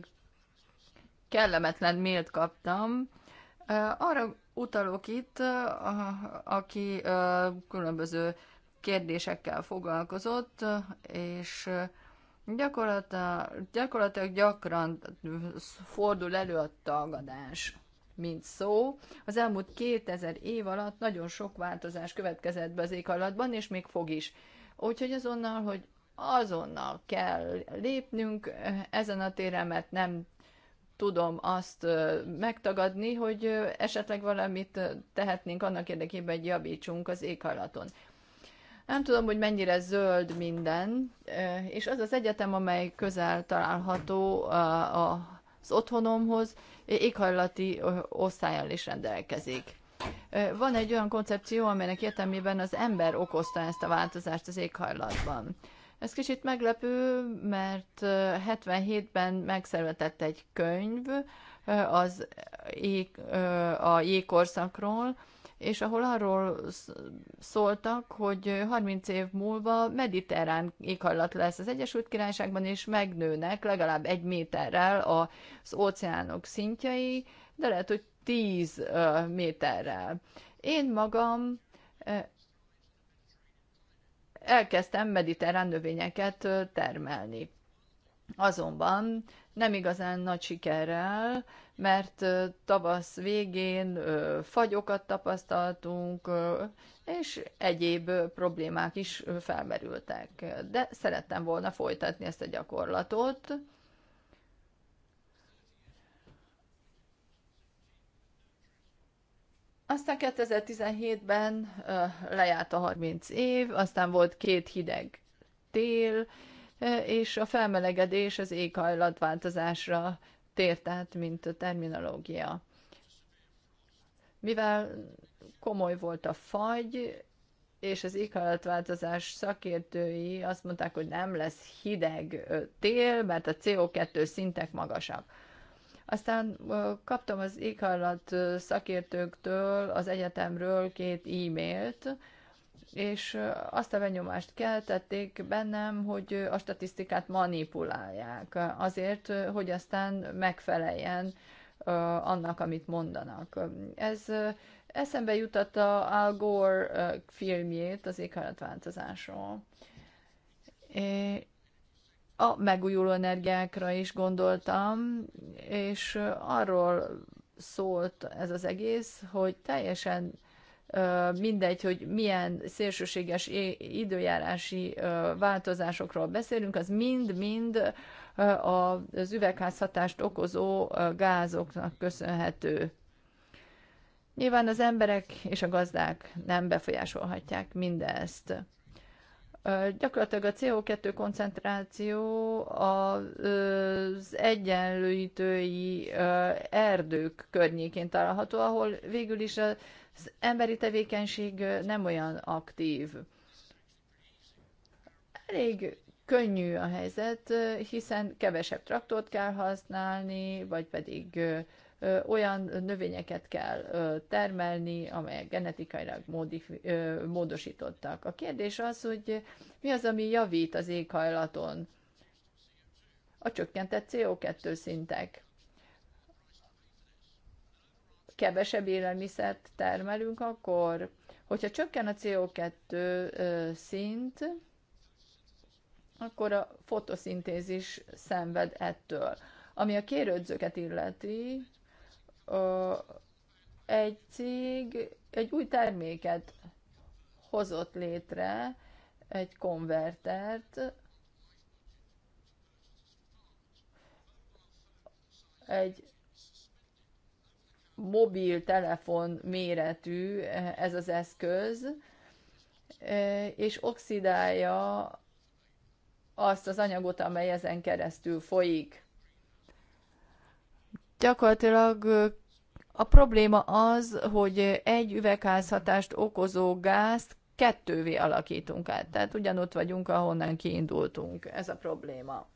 kellemetlen mélt kaptam. Arra utalok itt, aki különböző kérdésekkel foglalkozott, és gyakorlatilag, gyakorlatilag gyakran fordul elő a tagadás, mint szó. Az elmúlt 2000 év alatt nagyon sok változás következett be az éghajlatban, és még fog is. Úgyhogy azonnal, hogy azonnal kell lépnünk ezen a téren, mert nem tudom azt megtagadni, hogy esetleg valamit tehetnénk annak érdekében, hogy javítsunk az éghajlaton. Nem tudom, hogy mennyire zöld minden, és az az egyetem, amely közel található az otthonomhoz, éghajlati osztályjal is rendelkezik. Van egy olyan koncepció, amelynek értelmében az ember okozta ezt a változást az éghajlatban. Ez kicsit meglepő, mert 77-ben eh, megszervetett egy könyv eh, az ég, eh, a jégkorszakról, és ahol arról szóltak, hogy 30 év múlva mediterrán éghajlat lesz az Egyesült Királyságban, és megnőnek legalább egy méterrel az óceánok szintjei, de lehet, hogy 10 méterrel. Én magam elkezdtem mediterrán növényeket termelni. Azonban nem igazán nagy sikerrel, mert tavasz végén fagyokat tapasztaltunk, és egyéb problémák is felmerültek. De szerettem volna folytatni ezt a gyakorlatot, Aztán 2017-ben lejárt a 30 év, aztán volt két hideg tél, és a felmelegedés az éghajlatváltozásra tért át, mint a terminológia. Mivel komoly volt a fagy, és az éghajlatváltozás szakértői azt mondták, hogy nem lesz hideg tél, mert a CO2 szintek magasak. Aztán kaptam az éghajlat szakértőktől, az egyetemről két e-mailt, és azt a benyomást keltették bennem, hogy a statisztikát manipulálják azért, hogy aztán megfeleljen annak, amit mondanak. Ez eszembe jutott a Al Gore filmjét az éghajlatváltozásról a megújuló energiákra is gondoltam, és arról szólt ez az egész, hogy teljesen mindegy, hogy milyen szélsőséges időjárási változásokról beszélünk, az mind-mind az üvegházhatást okozó gázoknak köszönhető. Nyilván az emberek és a gazdák nem befolyásolhatják mindezt. Gyakorlatilag a CO2 koncentráció az egyenlőítői erdők környékén található, ahol végül is az emberi tevékenység nem olyan aktív. Elég könnyű a helyzet, hiszen kevesebb traktort kell használni, vagy pedig olyan növényeket kell termelni, amelyek genetikailag módosítottak. A kérdés az, hogy mi az, ami javít az éghajlaton? A csökkentett CO2 szintek. Kevesebb élelmiszert termelünk akkor, hogyha csökken a CO2 szint, akkor a fotoszintézis szenved ettől. Ami a kérődzőket illeti, ö, egy cég egy új terméket hozott létre, egy konvertert, egy mobiltelefon méretű ez az eszköz, és oxidálja azt az anyagot, amely ezen keresztül folyik. Gyakorlatilag a probléma az, hogy egy üvegházhatást okozó gázt kettővé alakítunk át. Tehát ugyanott vagyunk, ahonnan kiindultunk. Ez a probléma.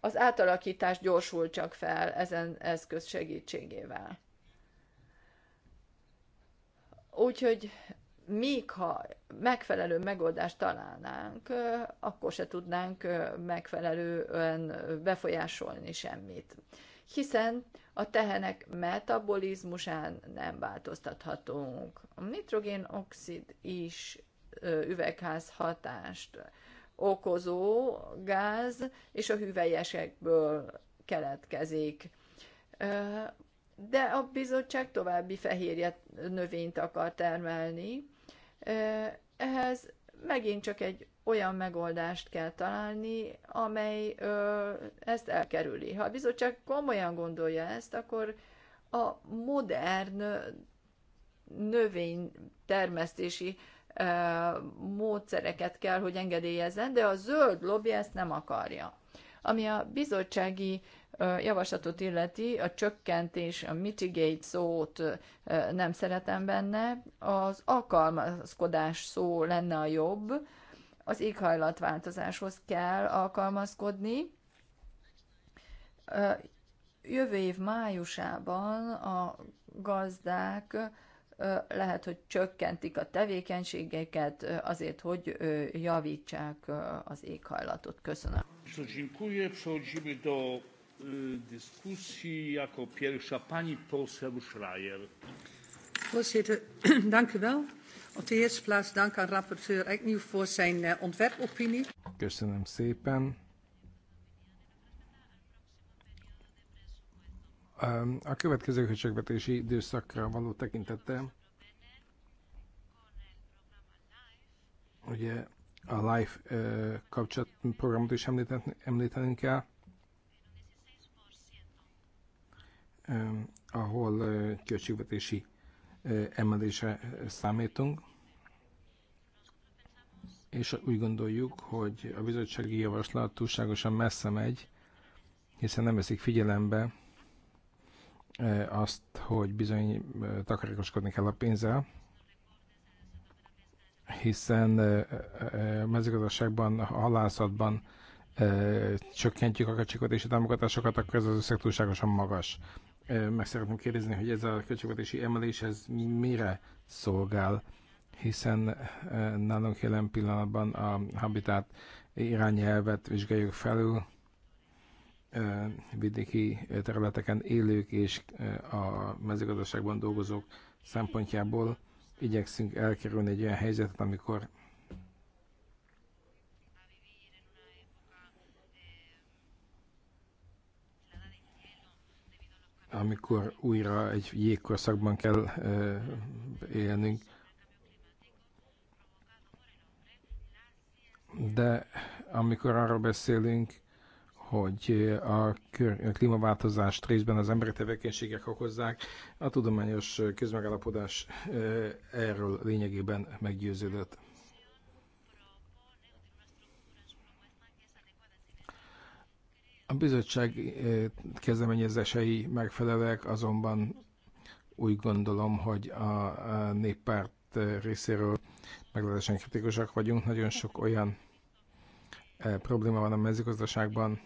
Az átalakítás gyorsul csak fel ezen eszköz segítségével. Úgyhogy még ha megfelelő megoldást találnánk, akkor se tudnánk megfelelően befolyásolni semmit. Hiszen a tehenek metabolizmusán nem változtathatunk. A nitrogénoxid is üvegház hatást okozó gáz, és a hüvelyesekből keletkezik. De a bizottság további fehérje növényt akar termelni, ehhez megint csak egy olyan megoldást kell találni, amely ö, ezt elkerüli. Ha a bizottság komolyan gondolja ezt, akkor a modern növénytermesztési ö, módszereket kell, hogy engedélyezzen, de a zöld lobby ezt nem akarja. Ami a bizottsági javaslatot illeti, a csökkentés, a mitigate szót nem szeretem benne, az alkalmazkodás szó lenne a jobb, az éghajlatváltozáshoz kell alkalmazkodni. Jövő év májusában a gazdák lehet, hogy csökkentik a tevékenységeket azért, hogy javítsák az éghajlatot. Köszönöm. Dziękuję dyskusji jako pierwsza pani poseł Schreier. Voorzitter, dank u wel. Op de eerste plaats dank aan rapporteur Eknieuw voor zijn uh, ontwerpopinie. Köszönöm szépen. Ehm, a következő költségvetési időszakra való tekintettel ugye a LIFE eh, kapcsolatprogramot is említenünk kell. Eh, ahol eh, költségvetési eh, emelése számítunk, és úgy gondoljuk, hogy a bizottsági javaslat túlságosan messze megy, hiszen nem veszik figyelembe azt, hogy bizony takarékoskodni kell a pénzzel, hiszen mezőgazdaságban, halászatban csökkentjük a költségvetési támogatásokat, akkor ez az összeg túlságosan magas. Meg szeretném kérdezni, hogy ez a költségvetési emelés, ez mire szolgál, hiszen nálunk jelen pillanatban a Habitat irányelvet vizsgáljuk felül, vidéki területeken élők és a mezőgazdaságban dolgozók szempontjából igyekszünk elkerülni egy olyan helyzetet, amikor amikor újra egy jégkorszakban kell élnünk. De amikor arról beszélünk, hogy a klímaváltozást részben az emberi tevékenységek okozzák, a tudományos közmegállapodás erről lényegében meggyőződött. A bizottság eh, kezdeményezései megfelelek, azonban úgy gondolom, hogy a néppárt eh, részéről meglehetősen kritikusak vagyunk. Nagyon sok olyan eh, probléma van a mezőgazdaságban,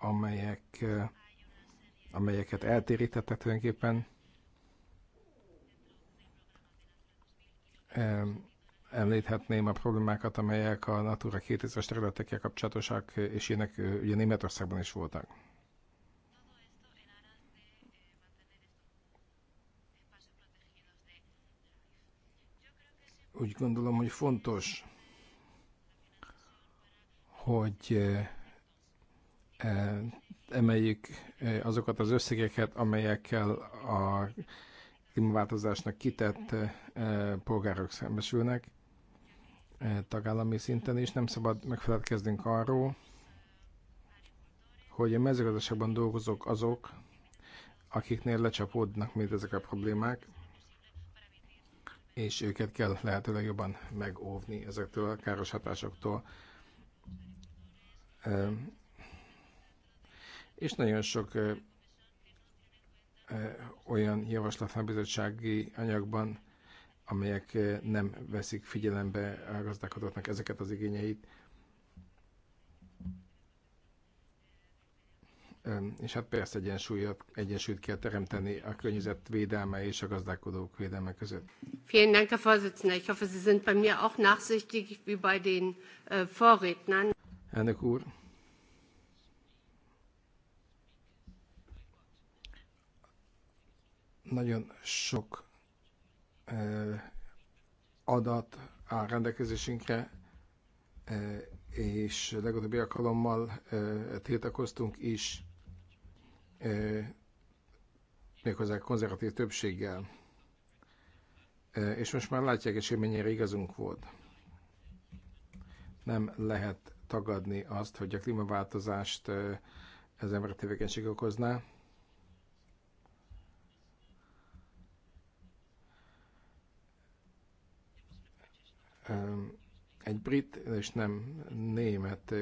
amelyek, amelyeket eltérítettek tulajdonképpen említhetném a problémákat, amelyek a Natura 2000-es területekkel kapcsolatosak, és ilyenek ugye Németországban is voltak. Úgy gondolom, hogy fontos, hogy emeljük azokat az összegeket, amelyekkel a klímaváltozásnak kitett polgárok szembesülnek. E, tagállami szinten, is nem szabad megfeledkeznünk arról, hogy a mezőgazdaságban dolgozók azok, akiknél lecsapódnak mind ezek a problémák, és őket kell lehetőleg jobban megóvni ezektől a káros hatásoktól. E, és nagyon sok e, olyan javaslatlan bizottsági anyagban amelyek eh, nem veszik figyelembe a gazdálkodóknak ezeket az igényeit. És hát persze egyensúlyt, egyensúlyt kell teremteni a környezet védelme és a gazdálkodók védelme között. Vielen Dank, Herr Vorsitzender. Ich hoffe, Sie sind bei mir auch nachsichtig, wie bei den äh, Vorrednern. Elnök úr, nagyon sok adat áll rendelkezésünkre, és legutóbbi alkalommal tiltakoztunk is, méghozzá konzervatív többséggel. És most már látják és hogy mennyire igazunk volt. Nem lehet tagadni azt, hogy a klímaváltozást az ember tevékenység okozná, egy brit és nem német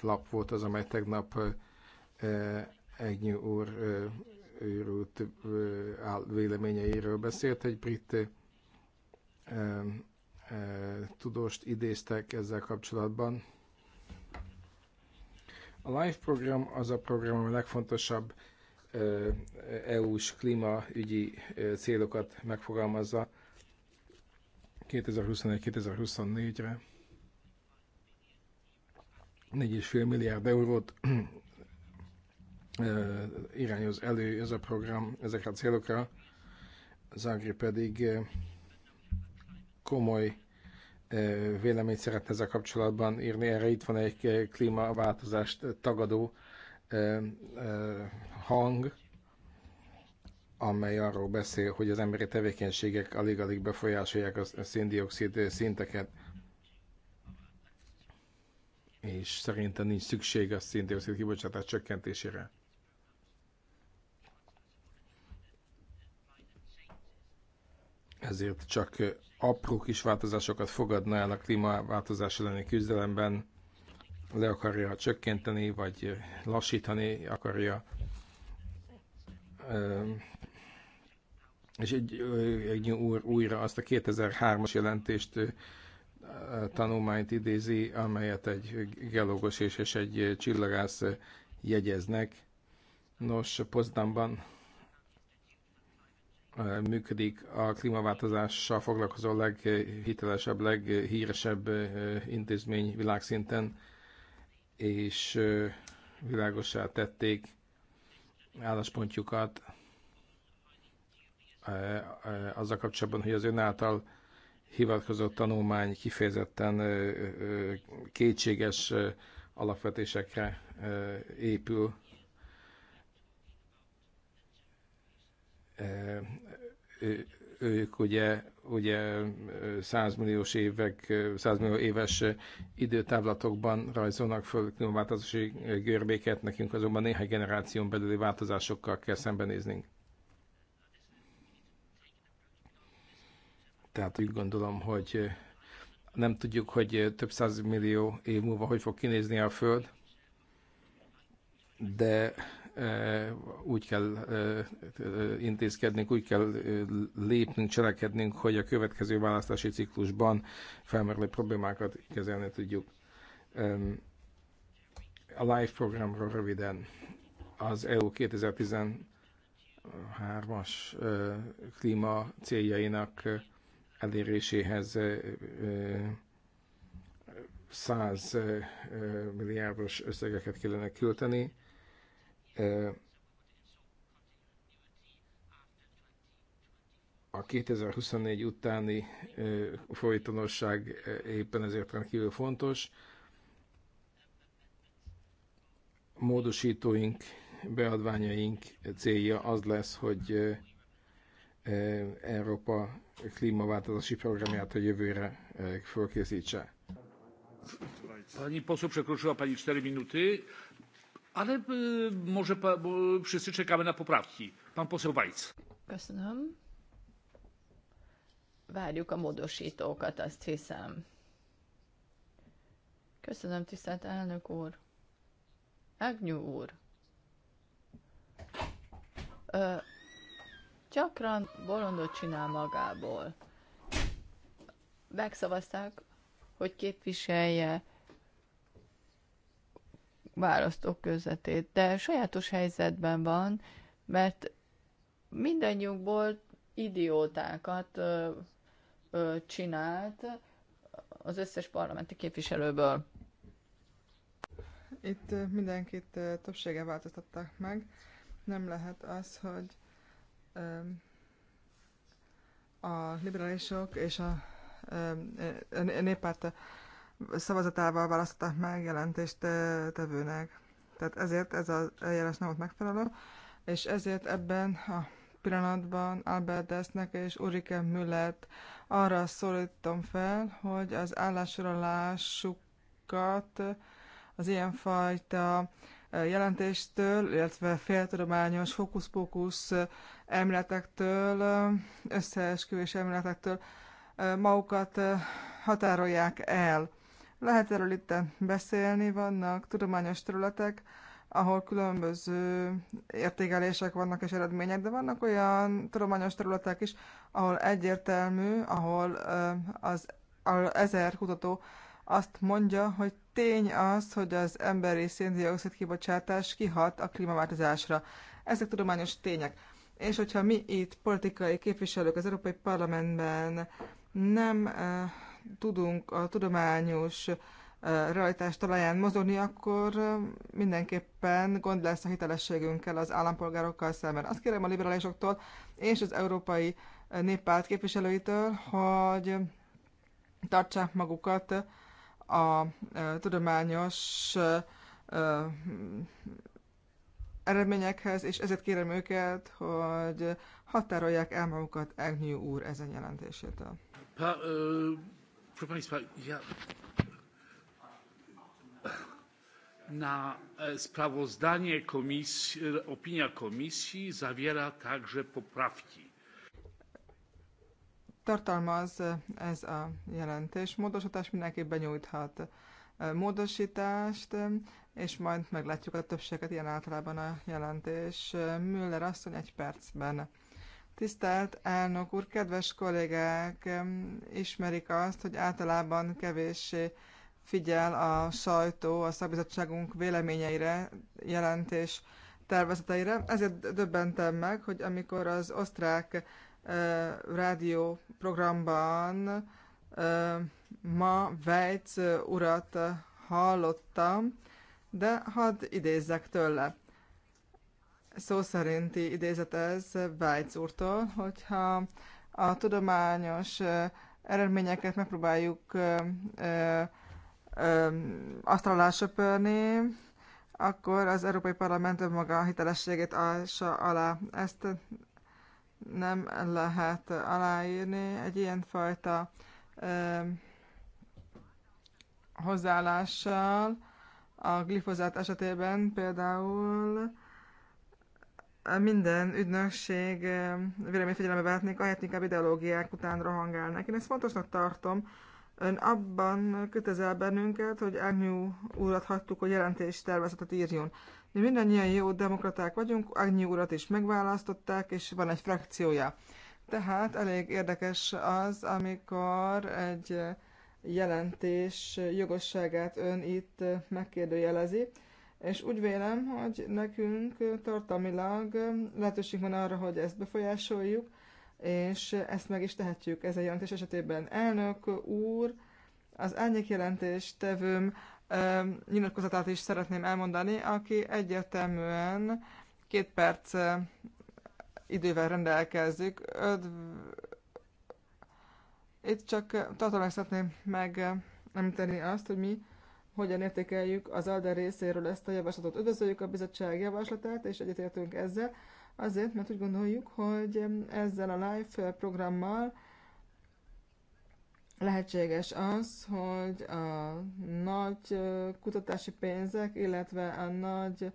lap volt az, amely tegnap Egnyi úr őrült véleményeiről beszélt. Egy brit tudóst idéztek ezzel kapcsolatban. A LIFE program az a program, ami legfontosabb EU-s klímaügyi célokat megfogalmazza 2021-2024-re 4,5 milliárd eurót irányoz elő ez a program ezekre a célokra. Zágri pedig komoly véleményt szeretne ezzel kapcsolatban írni. Erre itt van egy klímaváltozást tagadó hang, amely arról beszél, hogy az emberi tevékenységek alig-alig befolyásolják a széndiokszid szinteket, és szerintem nincs szükség a széndiokszid kibocsátás csökkentésére. Ezért csak apró kis változásokat fogadna el a klímaváltozás elleni küzdelemben, le akarja csökkenteni, vagy lassítani akarja és egy, egy úr újra azt a 2003-as jelentést tanulmányt idézi, amelyet egy gelogos és, és egy csillagász jegyeznek. Nos, Pozdamban működik a klímaváltozással foglalkozó leghitelesebb, leghíresebb intézmény világszinten, és világosá tették álláspontjukat E, e, azzal kapcsolatban, hogy az ön által hivatkozott tanulmány kifejezetten e, kétséges alapvetésekre épül. Ők ugye, ugye 100 milliós évek, 100 millió éves időtávlatokban rajzolnak föl klímaváltozási görbéket, nekünk azonban néhány generáción belüli változásokkal kell szembenéznünk. Tehát úgy gondolom, hogy nem tudjuk, hogy több száz millió év múlva hogy fog kinézni a Föld, de úgy kell intézkednünk, úgy kell lépnünk, cselekednünk, hogy a következő választási ciklusban felmerülő problémákat kezelni tudjuk. A live programról röviden az EU 2013-as klíma céljainak eléréséhez 100 milliárdos összegeket kellene költeni. A 2024 utáni folytonosság éppen ezért rendkívül fontos. Módosítóink, beadványaink célja az lesz, hogy Európa klímaváltozási programját a jövőre fölkészítse. Pani poseł przekroczyła Pani 4 minuty, ale może pa, bo wszyscy czekamy na poprawki. Pan poseł Wajc. Köszönöm. Várjuk a módosítókat, azt hiszem. Köszönöm, tisztelt elnök úr. Agnyú úr. Ö, Gyakran bolondot csinál magából. Megszavazták, hogy képviselje választók közvetét, de sajátos helyzetben van, mert mindannyiunkból idiótákat ö, ö, csinált az összes parlamenti képviselőből. Itt mindenkit többsége változtatták meg. Nem lehet az, hogy a liberálisok és a, a néppárt szavazatával választották meg jelentést tevőnek. Tehát ezért ez a eljárás nem volt megfelelő, és ezért ebben a pillanatban Albert Desznek és Ulrike Müllert arra szólítom fel, hogy az állásolásukat az ilyenfajta jelentéstől, illetve féltudományos fókusz-pókusz emletektől, összeesküvés emletektől magukat határolják el. Lehet erről itt beszélni, vannak tudományos területek, ahol különböző értékelések vannak és eredmények, de vannak olyan tudományos területek is, ahol egyértelmű, ahol az ahol ezer kutató azt mondja, hogy tény az, hogy az emberi széndiokszid kibocsátás kihat a klímaváltozásra. Ezek tudományos tények. És hogyha mi itt, politikai képviselők az Európai Parlamentben nem uh, tudunk a tudományos uh, eh, realitás talaján mozogni, akkor uh, mindenképpen gond lesz a hitelességünkkel az állampolgárokkal szemben. Azt kérem a liberálisoktól és az Európai Néppárt képviselőitől, hogy tartsák magukat a tudományos eredményekhez, és ezért kérem őket, hogy határolják el magukat Agnew úr ezen jelentésétől. Pa, na e, sprawozdanie komisji, opinia komisji zawiera także poprawki tartalmaz ez a jelentés. Módosítás mindenképp benyújthat módosítást, és majd meglátjuk a többséget ilyen általában a jelentés. Müller asszony egy percben. Tisztelt elnök úr, kedves kollégák, ismerik azt, hogy általában kevéssé figyel a sajtó a szakbizottságunk véleményeire, jelentés tervezeteire. Ezért döbbentem meg, hogy amikor az osztrák rádió programban ma Vejc urat hallottam, de hadd idézzek tőle. Szó szerinti idézet ez Vejc úrtól, hogyha a tudományos eredményeket megpróbáljuk azt söpörni, akkor az Európai Parlament önmaga hitelességét alsa alá. Ezt nem lehet aláírni. Egy ilyen fajta ö, hozzáállással a glifozát esetében például minden ügynökség vélemény vehetnék, ahelyett inkább ideológiák után rohangálnak. Én ezt fontosnak tartom. Ön abban kötezel bennünket, hogy Agnew úrat hagytuk, hogy jelentés tervezetet írjon. Mi mindannyian jó demokraták vagyunk, Agnyi urat is megválasztották, és van egy frakciója. Tehát elég érdekes az, amikor egy jelentés jogosságát ön itt megkérdőjelezi, és úgy vélem, hogy nekünk tartalmilag lehetőség van arra, hogy ezt befolyásoljuk, és ezt meg is tehetjük ez a jelentés esetében. Elnök úr, az árnyék jelentést tevőm nyilatkozatát is szeretném elmondani, aki egyértelműen két perc idővel rendelkezik. Öd... Itt csak tartalmilag szeretném megemlíteni azt, hogy mi hogyan értékeljük az ALDE részéről ezt a javaslatot. Üdvözöljük a bizottság javaslatát, és egyetértünk ezzel, azért, mert úgy gondoljuk, hogy ezzel a live programmal lehetséges az, hogy a nagy kutatási pénzek, illetve a nagy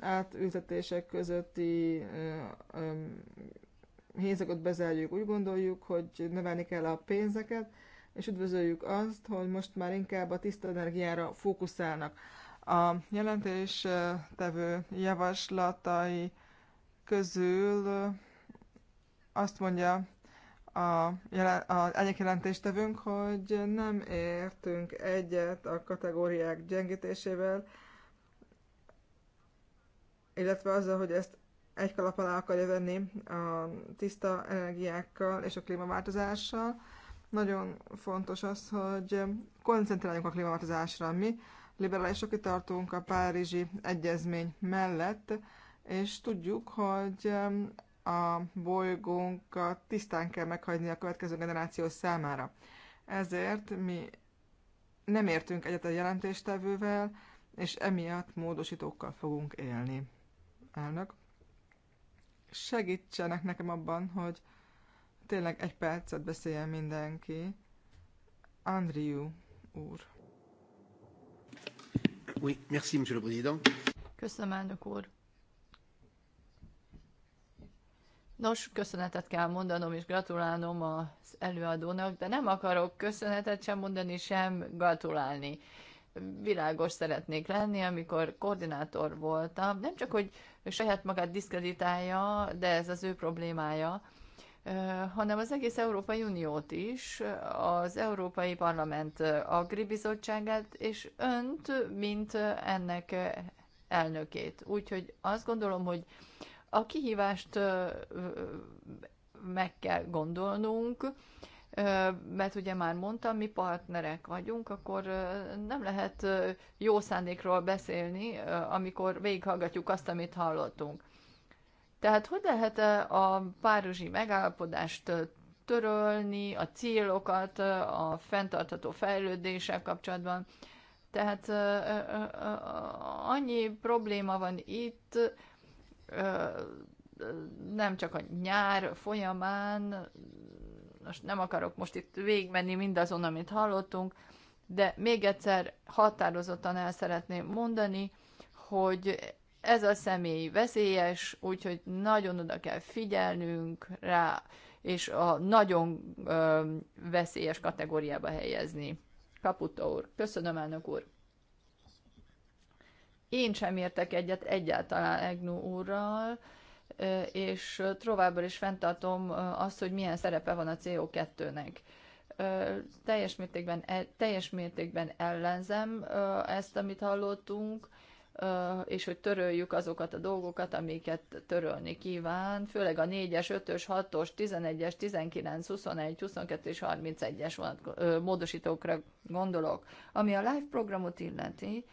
átültetések közötti hézagot bezárjuk. Úgy gondoljuk, hogy növelni kell a pénzeket, és üdvözöljük azt, hogy most már inkább a tiszta energiára fókuszálnak. A jelentés tevő javaslatai közül azt mondja, a, a egyik jelentéstevünk, hogy nem értünk egyet a kategóriák gyengítésével, illetve azzal, hogy ezt egy kalap alá akarja venni a tiszta energiákkal és a klímaváltozással. Nagyon fontos az, hogy koncentráljunk a klímaváltozásra. Mi liberálisok itt tartunk a Párizsi Egyezmény mellett, és tudjuk, hogy a bolygónkat tisztán kell meghagyni a következő generáció számára. Ezért mi nem értünk egyet a jelentéstevővel, és emiatt módosítókkal fogunk élni. Elnök, segítsenek nekem abban, hogy tényleg egy percet beszéljen mindenki. Andriu úr. Oui, merci, monsieur le président. Köszönöm, elnök úr. Nos, köszönetet kell mondanom és gratulálnom az előadónak, de nem akarok köszönetet sem mondani, sem gratulálni. Világos szeretnék lenni, amikor koordinátor voltam. Nem csak, hogy saját magát diszkreditálja, de ez az ő problémája, hanem az egész Európai Uniót is, az Európai Parlament Agribizottságát, és önt, mint ennek elnökét. Úgyhogy azt gondolom, hogy a kihívást meg kell gondolnunk, mert ugye már mondtam, mi partnerek vagyunk, akkor nem lehet jó szándékról beszélni, amikor végighallgatjuk azt, amit hallottunk. Tehát hogy lehet a párizsi megállapodást törölni, a célokat a fenntartható fejlődéssel kapcsolatban? Tehát annyi probléma van itt, nem csak a nyár folyamán, most nem akarok most itt végigmenni mindazon, amit hallottunk, de még egyszer határozottan el szeretném mondani, hogy ez a személy veszélyes, úgyhogy nagyon oda kell figyelnünk rá, és a nagyon ö, veszélyes kategóriába helyezni. Kaputa úr, köszönöm elnök úr. Én sem értek egyet egyáltalán Egnu úrral, és továbbra is fenntartom azt, hogy milyen szerepe van a CO2-nek. Teljes mértékben, e, teljes mértékben ellenzem ezt, amit hallottunk, és hogy töröljük azokat a dolgokat, amiket törölni kíván, főleg a 4-es, 5-ös, 6-os, 11-es, 19, 21, 22 és 31-es módosítókra gondolok. Ami a live programot illeti,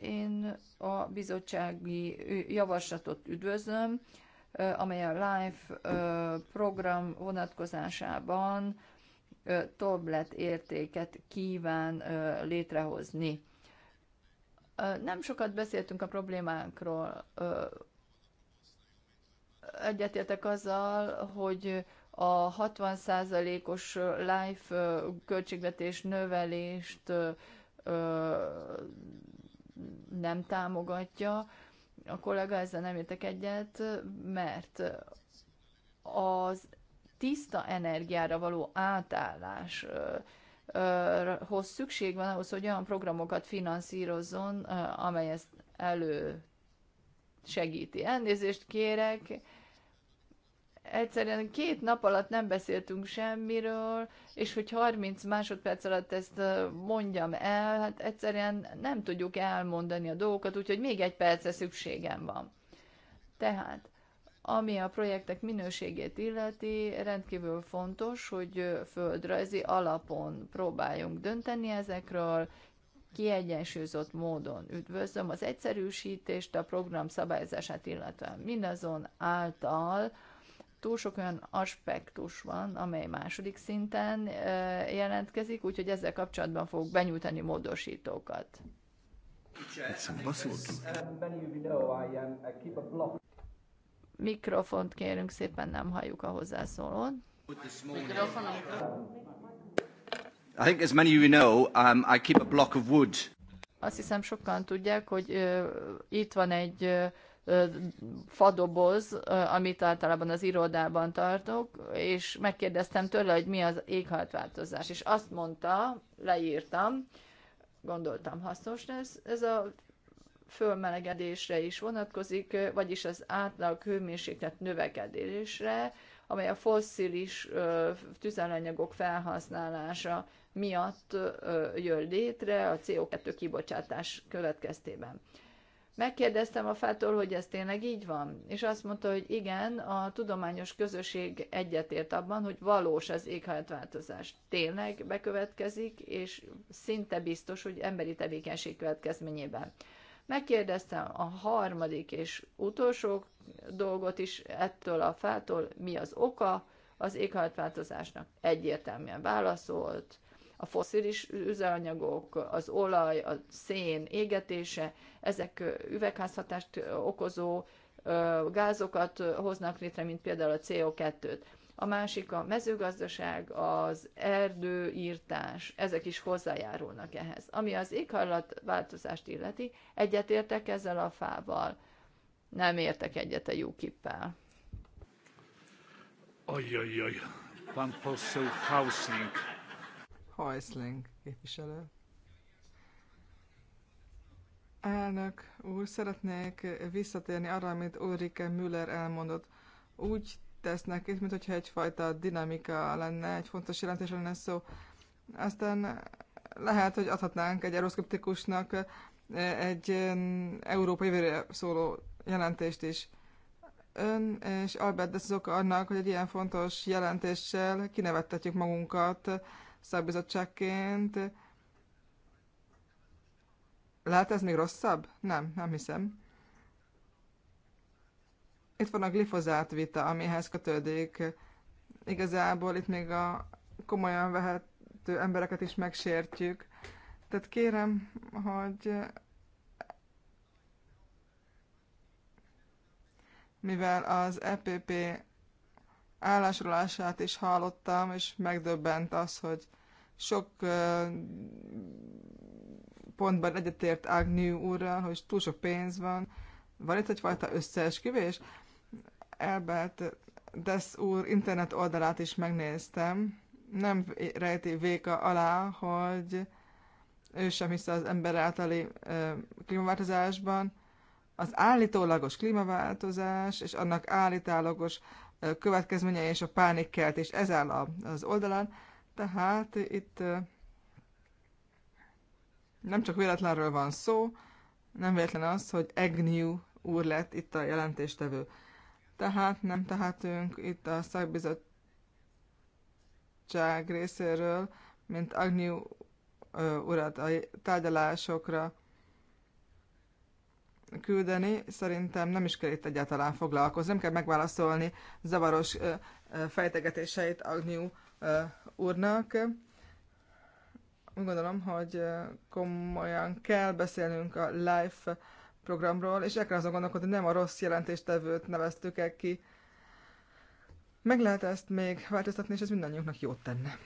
én a bizottsági javaslatot üdvözlöm, amely a LIFE program vonatkozásában toblet értéket kíván létrehozni. Nem sokat beszéltünk a problémánkról. Egyetértek azzal, hogy a 60%-os life költségvetés növelést nem támogatja. A kollega ezzel nem értek egyet, mert az tiszta energiára való átállás hoz szükség van ahhoz, hogy olyan programokat finanszírozzon, amely ezt elő segíti. Elnézést kérek, egyszerűen két nap alatt nem beszéltünk semmiről, és hogy 30 másodperc alatt ezt mondjam el, hát egyszerűen nem tudjuk elmondani a dolgokat, úgyhogy még egy percre szükségem van. Tehát, ami a projektek minőségét illeti, rendkívül fontos, hogy földrajzi alapon próbáljunk dönteni ezekről, kiegyensúlyozott módon üdvözlöm az egyszerűsítést, a program szabályozását illetően mindazon által, túl sok olyan aspektus van, amely második szinten jelentkezik, úgyhogy ezzel kapcsolatban fogok benyújtani módosítókat. Mikrofont kérünk, szépen nem halljuk a hozzászólót. I think as many of you know, um, I keep a block of wood. Azt hiszem sokan tudják, hogy uh, itt van egy uh, fadoboz, amit általában az irodában tartok, és megkérdeztem tőle, hogy mi az éghajlatváltozás. És azt mondta, leírtam, gondoltam hasznos lesz, ez a fölmelegedésre is vonatkozik, vagyis az átlag hőmérséklet növekedésre, amely a fosszilis tüzelanyagok felhasználása miatt jön létre a CO2 kibocsátás következtében. Megkérdeztem a fától, hogy ez tényleg így van, és azt mondta, hogy igen, a tudományos közösség egyetért abban, hogy valós az éghajlatváltozás. Tényleg bekövetkezik, és szinte biztos, hogy emberi tevékenység következményében. Megkérdeztem a harmadik és utolsó dolgot is ettől a fától, mi az oka az éghajlatváltozásnak. Egyértelműen válaszolt, a foszilis üzemanyagok, az olaj, a szén égetése, ezek üvegházhatást okozó gázokat hoznak létre, mint például a CO2-t. A másik a mezőgazdaság, az erdőírtás, ezek is hozzájárulnak ehhez. Ami az éghajlatváltozást illeti, egyetértek ezzel a fával, nem értek egyet a UKIP-pel. Ajajaj, van poszó housing. Hajszling képviselő. Elnök úr, szeretnék visszatérni arra, amit Ulrike Müller elmondott. Úgy tesznek itt, mintha egyfajta dinamika lenne, egy fontos jelentés lenne szó. Aztán lehet, hogy adhatnánk egy euroszkeptikusnak egy Európa jövőre szóló jelentést is. Ön és Albert, de annak, hogy egy ilyen fontos jelentéssel kinevettetjük magunkat szakbizottságként. Lehet ez még rosszabb? Nem, nem hiszem. Itt van a glifozát vita, amihez kötődik. Igazából itt még a komolyan vehető embereket is megsértjük. Tehát kérem, hogy mivel az EPP állásolását is hallottam, és megdöbbent az, hogy sok pontban egyetért Agnew úrral, hogy túl sok pénz van. Van itt egyfajta összeesküvés? Elbert Desz úr internet oldalát is megnéztem. Nem rejti véka alá, hogy ő sem hisz az ember általi klímaváltozásban. Az állítólagos klímaváltozás és annak állítólagos következménye és a pánikkeltés, ez áll az oldalán. Tehát itt nem csak véletlenről van szó, nem véletlen az, hogy Agnew úr lett itt a jelentéstevő. Tehát nem tehetünk itt a szakbizottság részéről, mint Agnew urat a tárgyalásokra küldeni, szerintem nem is kell itt egyáltalán foglalkozni, nem kell megválaszolni zavaros fejtegetéseit Agnew úrnak. Úgy gondolom, hogy komolyan kell beszélnünk a LIFE programról, és ekkor azon gondolkod, hogy nem a rossz jelentéstevőt neveztük -e ki. Meg lehet ezt még változtatni, és ez mindannyiunknak jót tenne.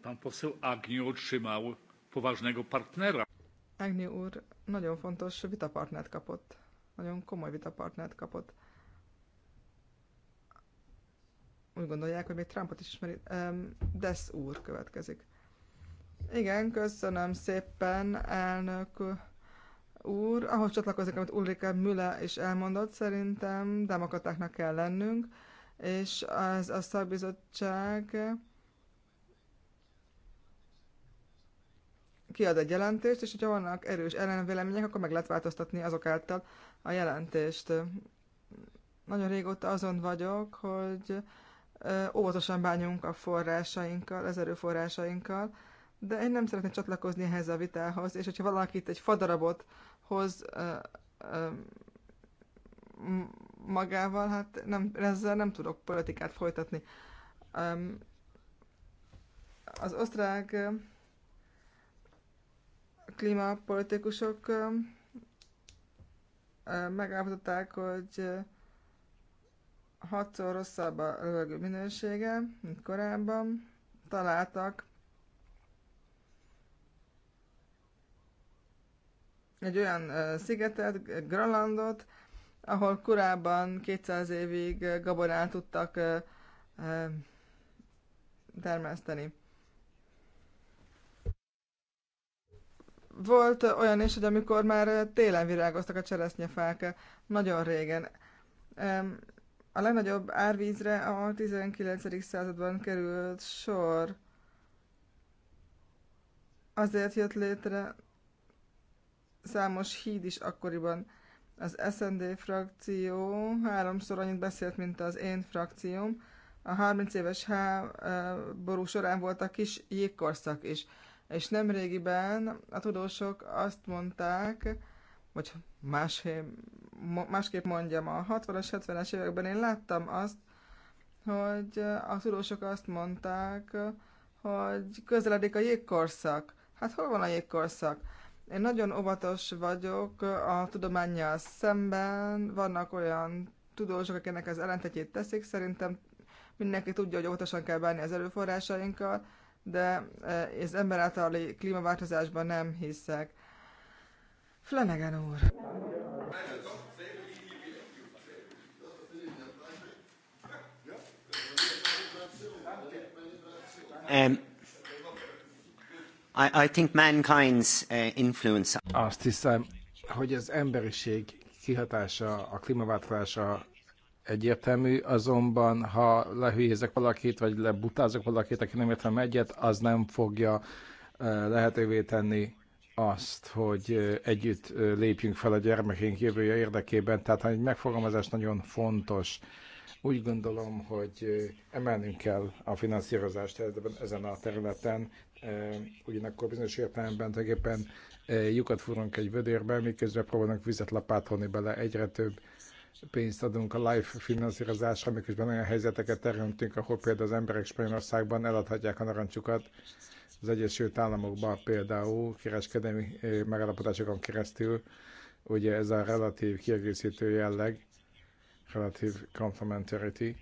Pán poseł Agnió otrzymał poważnego partnera. Agnió úr nagyon fontos vitapartnert kapott. Nagyon komoly vitapartnert kapott. úgy gondolják, hogy még Trumpot is ismeri. Um, Desz úr következik. Igen, köszönöm szépen, elnök úr. Ahhoz csatlakozik, amit Ulrike Müller is elmondott, szerintem demokratáknak kell lennünk, és az a szakbizottság kiad egy jelentést, és hogyha vannak erős ellenvélemények, akkor meg lehet változtatni azok által a jelentést. Nagyon régóta azon vagyok, hogy óvatosan bánjunk a forrásainkkal, az erőforrásainkkal, de én nem szeretnék csatlakozni ehhez a vitához, és hogyha valaki itt egy fadarabot hoz ö, ö, magával, hát nem, ezzel nem tudok politikát folytatni. Um, az osztrák klímapolitikusok megállapították, hogy hatszor rosszabb a levegő minősége, mint korábban. Találtak egy olyan szigetet, Grönlandot, ahol korábban 200 évig gabonát tudtak termeszteni. Volt olyan is, hogy amikor már télen virágoztak a cseresznyefák, nagyon régen. A legnagyobb árvízre a 19. században került sor. Azért jött létre számos híd is akkoriban. Az SND frakció háromszor annyit beszélt, mint az én frakcióm. A 30 éves háború e, során volt a kis jégkorszak is. És nemrégiben a tudósok azt mondták, vagy másfél másképp mondjam, a 60-as, 70-es években én láttam azt, hogy a tudósok azt mondták, hogy közeledik a jégkorszak. Hát hol van a jégkorszak? Én nagyon óvatos vagyok a tudományjal szemben, vannak olyan tudósok, akinek az ellentetjét teszik, szerintem mindenki tudja, hogy óvatosan kell bánni az erőforrásainkkal, de az ember általi klímaváltozásban nem hiszek. Flanagan úr! Um, I, I think mankind's uh, influence. Azt hiszem, hogy az emberiség kihatása a klímaváltozása egyértelmű, azonban ha lehülyézek valakit, vagy lebutázok valakit, aki nem értem egyet, az nem fogja uh, lehetővé tenni azt, hogy uh, együtt uh, lépjünk fel a gyermekünk jövője érdekében. Tehát egy megfogalmazás nagyon fontos. Úgy gondolom, hogy emelnünk kell a finanszírozást ezen a területen, ugyanakkor bizonyos értelemben tulajdonképpen lyukat furunk egy vödérbe, miközben próbálnak vizet lapátolni bele egyre több pénzt adunk a live finanszírozásra, miközben olyan helyzeteket teremtünk, ahol például az emberek Spanyolországban eladhatják a narancsukat, az Egyesült Államokban például kereskedelmi megállapodásokon keresztül, ugye ez a relatív kiegészítő jelleg, relatív Complementarity.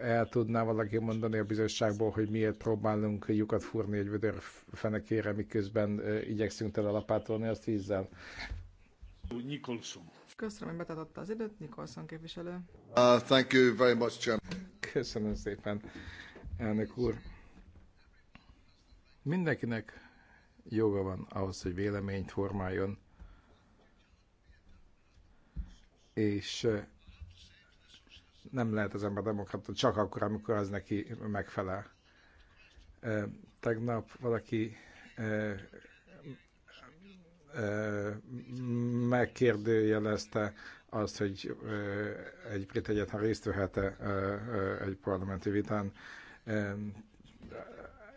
El tudná valaki mondani a bizottságból, hogy miért próbálunk lyukat fúrni egy vödör fenekére, miközben igyekszünk tele lapátolni azt vízzel? Nicholson. Köszönöm, hogy betadotta az időt, Nikolson képviselő. Uh, thank you very much, Chairman. Köszönöm szépen, elnök úr. Mindenkinek joga van ahhoz, hogy véleményt formáljon és nem lehet az ember demokrata csak akkor, amikor az neki megfelel. Tegnap valaki megkérdőjelezte azt, hogy egy brit egyetem részt vehet-e egy parlamenti vitán.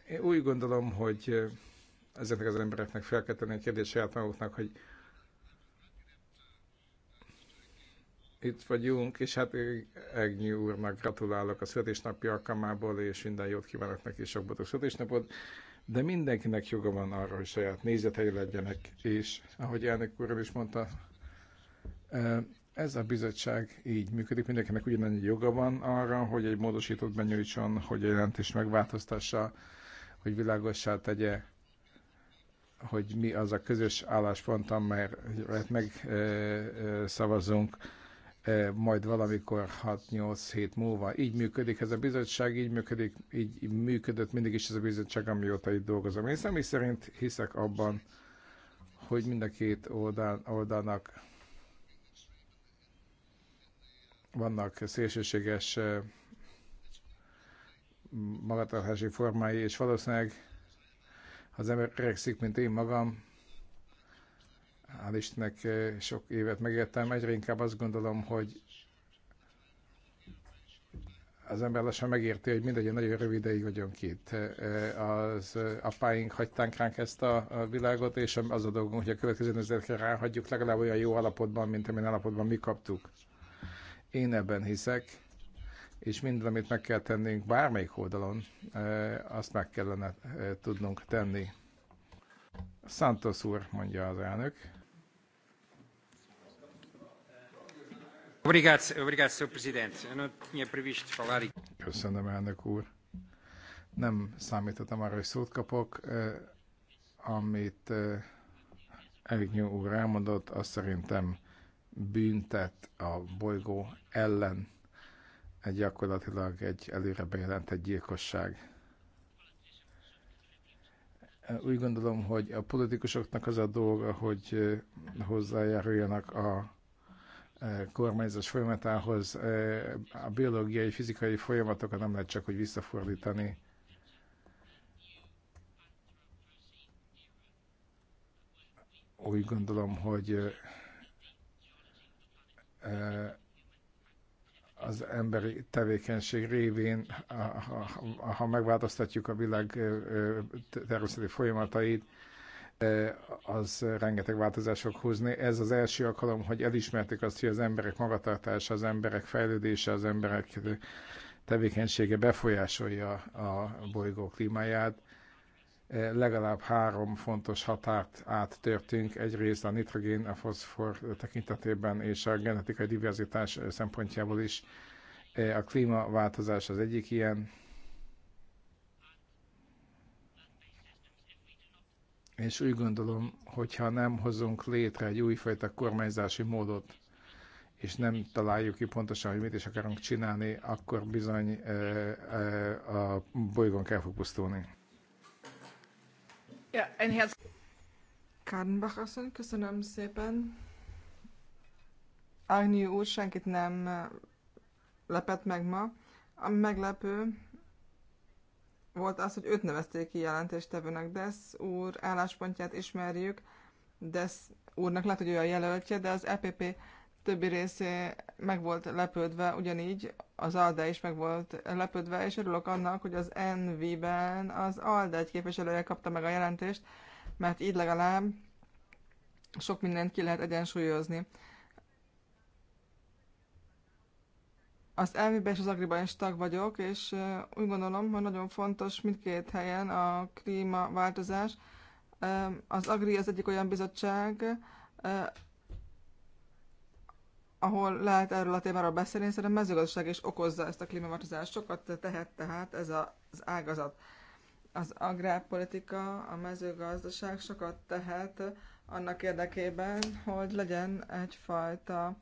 Én úgy gondolom, hogy ezeknek az embereknek fel kell tenni a kérdés saját maguknak, hogy itt vagyunk, és hát Egnyi úrnak gratulálok a születésnapi alkalmából, és minden jót kívánok neki, sok boldog születésnapot, de mindenkinek joga van arra, hogy saját nézetei legyenek, és ahogy elnök úr is mondta, ez a bizottság így működik, mindenkinek ugyanannyi joga van arra, hogy egy módosítót benyújtson, hogy a jelentést megváltoztassa, hogy világossá tegye, hogy mi az a közös álláspont, amelyet megszavazunk. E, e, majd valamikor 6-8 hét múlva. Így működik ez a bizottság, így működik, így működött mindig is ez a bizottság, amióta itt dolgozom. Én személy szerint hiszek abban, hogy mind a két oldal, oldalnak vannak szélsőséges magatartási formái, és valószínűleg az ember öregszik, mint én magam, Hál' eh, sok évet megértem, egyre inkább azt gondolom, hogy az ember lassan megérti, hogy mindegy, nagyon rövid ideig vagyunk itt. Eh, eh, az apáink hagytánk ránk ezt a világot, és az a dolgunk, hogy a következő nemzetekre ráhagyjuk legalább olyan jó alapotban, mint amilyen alapotban mi kaptuk. Én ebben hiszek, és minden, amit meg kell tennünk bármelyik oldalon, azt meg kellene tudnunk tenni. Santos úr, mondja az elnök. Köszönöm, elnök úr. Nem számítottam arra, hogy szót kapok. Amit Evignyó úr elmondott, az szerintem büntet a bolygó ellen. Egy gyakorlatilag egy előre bejelentett gyilkosság. Úgy gondolom, hogy a politikusoknak az a dolga, hogy hozzájáruljanak a E, kormányzás folyamatához e, a biológiai, fizikai folyamatokat nem lehet csak, hogy visszafordítani. Úgy gondolom, hogy e, az emberi tevékenység révén, ha megváltoztatjuk a világ természeti folyamatait, E, az rengeteg változás fog hozni. Ez az első alkalom, hogy elismerték azt, hogy az emberek magatartása, az emberek fejlődése, az emberek tevékenysége befolyásolja a bolygó klímáját. E, legalább három fontos határt áttörtünk. Egyrészt a nitrogén, a foszfor tekintetében és a genetikai diverzitás szempontjából is. E, a klímaváltozás az egyik ilyen és úgy gondolom, hogyha nem hozunk létre egy újfajta kormányzási módot, és nem találjuk ki pontosan, hogy mit is akarunk csinálni, akkor bizony e, e, a bolygón kell fog pusztulni. Ja, enhez... Kárnbach asszony, köszönöm szépen. Agnew úr senkit nem lepett meg ma. Ami meglepő, volt az, hogy őt nevezték ki jelentéstevőnek. Desz úr álláspontját ismerjük, Desz úrnak lehet, hogy olyan jelöltje, de az EPP többi részé meg volt lepődve, ugyanígy az ALDE is meg volt lepődve, és örülök annak, hogy az NV-ben az ALDE egy képviselője kapta meg a jelentést, mert így legalább sok mindent ki lehet egyensúlyozni. Az elmében és az agriban is tag vagyok, és úgy gondolom, hogy nagyon fontos mindkét helyen a klímaváltozás. Az agri az egyik olyan bizottság, ahol lehet erről a témáról beszélni, szerintem mezőgazdaság is okozza ezt a klímaváltozást. Sokat tehet tehát ez a, az ágazat. Az agrárpolitika, a mezőgazdaság sokat tehet annak érdekében, hogy legyen egyfajta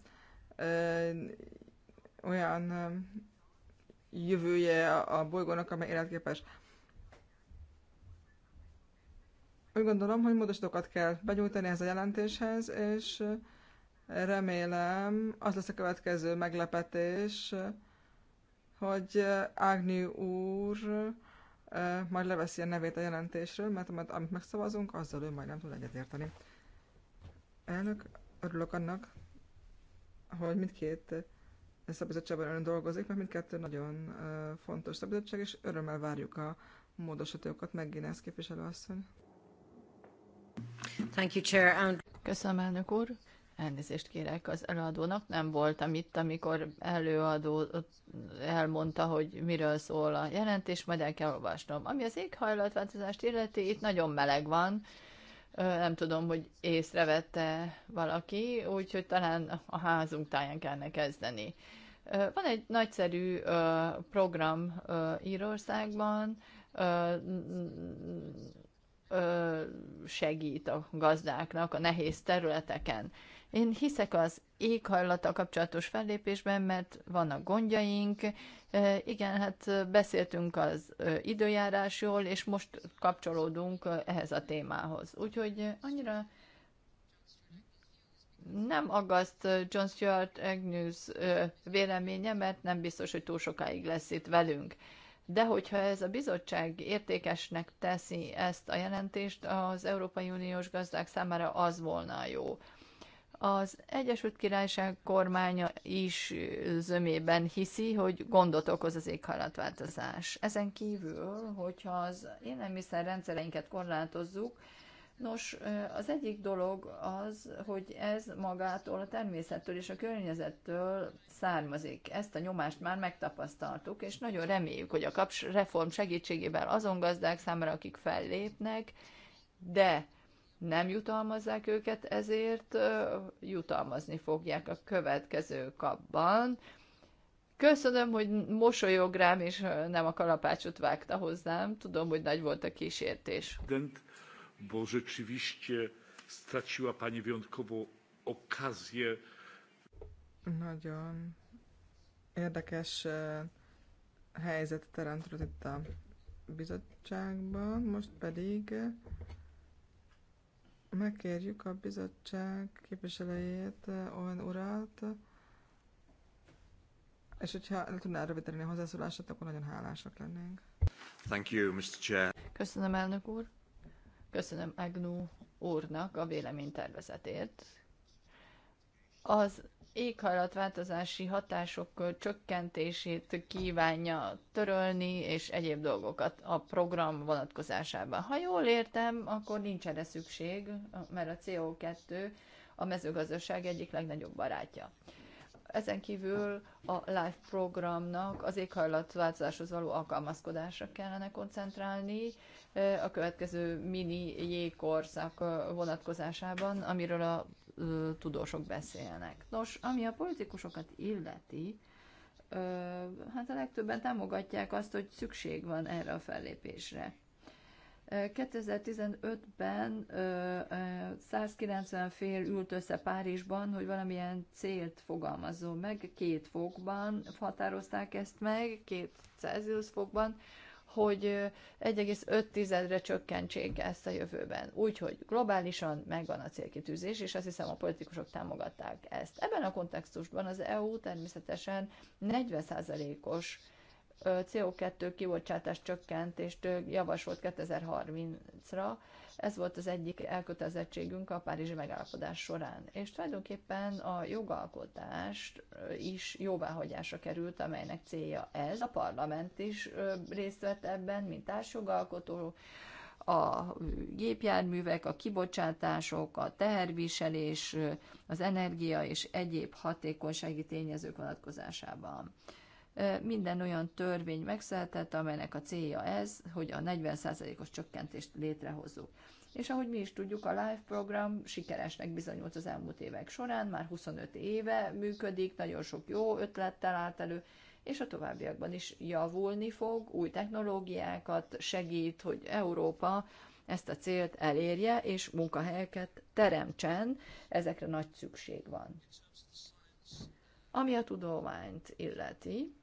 olyan jövője a bolygónak, amely életképes. Úgy gondolom, hogy módosítókat kell benyújtani ez a jelentéshez, és remélem az lesz a következő meglepetés, hogy Ágni úr majd leveszi a nevét a jelentésről, mert amit megszavazunk, azzal ő majd nem tud egyetérteni. Elnök, örülök annak, hogy mindkét szabizottságban ön dolgozik, mert mindkettő nagyon fontos szabizottság, és örömmel várjuk a módosítókat. Megint képviselőasszony. Thank you, Chair. And... Um, Köszönöm, elnök úr. Elnézést kérek az előadónak, nem voltam itt, amikor előadó elmondta, hogy miről szól a jelentés, majd el kell olvasnom. Ami az éghajlatváltozást illeti, itt nagyon meleg van, nem tudom, hogy észrevette valaki, úgyhogy talán a házunk táján kellene kezdeni. Van egy nagyszerű program Írországban, segít a gazdáknak a nehéz területeken. Én hiszek az éghajlata kapcsolatos fellépésben, mert vannak gondjaink. Igen, hát beszéltünk az időjárásról, és most kapcsolódunk ehhez a témához. Úgyhogy annyira nem aggaszt John Stuart Agnews véleménye, mert nem biztos, hogy túl sokáig lesz itt velünk. De hogyha ez a bizottság értékesnek teszi ezt a jelentést, az Európai Uniós gazdák számára az volna jó. Az Egyesült Királyság kormánya is zömében hiszi, hogy gondot okoz az éghajlatváltozás. Ezen kívül, hogyha az élelmiszer rendszereinket korlátozzuk, Nos, az egyik dolog az, hogy ez magától, a természettől és a környezettől származik. Ezt a nyomást már megtapasztaltuk, és nagyon reméljük, hogy a kaps reform segítségével azon gazdák számára, akik fellépnek, de nem jutalmazzák őket, ezért jutalmazni fogják a következő kapban. Köszönöm, hogy mosolyog rám, és nem a kalapácsot vágta hozzám. Tudom, hogy nagy volt a kísértés. Dönt bo rzeczywiście straciła Pani wyjątkową okazję. Nagyon érdekes e, helyzet teremtődött itt a bizottságban, most pedig megkérjük a bizottság képviselőjét, e, Owen urat, és hogyha el tudná rövidíteni a hozzászólását, akkor nagyon hálásak lennénk. Thank you, Mr. Chair. Köszönöm, elnök úr. Köszönöm Agnú úrnak a véleménytervezetét. Az éghajlatváltozási hatások csökkentését kívánja törölni, és egyéb dolgokat a program vonatkozásában. Ha jól értem, akkor nincs erre szükség, mert a CO2 a mezőgazdaság egyik legnagyobb barátja. Ezen kívül a live programnak az éghajlatváltozáshoz való alkalmazkodásra kellene koncentrálni a következő mini jégkorszak vonatkozásában, amiről a tudósok beszélnek. Nos, ami a politikusokat illeti, hát a legtöbben támogatják azt, hogy szükség van erre a fellépésre. 2015-ben 190 fél ült össze Párizsban, hogy valamilyen célt fogalmazzon meg, két fokban határozták ezt meg, két Celsius fokban, hogy 1,5-re csökkentsék ezt a jövőben. Úgyhogy globálisan megvan a célkitűzés, és azt hiszem a politikusok támogatták ezt. Ebben a kontextusban az EU természetesen 40%-os CO2 kibocsátás csökkentést javasolt 2030-ra. Ez volt az egyik elkötelezettségünk a Párizsi megállapodás során. És tulajdonképpen a jogalkotást is jóváhagyásra került, amelynek célja ez. A parlament is részt vett ebben, mint társjogalkotó, a gépjárművek, a kibocsátások, a teherviselés, az energia és egyéb hatékonysági tényezők vonatkozásában. Minden olyan törvény megszületett, amelynek a célja ez, hogy a 40%-os csökkentést létrehozzuk. És ahogy mi is tudjuk, a live program sikeresnek bizonyult az elmúlt évek során, már 25 éve működik, nagyon sok jó ötlettel állt elő, és a továbbiakban is javulni fog, új technológiákat segít, hogy Európa ezt a célt elérje, és munkahelyeket teremtsen, ezekre nagy szükség van. Ami a tudományt illeti,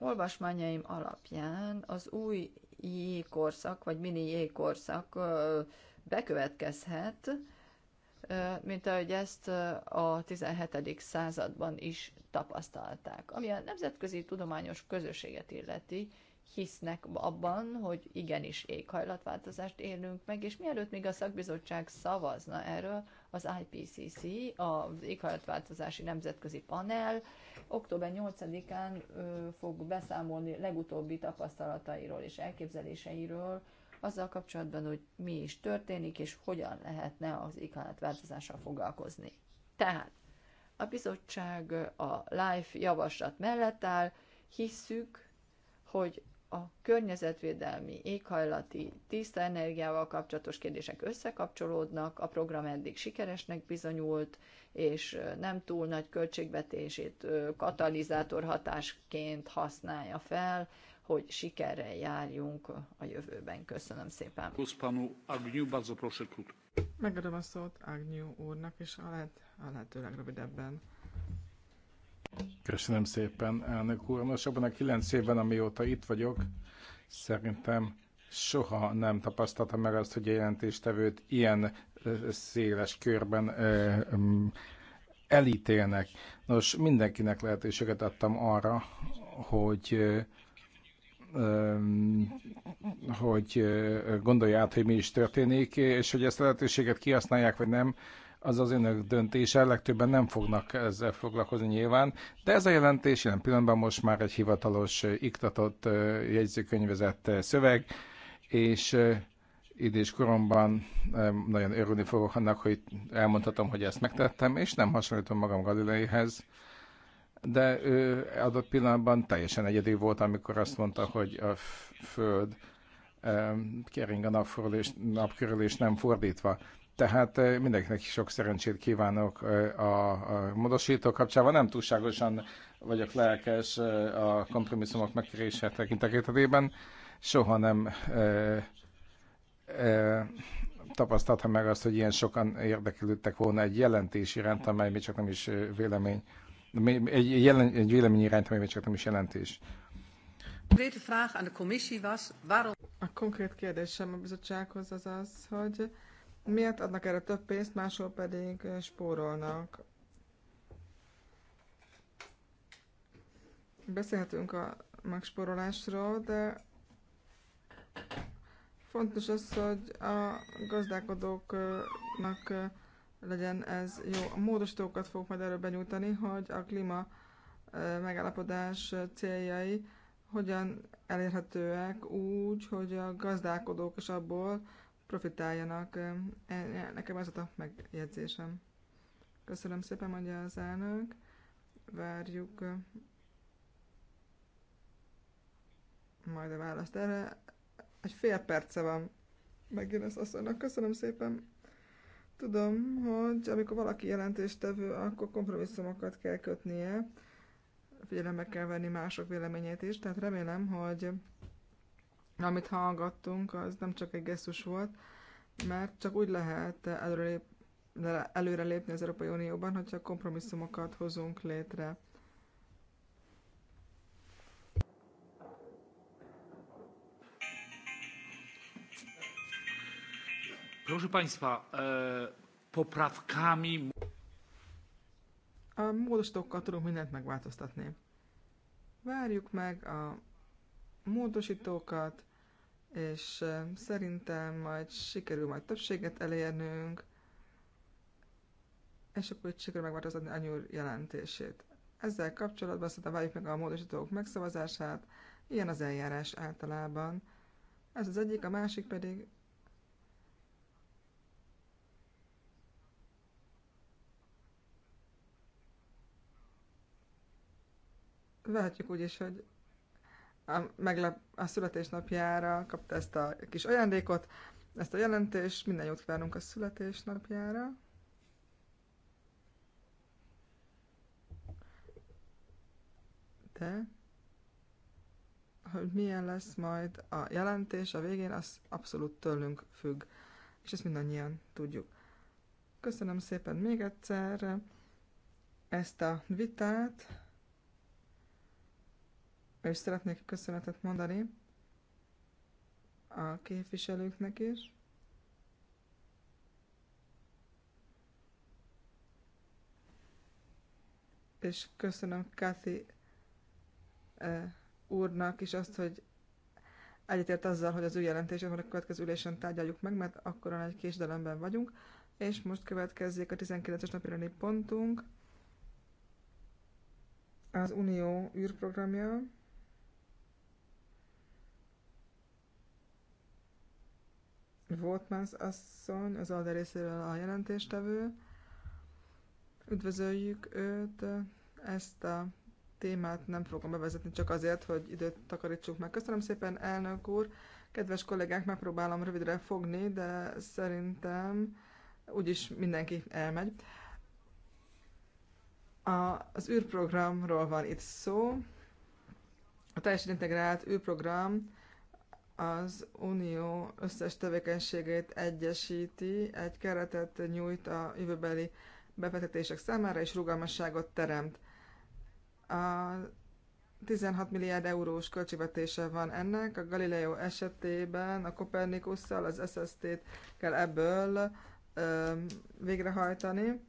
Olvasmányaim alapján az új jégkorszak, vagy mini jégkorszak bekövetkezhet, mint ahogy ezt a 17. században is tapasztalták. Ami a nemzetközi tudományos közösséget illeti, hisznek abban, hogy igenis éghajlatváltozást élünk meg, és mielőtt még a szakbizottság szavazna erről, az IPCC, az éghajlatváltozási nemzetközi panel október 8-án fog beszámolni legutóbbi tapasztalatairól és elképzeléseiről, azzal kapcsolatban, hogy mi is történik, és hogyan lehetne az éghajlatváltozással foglalkozni. Tehát a bizottság a LIFE javaslat mellett áll, hisszük, hogy a környezetvédelmi, éghajlati, tiszta energiával kapcsolatos kérdések összekapcsolódnak, a program eddig sikeresnek bizonyult, és nem túl nagy költségvetését katalizátor hatásként használja fel, hogy sikerrel járjunk a jövőben. Köszönöm szépen. Megadom a szót Agnew úrnak, és a lehet, a lehető legrövidebben. Köszönöm szépen, elnök úr. Nos, abban a kilenc évben, amióta itt vagyok, szerintem soha nem tapasztaltam meg azt, hogy a jelentéstevőt ilyen széles körben elítélnek. Nos, mindenkinek lehetőséget adtam arra, hogy hogy gondolja át, hogy mi is történik, és hogy ezt a lehetőséget kihasználják, vagy nem, az az önök döntése, legtöbben nem fognak ezzel foglalkozni nyilván, de ez a jelentés jelen pillanatban most már egy hivatalos, iktatott, jegyzőkönyvezett szöveg, és idés koromban nagyon örülni fogok annak, hogy elmondhatom, hogy ezt megtettem, és nem hasonlítom magam Galileihez, de ő adott pillanatban teljesen egyedi volt, amikor azt mondta, hogy a Föld kering a nap körül, és nem fordítva. Tehát mindenkinek sok szerencsét kívánok a módosító kapcsában. Nem túlságosan vagyok lelkes a kompromisszumok megkerése tekintetében. Soha nem e, e, tapasztaltam meg azt, hogy ilyen sokan érdeklődtek volna egy jelentés iránt, amely még csak nem is vélemény, egy, jelen, egy vélemény iránt, amely még csak nem is jelentés. A konkrét kérdésem a bizottsághoz az az, hogy miért adnak erre több pénzt, máshol pedig eh, spórolnak. Beszélhetünk a megspórolásról, de fontos az, hogy a gazdálkodóknak eh, legyen ez jó. A módosítókat fogok majd erről benyújtani, hogy a klíma eh, megállapodás céljai hogyan elérhetőek úgy, hogy a gazdálkodók is abból profitáljanak. E, e, nekem ez a megjegyzésem. Köszönöm szépen, mondja az elnök. Várjuk majd a választ erre. Egy fél perce van. Megint ezt asszonynak. Köszönöm szépen. Tudom, hogy amikor valaki jelentéstevő, akkor kompromisszumokat kell kötnie. Figyelembe kell venni mások véleményét is, tehát remélem, hogy amit hallgattunk, az nem csak egy gesztus volt, mert csak úgy lehet előrelép, előrelépni az Európai Unióban, hogyha kompromisszumokat hozunk létre. Proszę Państwa, e, poprawkami... A módosítókkal tudunk mindent megváltoztatni. Várjuk meg a módosítókat, és szerintem majd sikerül majd többséget elérnünk, és akkor itt sikerül megváltoztatni anyúr jelentését. Ezzel kapcsolatban szerintem várjuk meg a módosítók megszavazását, ilyen az eljárás általában. Ez az egyik, a másik pedig Vehetjük úgy is, hogy a, meglep, a születésnapjára kapta ezt a kis ajándékot, ezt a jelentést, minden jót kívánunk a születésnapjára. De, hogy milyen lesz majd a jelentés a végén, az abszolút tőlünk függ, és ezt mindannyian tudjuk. Köszönöm szépen még egyszer ezt a vitát és szeretnék köszönetet mondani a képviselőknek is. És köszönöm Kathy e, úrnak is azt, hogy egyetért azzal, hogy az ő jelentését a következő ülésen tárgyaljuk meg, mert akkor nagy késdelemben vagyunk. És most következzék a 19-es napi pontunk, az Unió űrprogramja. Voltmans asszony, az ALDE részéről a jelentéstevő. Üdvözöljük őt. Ezt a témát nem fogom bevezetni, csak azért, hogy időt takarítsuk meg. Köszönöm szépen, elnök úr! Kedves kollégák, megpróbálom rövidre fogni, de szerintem úgyis mindenki elmegy. A, az űrprogramról van itt szó. A teljesen integrált űrprogram az Unió összes tevékenységét egyesíti, egy keretet nyújt a jövőbeli befektetések számára, és rugalmasságot teremt. A 16 milliárd eurós költségvetése van ennek, a Galileo esetében a Kopernikusszal az SST-t kell ebből ö, végrehajtani.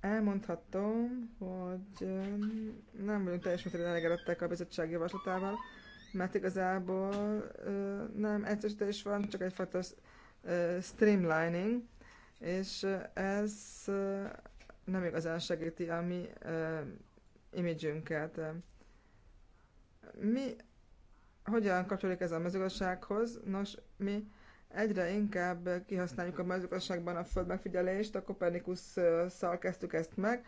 Elmondhatom, hogy nem vagyunk teljes mértékben elégedettek a bizottság javaslatával mert igazából nem egyszerűsítés van, csak egyfajta streamlining, és ez nem igazán segíti a mi imidzsünket. Mi hogyan kapcsolódik ez a mezőgazdasághoz? Nos, mi egyre inkább kihasználjuk a mezőgazdaságban a földmegfigyelést, a Kopernikus-szal kezdtük ezt meg,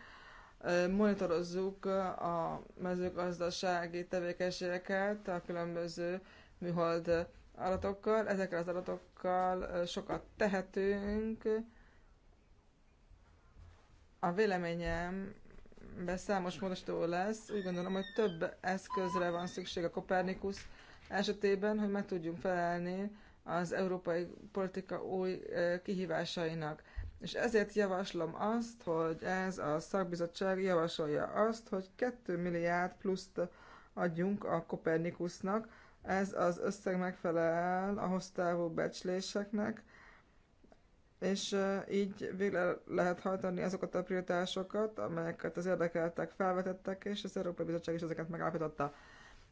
monitorozzuk a mezőgazdasági tevékenységeket a különböző műhold adatokkal. Ezekkel az adatokkal sokat tehetünk. A véleményem számos módosító lesz. Úgy gondolom, hogy több eszközre van szükség a Kopernikus esetében, hogy meg tudjunk felelni az európai politika új kihívásainak. És ezért javaslom azt, hogy ez a szakbizottság javasolja azt, hogy 2 milliárd pluszt adjunk a Kopernikusnak. Ez az összeg megfelel a hosszú becsléseknek, és így végre lehet hajtani azokat a prioritásokat, amelyeket az érdekeltek felvetettek, és az Európai Bizottság is ezeket megállapította.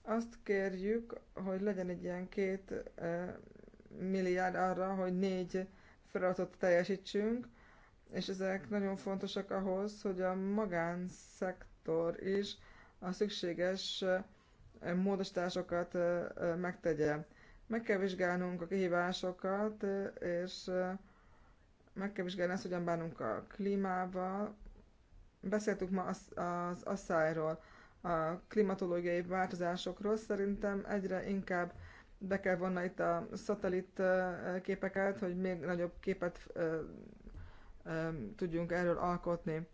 Azt kérjük, hogy legyen egy ilyen két milliárd arra, hogy négy feladatot teljesítsünk, és ezek nagyon fontosak ahhoz, hogy a magánszektor is a szükséges módosításokat megtegye. Meg kell vizsgálnunk a kihívásokat, és meg kell vizsgálni azt, hogyan bánunk a klímával. Beszéltük ma az, asszályról, a klimatológiai változásokról. Szerintem egyre inkább be kell vonna itt a szatellit képeket, hogy még nagyobb képet tudjunk erről alkotni.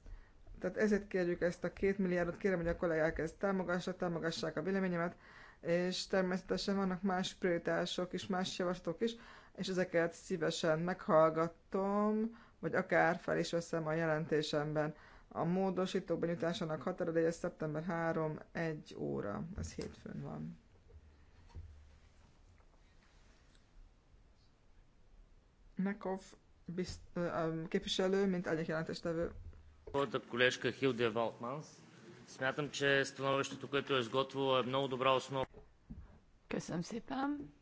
Tehát ezért kérjük ezt a két milliárdot, kérem, hogy a kollégák ezt támogassák, támogassák a véleményemet, és természetesen vannak más prioritások is, más javaslatok is, és ezeket szívesen meghallgatom, vagy akár fel is veszem a jelentésemben. A módosítók benyújtásának határideje szeptember 3, 1 óra. Ez hétfőn van. Mekov bizt, a képviselő, mint egyik jelentéstevő. Volt a Hilde Waltmans. Хилдия hogy ezt a становището, amit ő сготвило, egy nagyon добра osznó. Köszönöm szépen.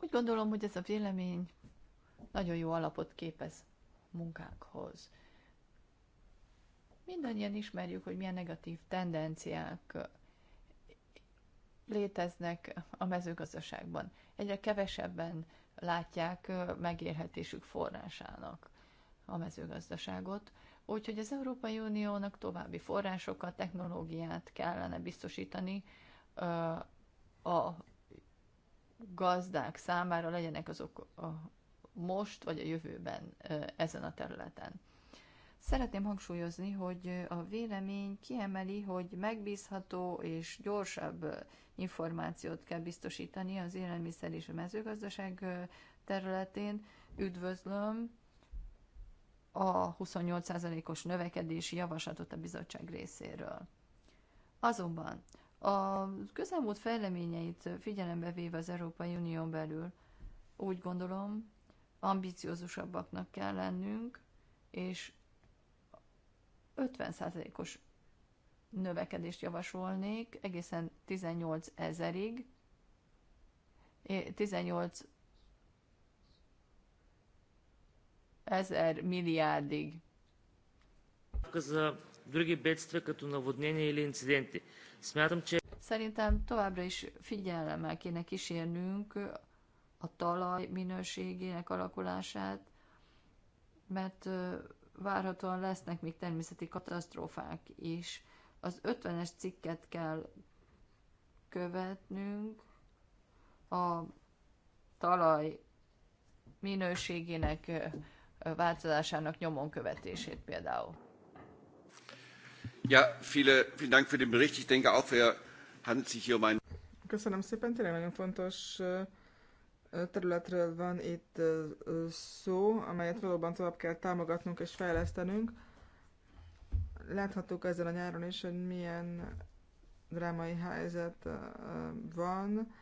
Úgy gondolom, hogy ez a vélemény nagyon jó alapot képez munkákhoz. Mindannyian ismerjük, hogy milyen negatív tendenciák léteznek a mezőgazdaságban. Egyre kevesebben látják megélhetésük forrásának a mezőgazdaságot. Úgyhogy az Európai Uniónak további forrásokat, technológiát kellene biztosítani a gazdák számára, legyenek azok a most vagy a jövőben ezen a területen. Szeretném hangsúlyozni, hogy a vélemény kiemeli, hogy megbízható és gyorsabb információt kell biztosítani az élelmiszer és a mezőgazdaság területén. Üdvözlöm a 28%-os növekedési javaslatot a bizottság részéről. Azonban a közelmúlt fejleményeit figyelembe véve az Európai Unión belül úgy gondolom, ambiciózusabbaknak kell lennünk, és 50%-os növekedést javasolnék egészen 18 ezerig, 18 ezer milliárdig. Szerintem továbbra is figyelemmel kéne kísérnünk a talaj minőségének alakulását, mert várhatóan lesznek még természeti katasztrófák is. Az 50-es cikket kell követnünk a talaj minőségének változásának nyomon követését például. Ja, viele, vielen Dank für den Bericht. Ich denke auch, für handelt sich hier mein. ein... Köszönöm szépen, tényleg nagyon fontos területről van itt szó, amelyet valóban tovább kell támogatnunk és fejlesztenünk. Láthattuk ezzel a nyáron is, hogy milyen drámai helyzet van,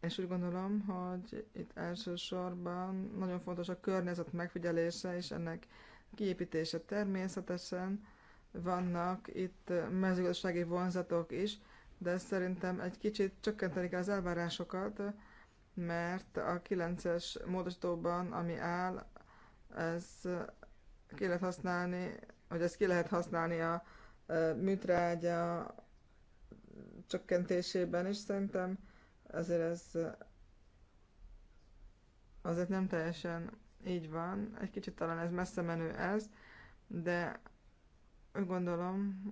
és úgy gondolom, hogy itt elsősorban nagyon fontos a környezet megfigyelése és ennek kiépítése természetesen. Vannak itt mezőgazdasági vonzatok is, de szerintem egy kicsit csökkenteni kell az elvárásokat, mert a 9-es módosítóban, ami áll, ez ki lehet használni, hogy ezt ki lehet használni a műtrágya csökkentésében is szerintem, azért ez azért nem teljesen így van, egy kicsit talán ez messze menő ez, de úgy gondolom,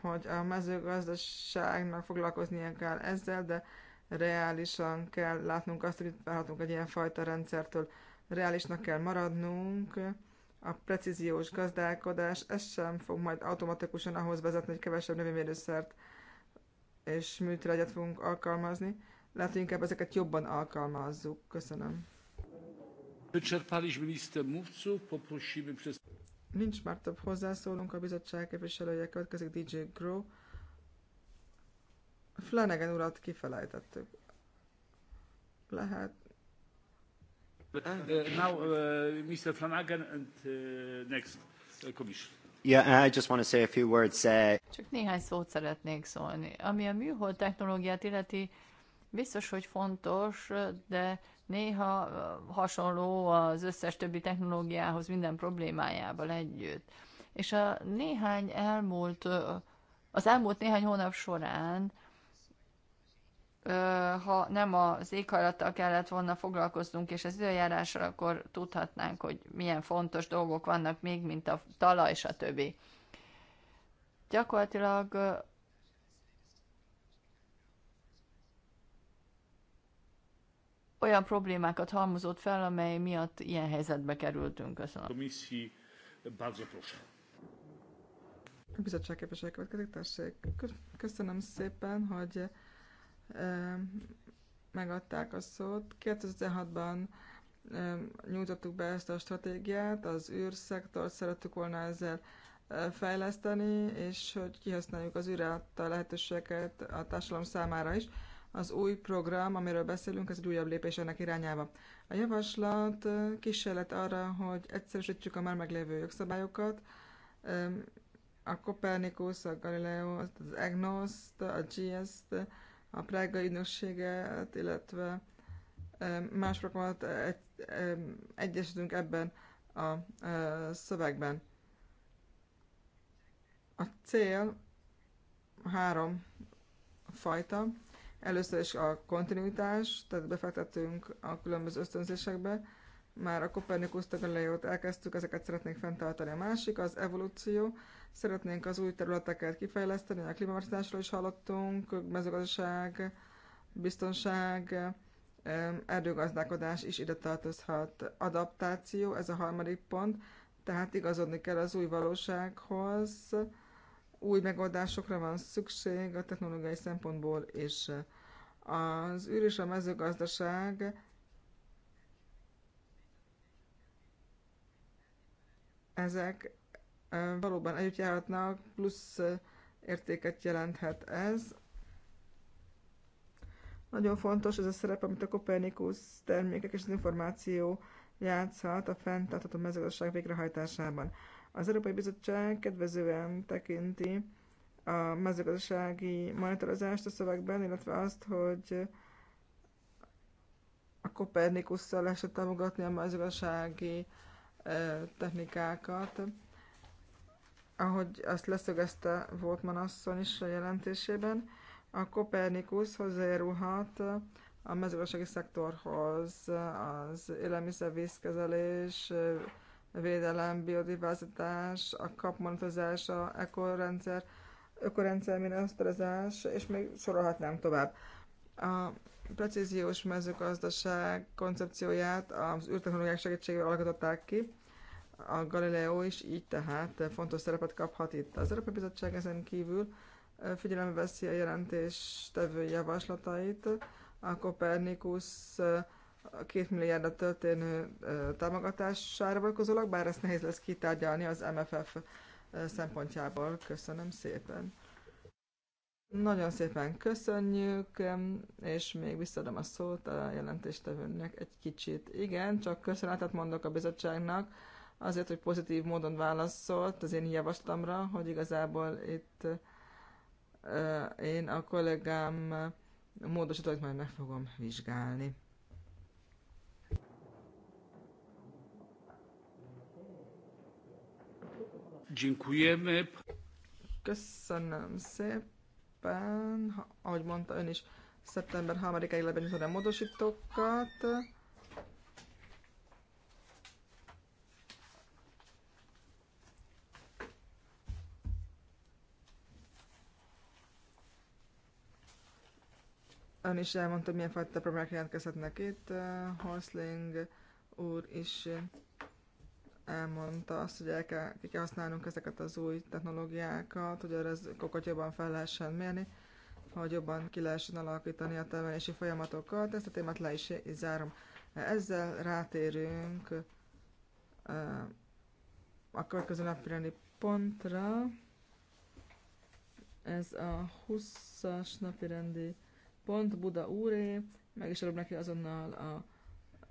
hogy a mezőgazdaságnak foglalkoznia kell ezzel, de reálisan kell látnunk azt, hogy válhatunk egy ilyen fajta rendszertől. Reálisnak kell maradnunk, a precíziós gazdálkodás, ez sem fog majd automatikusan ahhoz vezetni, hogy kevesebb növényvédőszert és műtrágyat fogunk alkalmazni. Lehet, hogy inkább ezeket jobban alkalmazzuk. Köszönöm. Nincs már több hozzászólunk a bizottság képviselője következik DJ Grow. Flanagan urat kifelejtettük. Lehet. But, uh, now uh, Mr. Flanagan and uh, next uh, commission. Yeah, I just want to say a few words. Uh... Csak néhány szót szeretnék szólni. Ami a műhold technológiát illeti, biztos, hogy fontos, de Néha hasonló az összes többi technológiához minden problémájával együtt. És a néhány elmúlt, az elmúlt néhány hónap során ha nem az éghajlattal kellett volna foglalkoznunk, és az időjárással, akkor tudhatnánk, hogy milyen fontos dolgok vannak még, mint a talaj, stb. Gyakorlatilag olyan problémákat halmozott fel, amely miatt ilyen helyzetbe kerültünk. Köszönöm. Komissi, bardzo proszę. A bizottság képviselő következik, tessék. Köszönöm szépen, hogy e, megadták a szót. 2016-ban e, nyújtottuk be ezt a stratégiát, az űrszektort szerettük volna ezzel fejleszteni, és hogy kihasználjuk az űrát a lehetőséget a társadalom számára is az új program, amiről beszélünk, ez egy újabb lépés ennek irányába. A javaslat kísérlet arra, hogy egyszerűsítsük a már meglévő jogszabályokat, a Copernicus, a Galileo, az egnos a GS-t, a Prága ügynökséget, illetve más programot egy, egyesítünk ebben a szövegben. A cél három fajta. Először is a kontinuitás, tehát befektetünk a különböző ösztönzésekbe. Már a Kopernikus Galileót elkezdtük, ezeket szeretnénk fenntartani. A másik az evolúció. Szeretnénk az új területeket kifejleszteni, a klímaváltozásról is hallottunk, mezőgazdaság, biztonság, erdőgazdálkodás is ide tartozhat. Adaptáció, ez a harmadik pont, tehát igazodni kell az új valósághoz, új megoldásokra van szükség a technológiai szempontból, és eh, az űr és a mezőgazdaság ezek eh, valóban együtt járhatnak, plusz eh, értéket jelenthet ez. Nagyon fontos ez a szerep, amit a Kopernikus termékek és az információ játszhat a fenntartható mezőgazdaság végrehajtásában. Az Európai Bizottság kedvezően tekinti a mezőgazdasági monitorozást a szövegben, illetve azt, hogy a Kopernikusszal lehetett támogatni a mezőgazdasági technikákat. Ahogy azt leszögezte Voltman asszony is a jelentésében, a Kopernikus hozzájárulhat a mezőgazdasági szektorhoz, az élelmiszer, vízkezelés, védelem, biodiverzitás, a a ekorendszer, ökorendszer minősztörezás, és még sorolhatnám tovább. A precíziós mezőgazdaság koncepcióját az űrtechnológiák segítségével alakították ki, a Galileo is így tehát fontos szerepet kaphat itt. Az Európai Bizottság ezen kívül figyelembe veszi a jelentés tevő javaslatait, a Kopernikus a két milliárdra történő támogatására vonatkozólag, bár ezt nehéz lesz kitárgyalni az MFF szempontjából. Köszönöm szépen. Nagyon szépen köszönjük, és még visszadom a szót a jelentéstevőnek egy kicsit. Igen, csak köszönetet mondok a bizottságnak azért, hogy pozitív módon válaszolt az én javaslatomra, hogy igazából itt én a kollégám módosítóit majd meg fogom vizsgálni. Dziękujemy. Köszönöm szépen. Ha, ahogy mondta ön is, szeptember 3 ig lebenyújtani a módosítókat. Ön is elmondta, hogy milyen fajta problémák jelentkezhetnek itt. Horsling úr is elmondta azt, hogy el kell, ki kell használnunk ezeket az új technológiákat, hogy az kokot jobban fel lehessen mérni, hogy jobban ki lehessen alakítani a termelési folyamatokat. Ezt a témát le is zárom. Ezzel rátérünk a következő napirendi pontra. Ez a 20-as napirendi pont Buda úré. Meg is adom neki azonnal a,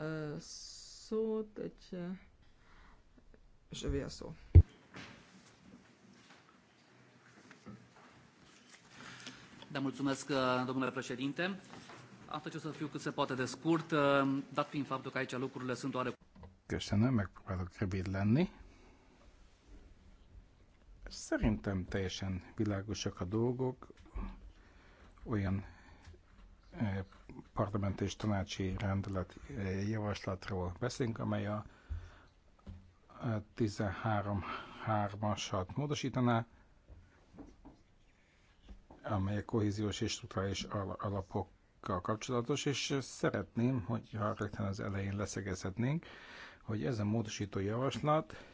a szót. Egy, és övé a szó. Da, mulțumesc, uh, domnule președinte. Am făcut să fiu cât se poate de scurt, uh, dat fiind faptul că aici lucrurile sunt oare... Köszönöm, megpróbálok rövid lenni. Szerintem teljesen világosak a dolgok. Olyan eh, parlament és tanácsi rendelet eh, javaslatról beszélünk, amely a 13.3-asat módosítaná, amely a kohéziós és struktúrális alapokkal kapcsolatos, és szeretném, hogyha rögtön az elején leszegezhetnénk, hogy ez a módosító javaslat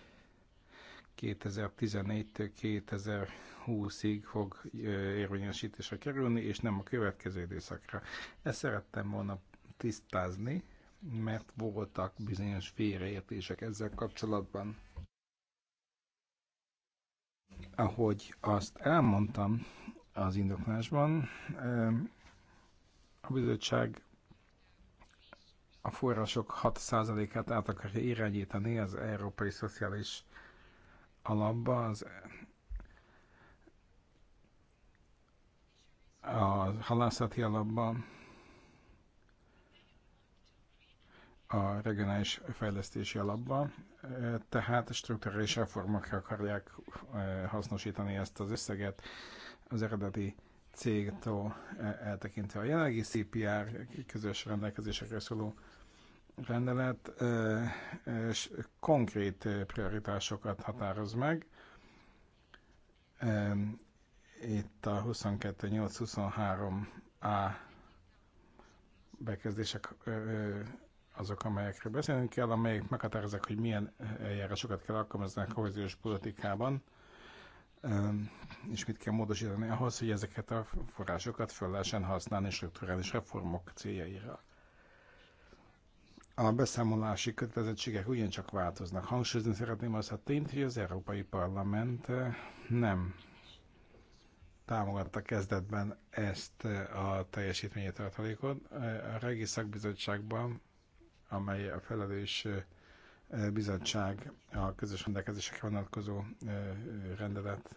2014-től 2020-ig fog érvényesítésre kerülni, és nem a következő időszakra. Ezt szerettem volna tisztázni, mert voltak bizonyos félreértések ezzel kapcsolatban. Ahogy azt elmondtam az indoklásban, a bizottság a források 6%-át át akarja irányítani az Európai Szociális Alapba, az a halászati alapba, a regionális fejlesztési alapba, tehát strukturális reformokra akarják hasznosítani ezt az összeget az eredeti cégtől eltekintve. A jelenlegi CPR közös rendelkezésekre szóló rendelet és konkrét prioritásokat határoz meg. Itt a 22.8.23a bekezdések azok, amelyekről beszélni kell, amelyek meghatározzák, hogy milyen eljárásokat kell alkalmazni a kohéziós politikában, és mit kell módosítani ahhoz, hogy ezeket a forrásokat föl lehessen használni strukturális reformok céljaira. A beszámolási kötelezettségek ugyancsak változnak. Hangsúlyozni szeretném azt a tényt, hogy az Európai Parlament nem támogatta kezdetben ezt a teljesítményi tartalékot. A Regi Szakbizottságban amely a felelős bizottság a közös rendelkezésekre vonatkozó rendelet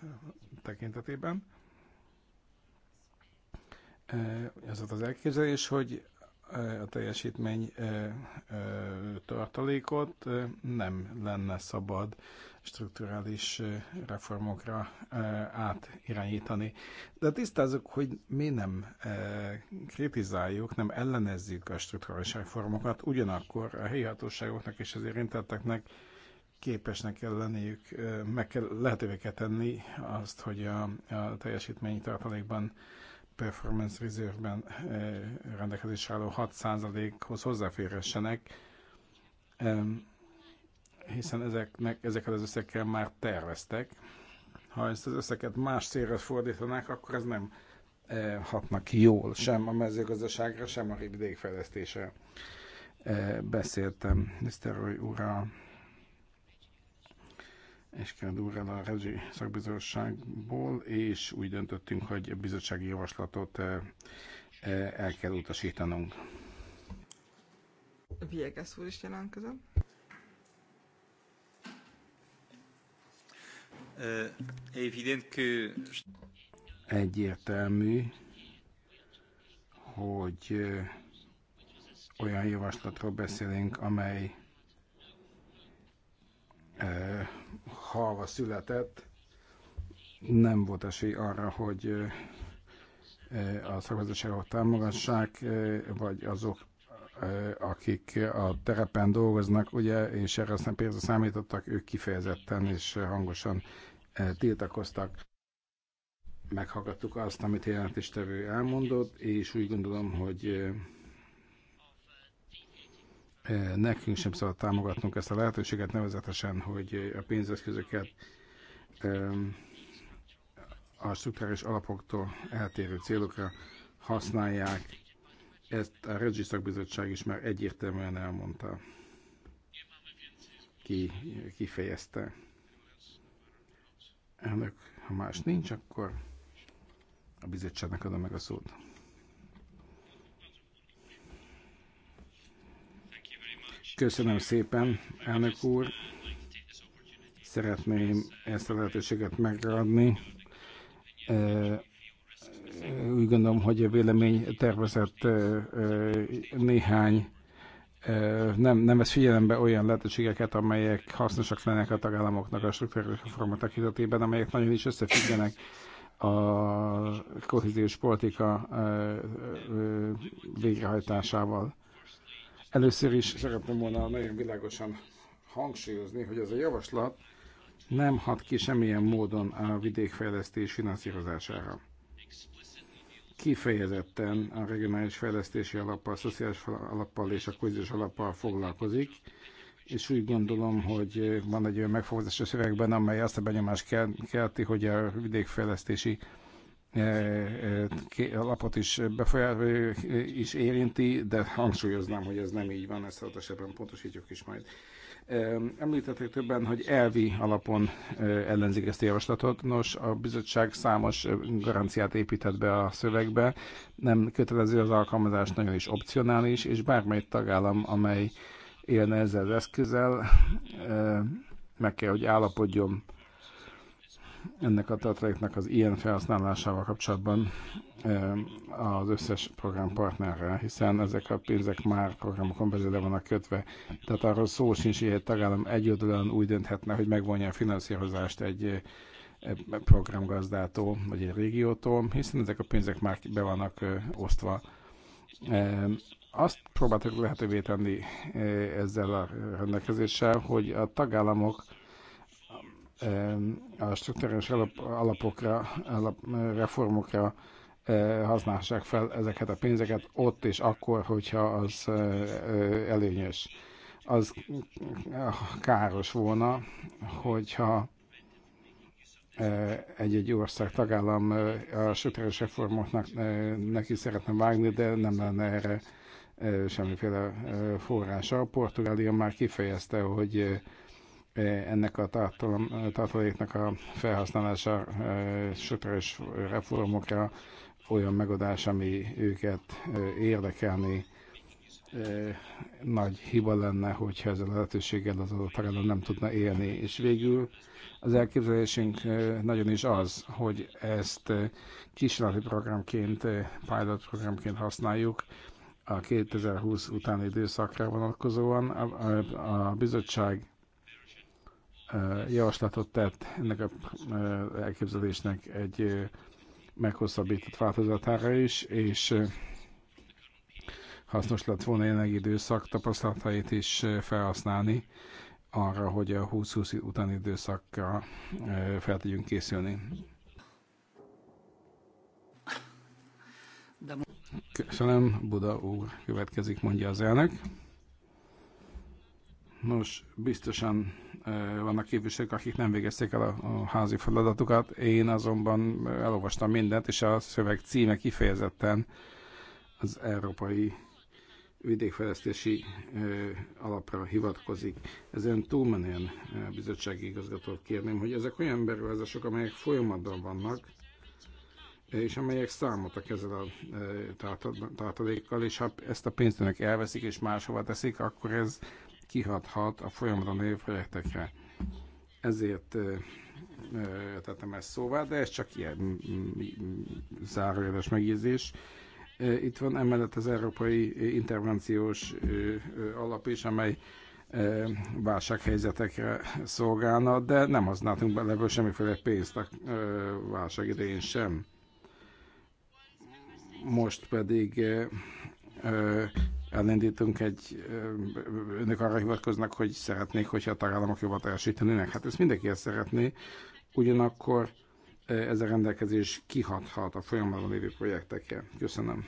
tekintetében. Az az elképzelés, hogy a teljesítmény tartalékot nem lenne szabad strukturális reformokra átirányítani. De tisztázok, hogy mi nem kritizáljuk, nem ellenezzük a strukturális reformokat, ugyanakkor a helyi hatóságoknak és az érintetteknek képesnek kell lenniük, meg kell, lehetővé kell tenni azt, hogy a, a teljesítményi tartalékban performance reserve-ben rendelkezésre álló 6%-hoz hozzáférhessenek hiszen ezeknek, ezeket az összekkel már terveztek. Ha ezt az összeket más célra fordítanák, akkor ez nem eh, hatnak jól sem a mezőgazdaságra, sem a vidékfejlesztésre. Eh, beszéltem Roy úrral, és kérdő úrral a Regi szakbizottságból, és úgy döntöttünk, hogy a bizottsági javaslatot eh, el kell utasítanunk. Viegas úr is jelentkezett. Egyértelmű, hogy olyan javaslatról beszélünk, amely halva született, nem volt esély arra, hogy a szakbizottságot támogassák, vagy azok, akik a terepen dolgoznak, ugye, és erre aztán pénzre számítottak, ők kifejezetten és hangosan tiltakoztak. Meghallgattuk azt, amit a jelentéstevő elmondott, és úgy gondolom, hogy nekünk sem szabad támogatnunk ezt a lehetőséget, nevezetesen, hogy a pénzeszközöket a struktúrális alapoktól eltérő célokra használják. Ezt a Regi Szakbizottság is már egyértelműen elmondta, ki, kifejezte. Elnök, ha más nincs, akkor a bizottságnak adom meg a szót. Köszönöm szépen, elnök úr. Szeretném ezt a lehetőséget megadni. Úgy gondolom, hogy a vélemény tervezett néhány nem, nem vesz figyelembe olyan lehetőségeket, amelyek hasznosak lennek a tagállamoknak a struktúrális reforma tekintetében, amelyek nagyon is összefüggenek a kohéziós politika végrehajtásával. Először is szeretném volna nagyon világosan hangsúlyozni, hogy ez a javaslat nem hat ki semmilyen módon a vidékfejlesztés finanszírozására kifejezetten a regionális fejlesztési alappal, a szociális alappal és a közös alappal foglalkozik, és úgy gondolom, hogy van egy olyan megfogás a szövegben, amely azt a benyomást kelti, hogy a vidékfejlesztési eh, eh, alapot is befolyás, eh, is érinti, de hangsúlyoznám, hogy ez nem így van, ezt hatásában pontosítjuk is majd. Említették többen, hogy elvi alapon ellenzik ezt a javaslatot. Nos, a bizottság számos garanciát épített be a szövegbe, nem kötelező az alkalmazás, nagyon is opcionális, és bármely tagállam, amely élne ezzel az eszközzel, meg kell, hogy állapodjon ennek a tartaléknak az ilyen felhasználásával kapcsolatban az összes programpartnerrel, hiszen ezek a pénzek már programokon belül le vannak kötve. Tehát arról szó sincs, hogy egy tagállam egyoldalúan úgy dönthetne, hogy megvonja a finanszírozást egy programgazdától, vagy egy régiótól, hiszen ezek a pénzek már be vannak osztva. Azt próbáltak lehetővé tenni ezzel a rendelkezéssel, hogy a tagállamok a struktúrás alapokra, alap, reformokra használhassák fel ezeket a pénzeket ott és akkor, hogyha az előnyös. Az káros volna, hogyha egy-egy ország tagállam a struktúrás reformoknak neki szeretne vágni, de nem lenne erre semmiféle forrása. Portugália már kifejezte, hogy ennek a tartalom, tartaléknak a felhasználása söprös reformokra olyan megoldás, ami őket érdekelni nagy hiba lenne, hogyha ezzel a lehetőséggel az adott tagállam nem tudna élni. És végül az elképzelésünk nagyon is az, hogy ezt kísérleti programként, pilot programként használjuk, a 2020 utáni időszakra vonatkozóan a, a, a bizottság javaslatot tett ennek a elképzelésnek egy meghosszabbított változatára is, és hasznos lett volna jelenleg időszak tapasztalatait is felhasználni arra, hogy a 2020 utáni időszakra fel tudjunk készülni. Köszönöm, Buda úr következik, mondja az elnök. Nos, biztosan vannak képviselők, akik nem végezték el a, a házi feladatukat. Én azonban elolvastam mindent, és a szöveg címe kifejezetten az európai vidékfejlesztési alapra hivatkozik. Ezen túlmenően bizottsági igazgatót kérném, hogy ezek olyan beruházások, amelyek folyamatban vannak, és amelyek számoltak ezzel a tartalékkal, és ha ezt a pénzt önök elveszik és máshova teszik, akkor ez kihathat a folyamra lévő projektekre. Ezért tettem ezt szóvá, de ez csak ilyen zárójeles megjegyzés. Itt van emellett az Európai Intervenciós Alap is, amely válsághelyzetekre szolgálna, de nem használtunk bele ebből semmiféle pénzt a válság idején sem. Most pedig elindítunk egy, önök arra hivatkoznak, hogy szeretnék, hogyha a tagállamok jobban teljesítenének. Hát ezt mindenki ezt szeretné, ugyanakkor ez a rendelkezés kihathat a folyamatban lévő projektekre. Köszönöm.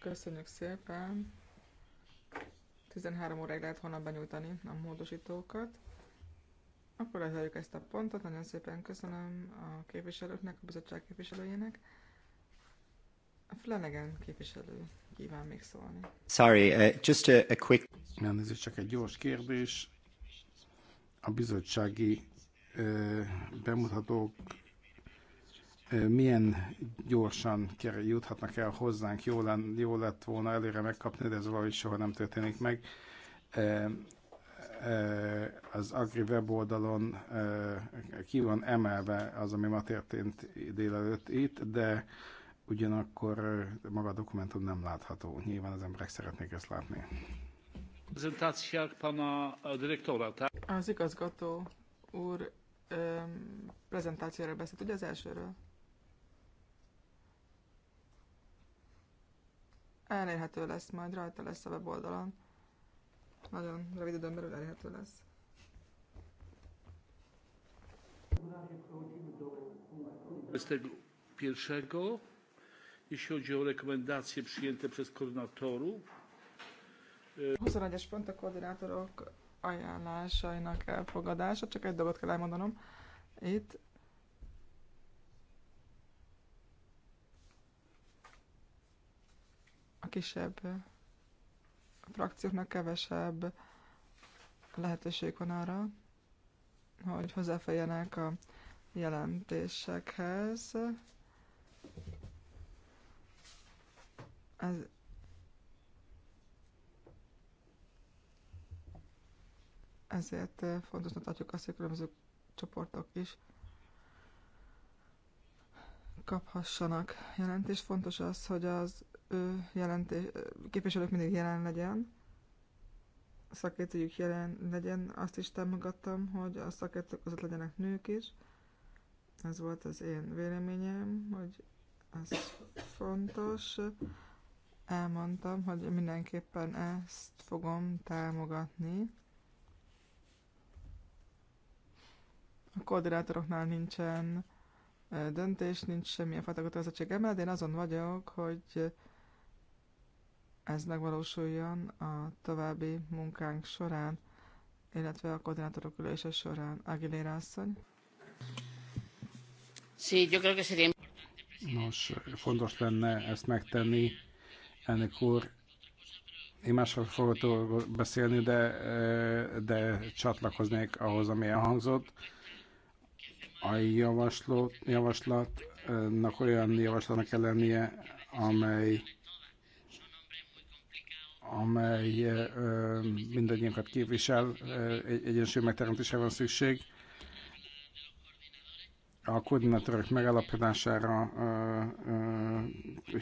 Köszönjük szépen. 13 óráig lehet holnap benyújtani a módosítókat. Akkor lezárjuk ezt a pontot. Nagyon szépen köszönöm a képviselőknek, a bizottság képviselőjének. Flanagan képviselő kíván még szólni. Sorry, uh, just a, a quick... Nem, ez csak egy gyors kérdés. A bizottsági uh, bemutatók milyen gyorsan juthatnak el hozzánk, jó, len, jó lett volna előre megkapni, de ez valahogy soha nem történik meg. az Agri weboldalon ki van emelve az, ami ma történt délelőtt itt, de ugyanakkor maga a dokumentum nem látható. Nyilván az emberek szeretnék ezt látni. E, az igazgató úr öm, beszélt, ugye az elsőről? Elérhető lesz, majd rajta lesz a weboldalon. Nagyon rövid időn belül elérhető lesz. Z tego pierwszego jeśli chodzi o rekomendacje przyjęte przez koordynatorów. 21-es pont a koordinátorok ajánlásainak elfogadása. Csak egy dolgot kell elmondanom. Itt a kisebb frakcióknak kevesebb lehetőség van arra, hogy hozzáférjenek a jelentésekhez. az ezért eh, fontosnak tartjuk azt, hogy különböző csoportok is kaphassanak jelentést. Fontos az, hogy az ő jelentés, eh, képviselők mindig jelen legyen, szakértőjük jelen legyen. Azt is támogattam, hogy a szakértők között legyenek nők is. Ez volt az én véleményem, hogy ez fontos elmondtam, hogy mindenképpen ezt fogom támogatni. A koordinátoroknál nincsen döntés, nincs semmilyen fajta kötelezettség emellett. Én azon vagyok, hogy ez megvalósuljon a további munkánk során, illetve a koordinátorok ülése során. Aguilera asszony. Sí, yo creo que sería... Nos, fontos lenne ezt megtenni Elnök úr, én másról fogok beszélni, de, eh, de csatlakoznék ahhoz, ami elhangzott. A javasló, javaslatnak olyan javaslatnak kell lennie, amely amely eh, mindannyiunkat képvisel, eh, egyensúly megteremtésre van szükség a koordinátorok megállapodására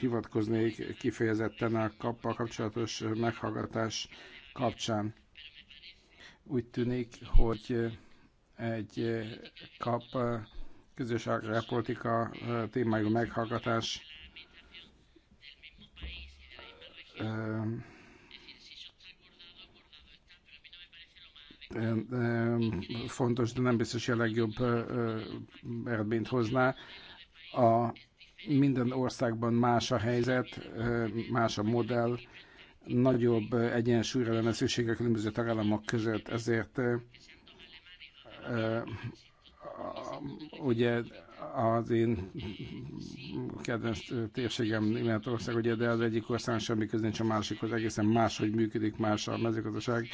hivatkoznék kifejezetten a kappal kapcsolatos meghallgatás kapcsán. Úgy tűnik, hogy egy kap közös agrárpolitika témájú meghallgatás fontos, de nem biztos, hogy a legjobb eredményt hozná. A minden országban más a helyzet, más a modell, nagyobb egyensúlyra lenne szükség a különböző tagállamok között, ezért ugye az én kedvenc térségem Németország, ugye, de az egyik ország semmi köz nincs a másikhoz, egészen máshogy működik más a mezőgazdaság,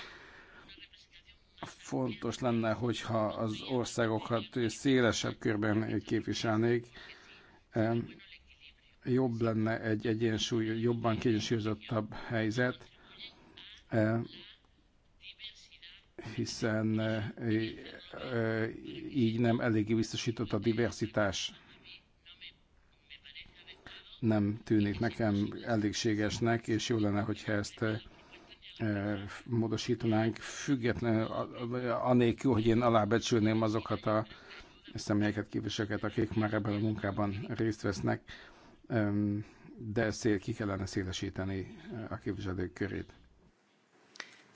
fontos lenne, hogyha az országokat szélesebb körben képviselnék. Jobb lenne egy egyensúly, jobban kiegyensúlyozottabb helyzet, hiszen e, e, így nem eléggé biztosított a diversitás. Nem tűnik nekem elégségesnek, és jó lenne, hogyha ezt e, módosítanánk, független, anélkül, hogy én alábecsülném azokat a személyeket, képviselőket, akik már ebben a munkában részt vesznek, de szél, ki kellene szélesíteni a képviselők körét.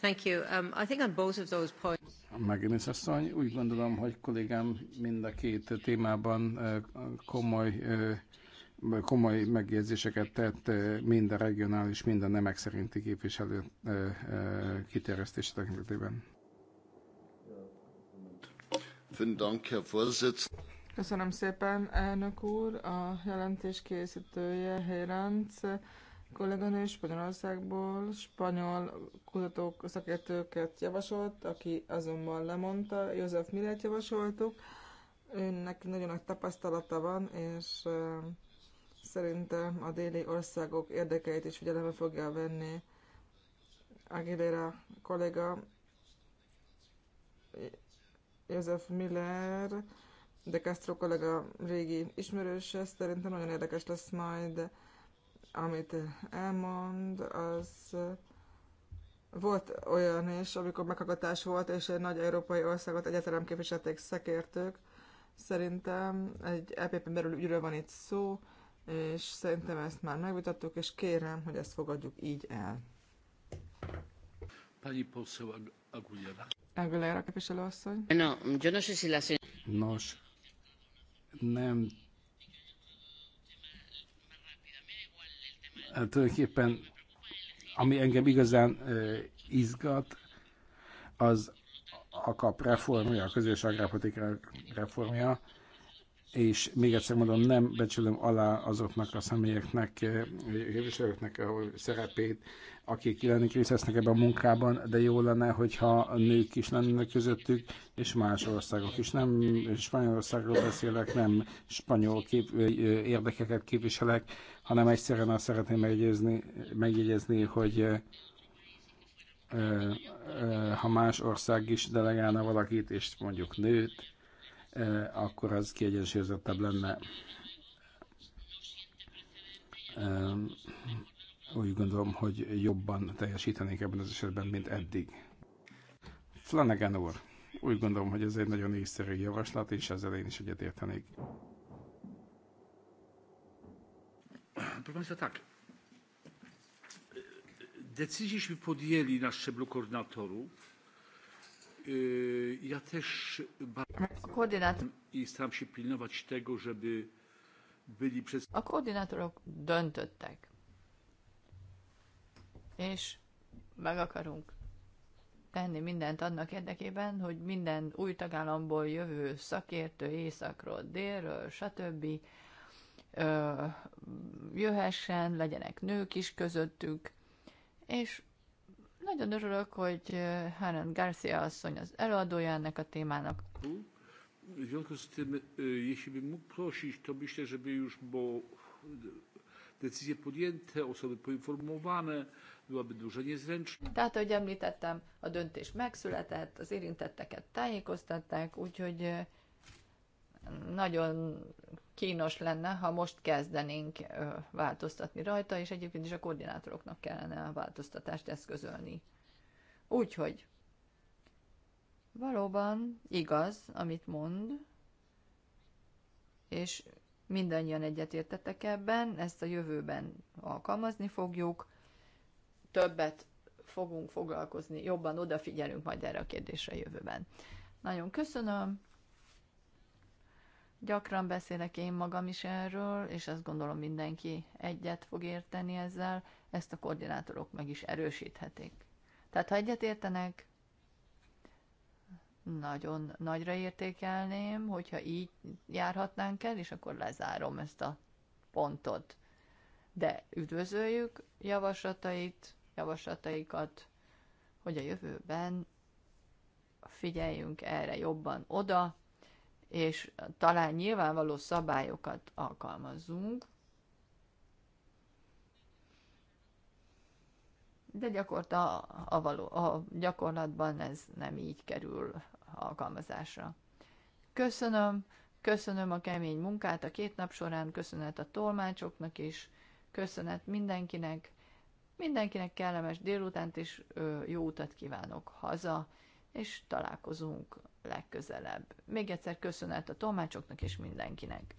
Thank you. Um, I think on both of those points. Megint asszony, úgy gondolom, hogy kollégám mind a két témában komoly komoly megjegyzéseket tett eh, mind a regionális, mind a nemek szerinti képviselő eh, eh, kiterjesztése tekintetében. Köszönöm szépen, elnök úr. A jelentés készítője Hérenc kolléganő Spanyolországból spanyol kutatók, szakértőket javasolt, aki azonban lemondta. József Millet javasoltuk. Őnek nagyon nagy tapasztalata van, és Szerintem a déli országok érdekeit is figyelembe fogja venni Aguilera kollega, József Miller, de Castro kollega régi ismerőse, szerintem nagyon érdekes lesz majd, amit elmond, az volt olyan is, amikor meghallgatás volt, és egy nagy európai országot egyetlen képviselték szekértők. Szerintem egy EPP-n belül ügyről van itt szó, és szerintem ezt már megvitattuk, és kérem, hogy ezt fogadjuk így el. Pani poseł Aguilera. Aguilera képviselőasszony. No, yo no sé si la Nos, nem hát, tulajdonképpen ami engem igazán uh, izgat, az a kap reformja, a közös agrárpolitika reformja, és még egyszer mondom, nem becsülöm alá azoknak a személyeknek, eh, képviselőknek a szerepét, akik jelenik részt vesznek ebben a munkában, de jó lenne, hogyha a nők is lennének közöttük, és más országok is. Nem Spanyolországról beszélek, nem spanyol kép, eh, érdekeket képviselek, hanem egyszerűen azt szeretném megjegyezni, megjegyezni hogy eh, ha más ország is delegálna valakit, és mondjuk nőt, akkor az kiegyensúlyozottabb lenne. Úgy gondolom, hogy jobban teljesítenék ebben az esetben, mint eddig. Flanagan úr, úgy gondolom, hogy ez egy nagyon észszerű javaslat, és ezzel én is egyetértenék. Proszę tak. Decyzjeśmy podjęli na szczeblu koordynatorów Ja też koordinát... i staram się pilnować tego, żeby byli przez... A koordinátorok döntöttek. És meg akarunk tenni mindent annak érdekében, hogy minden új tagállamból jövő szakértő északról, délről, stb. Ö, jöhessen, legyenek nők is közöttük, és nagyon örülök, hogy Helen Garcia asszony az előadója ennek a témának. W związku z tym, jeśli bym mógł prosić, to myślę, żeby już, bo decyzje podjęte, osoby poinformowane, byłaby Tehát, ahogy említettem, a döntés megszületett, az érintetteket tájékoztatták, úgyhogy nagyon kínos lenne, ha most kezdenénk változtatni rajta, és egyébként is a koordinátoroknak kellene a változtatást eszközölni. Úgyhogy valóban igaz, amit mond, és mindannyian egyetértetek ebben, ezt a jövőben alkalmazni fogjuk, többet fogunk foglalkozni, jobban odafigyelünk majd erre a kérdésre a jövőben. Nagyon köszönöm, Gyakran beszélek én magam is erről, és azt gondolom mindenki egyet fog érteni ezzel, ezt a koordinátorok meg is erősíthetik. Tehát ha egyet értenek, nagyon nagyra értékelném, hogyha így járhatnánk el, és akkor lezárom ezt a pontot. De üdvözöljük javaslatait, javaslataikat, hogy a jövőben figyeljünk erre jobban oda, és talán nyilvánvaló szabályokat alkalmazzunk, de gyakorta a, való, a gyakorlatban ez nem így kerül alkalmazásra. Köszönöm, köszönöm a kemény munkát a két nap során, köszönet a tolmácsoknak is, köszönet mindenkinek, mindenkinek kellemes délutánt, és jó utat kívánok haza és találkozunk legközelebb. Még egyszer köszönet a tolmácsoknak és mindenkinek.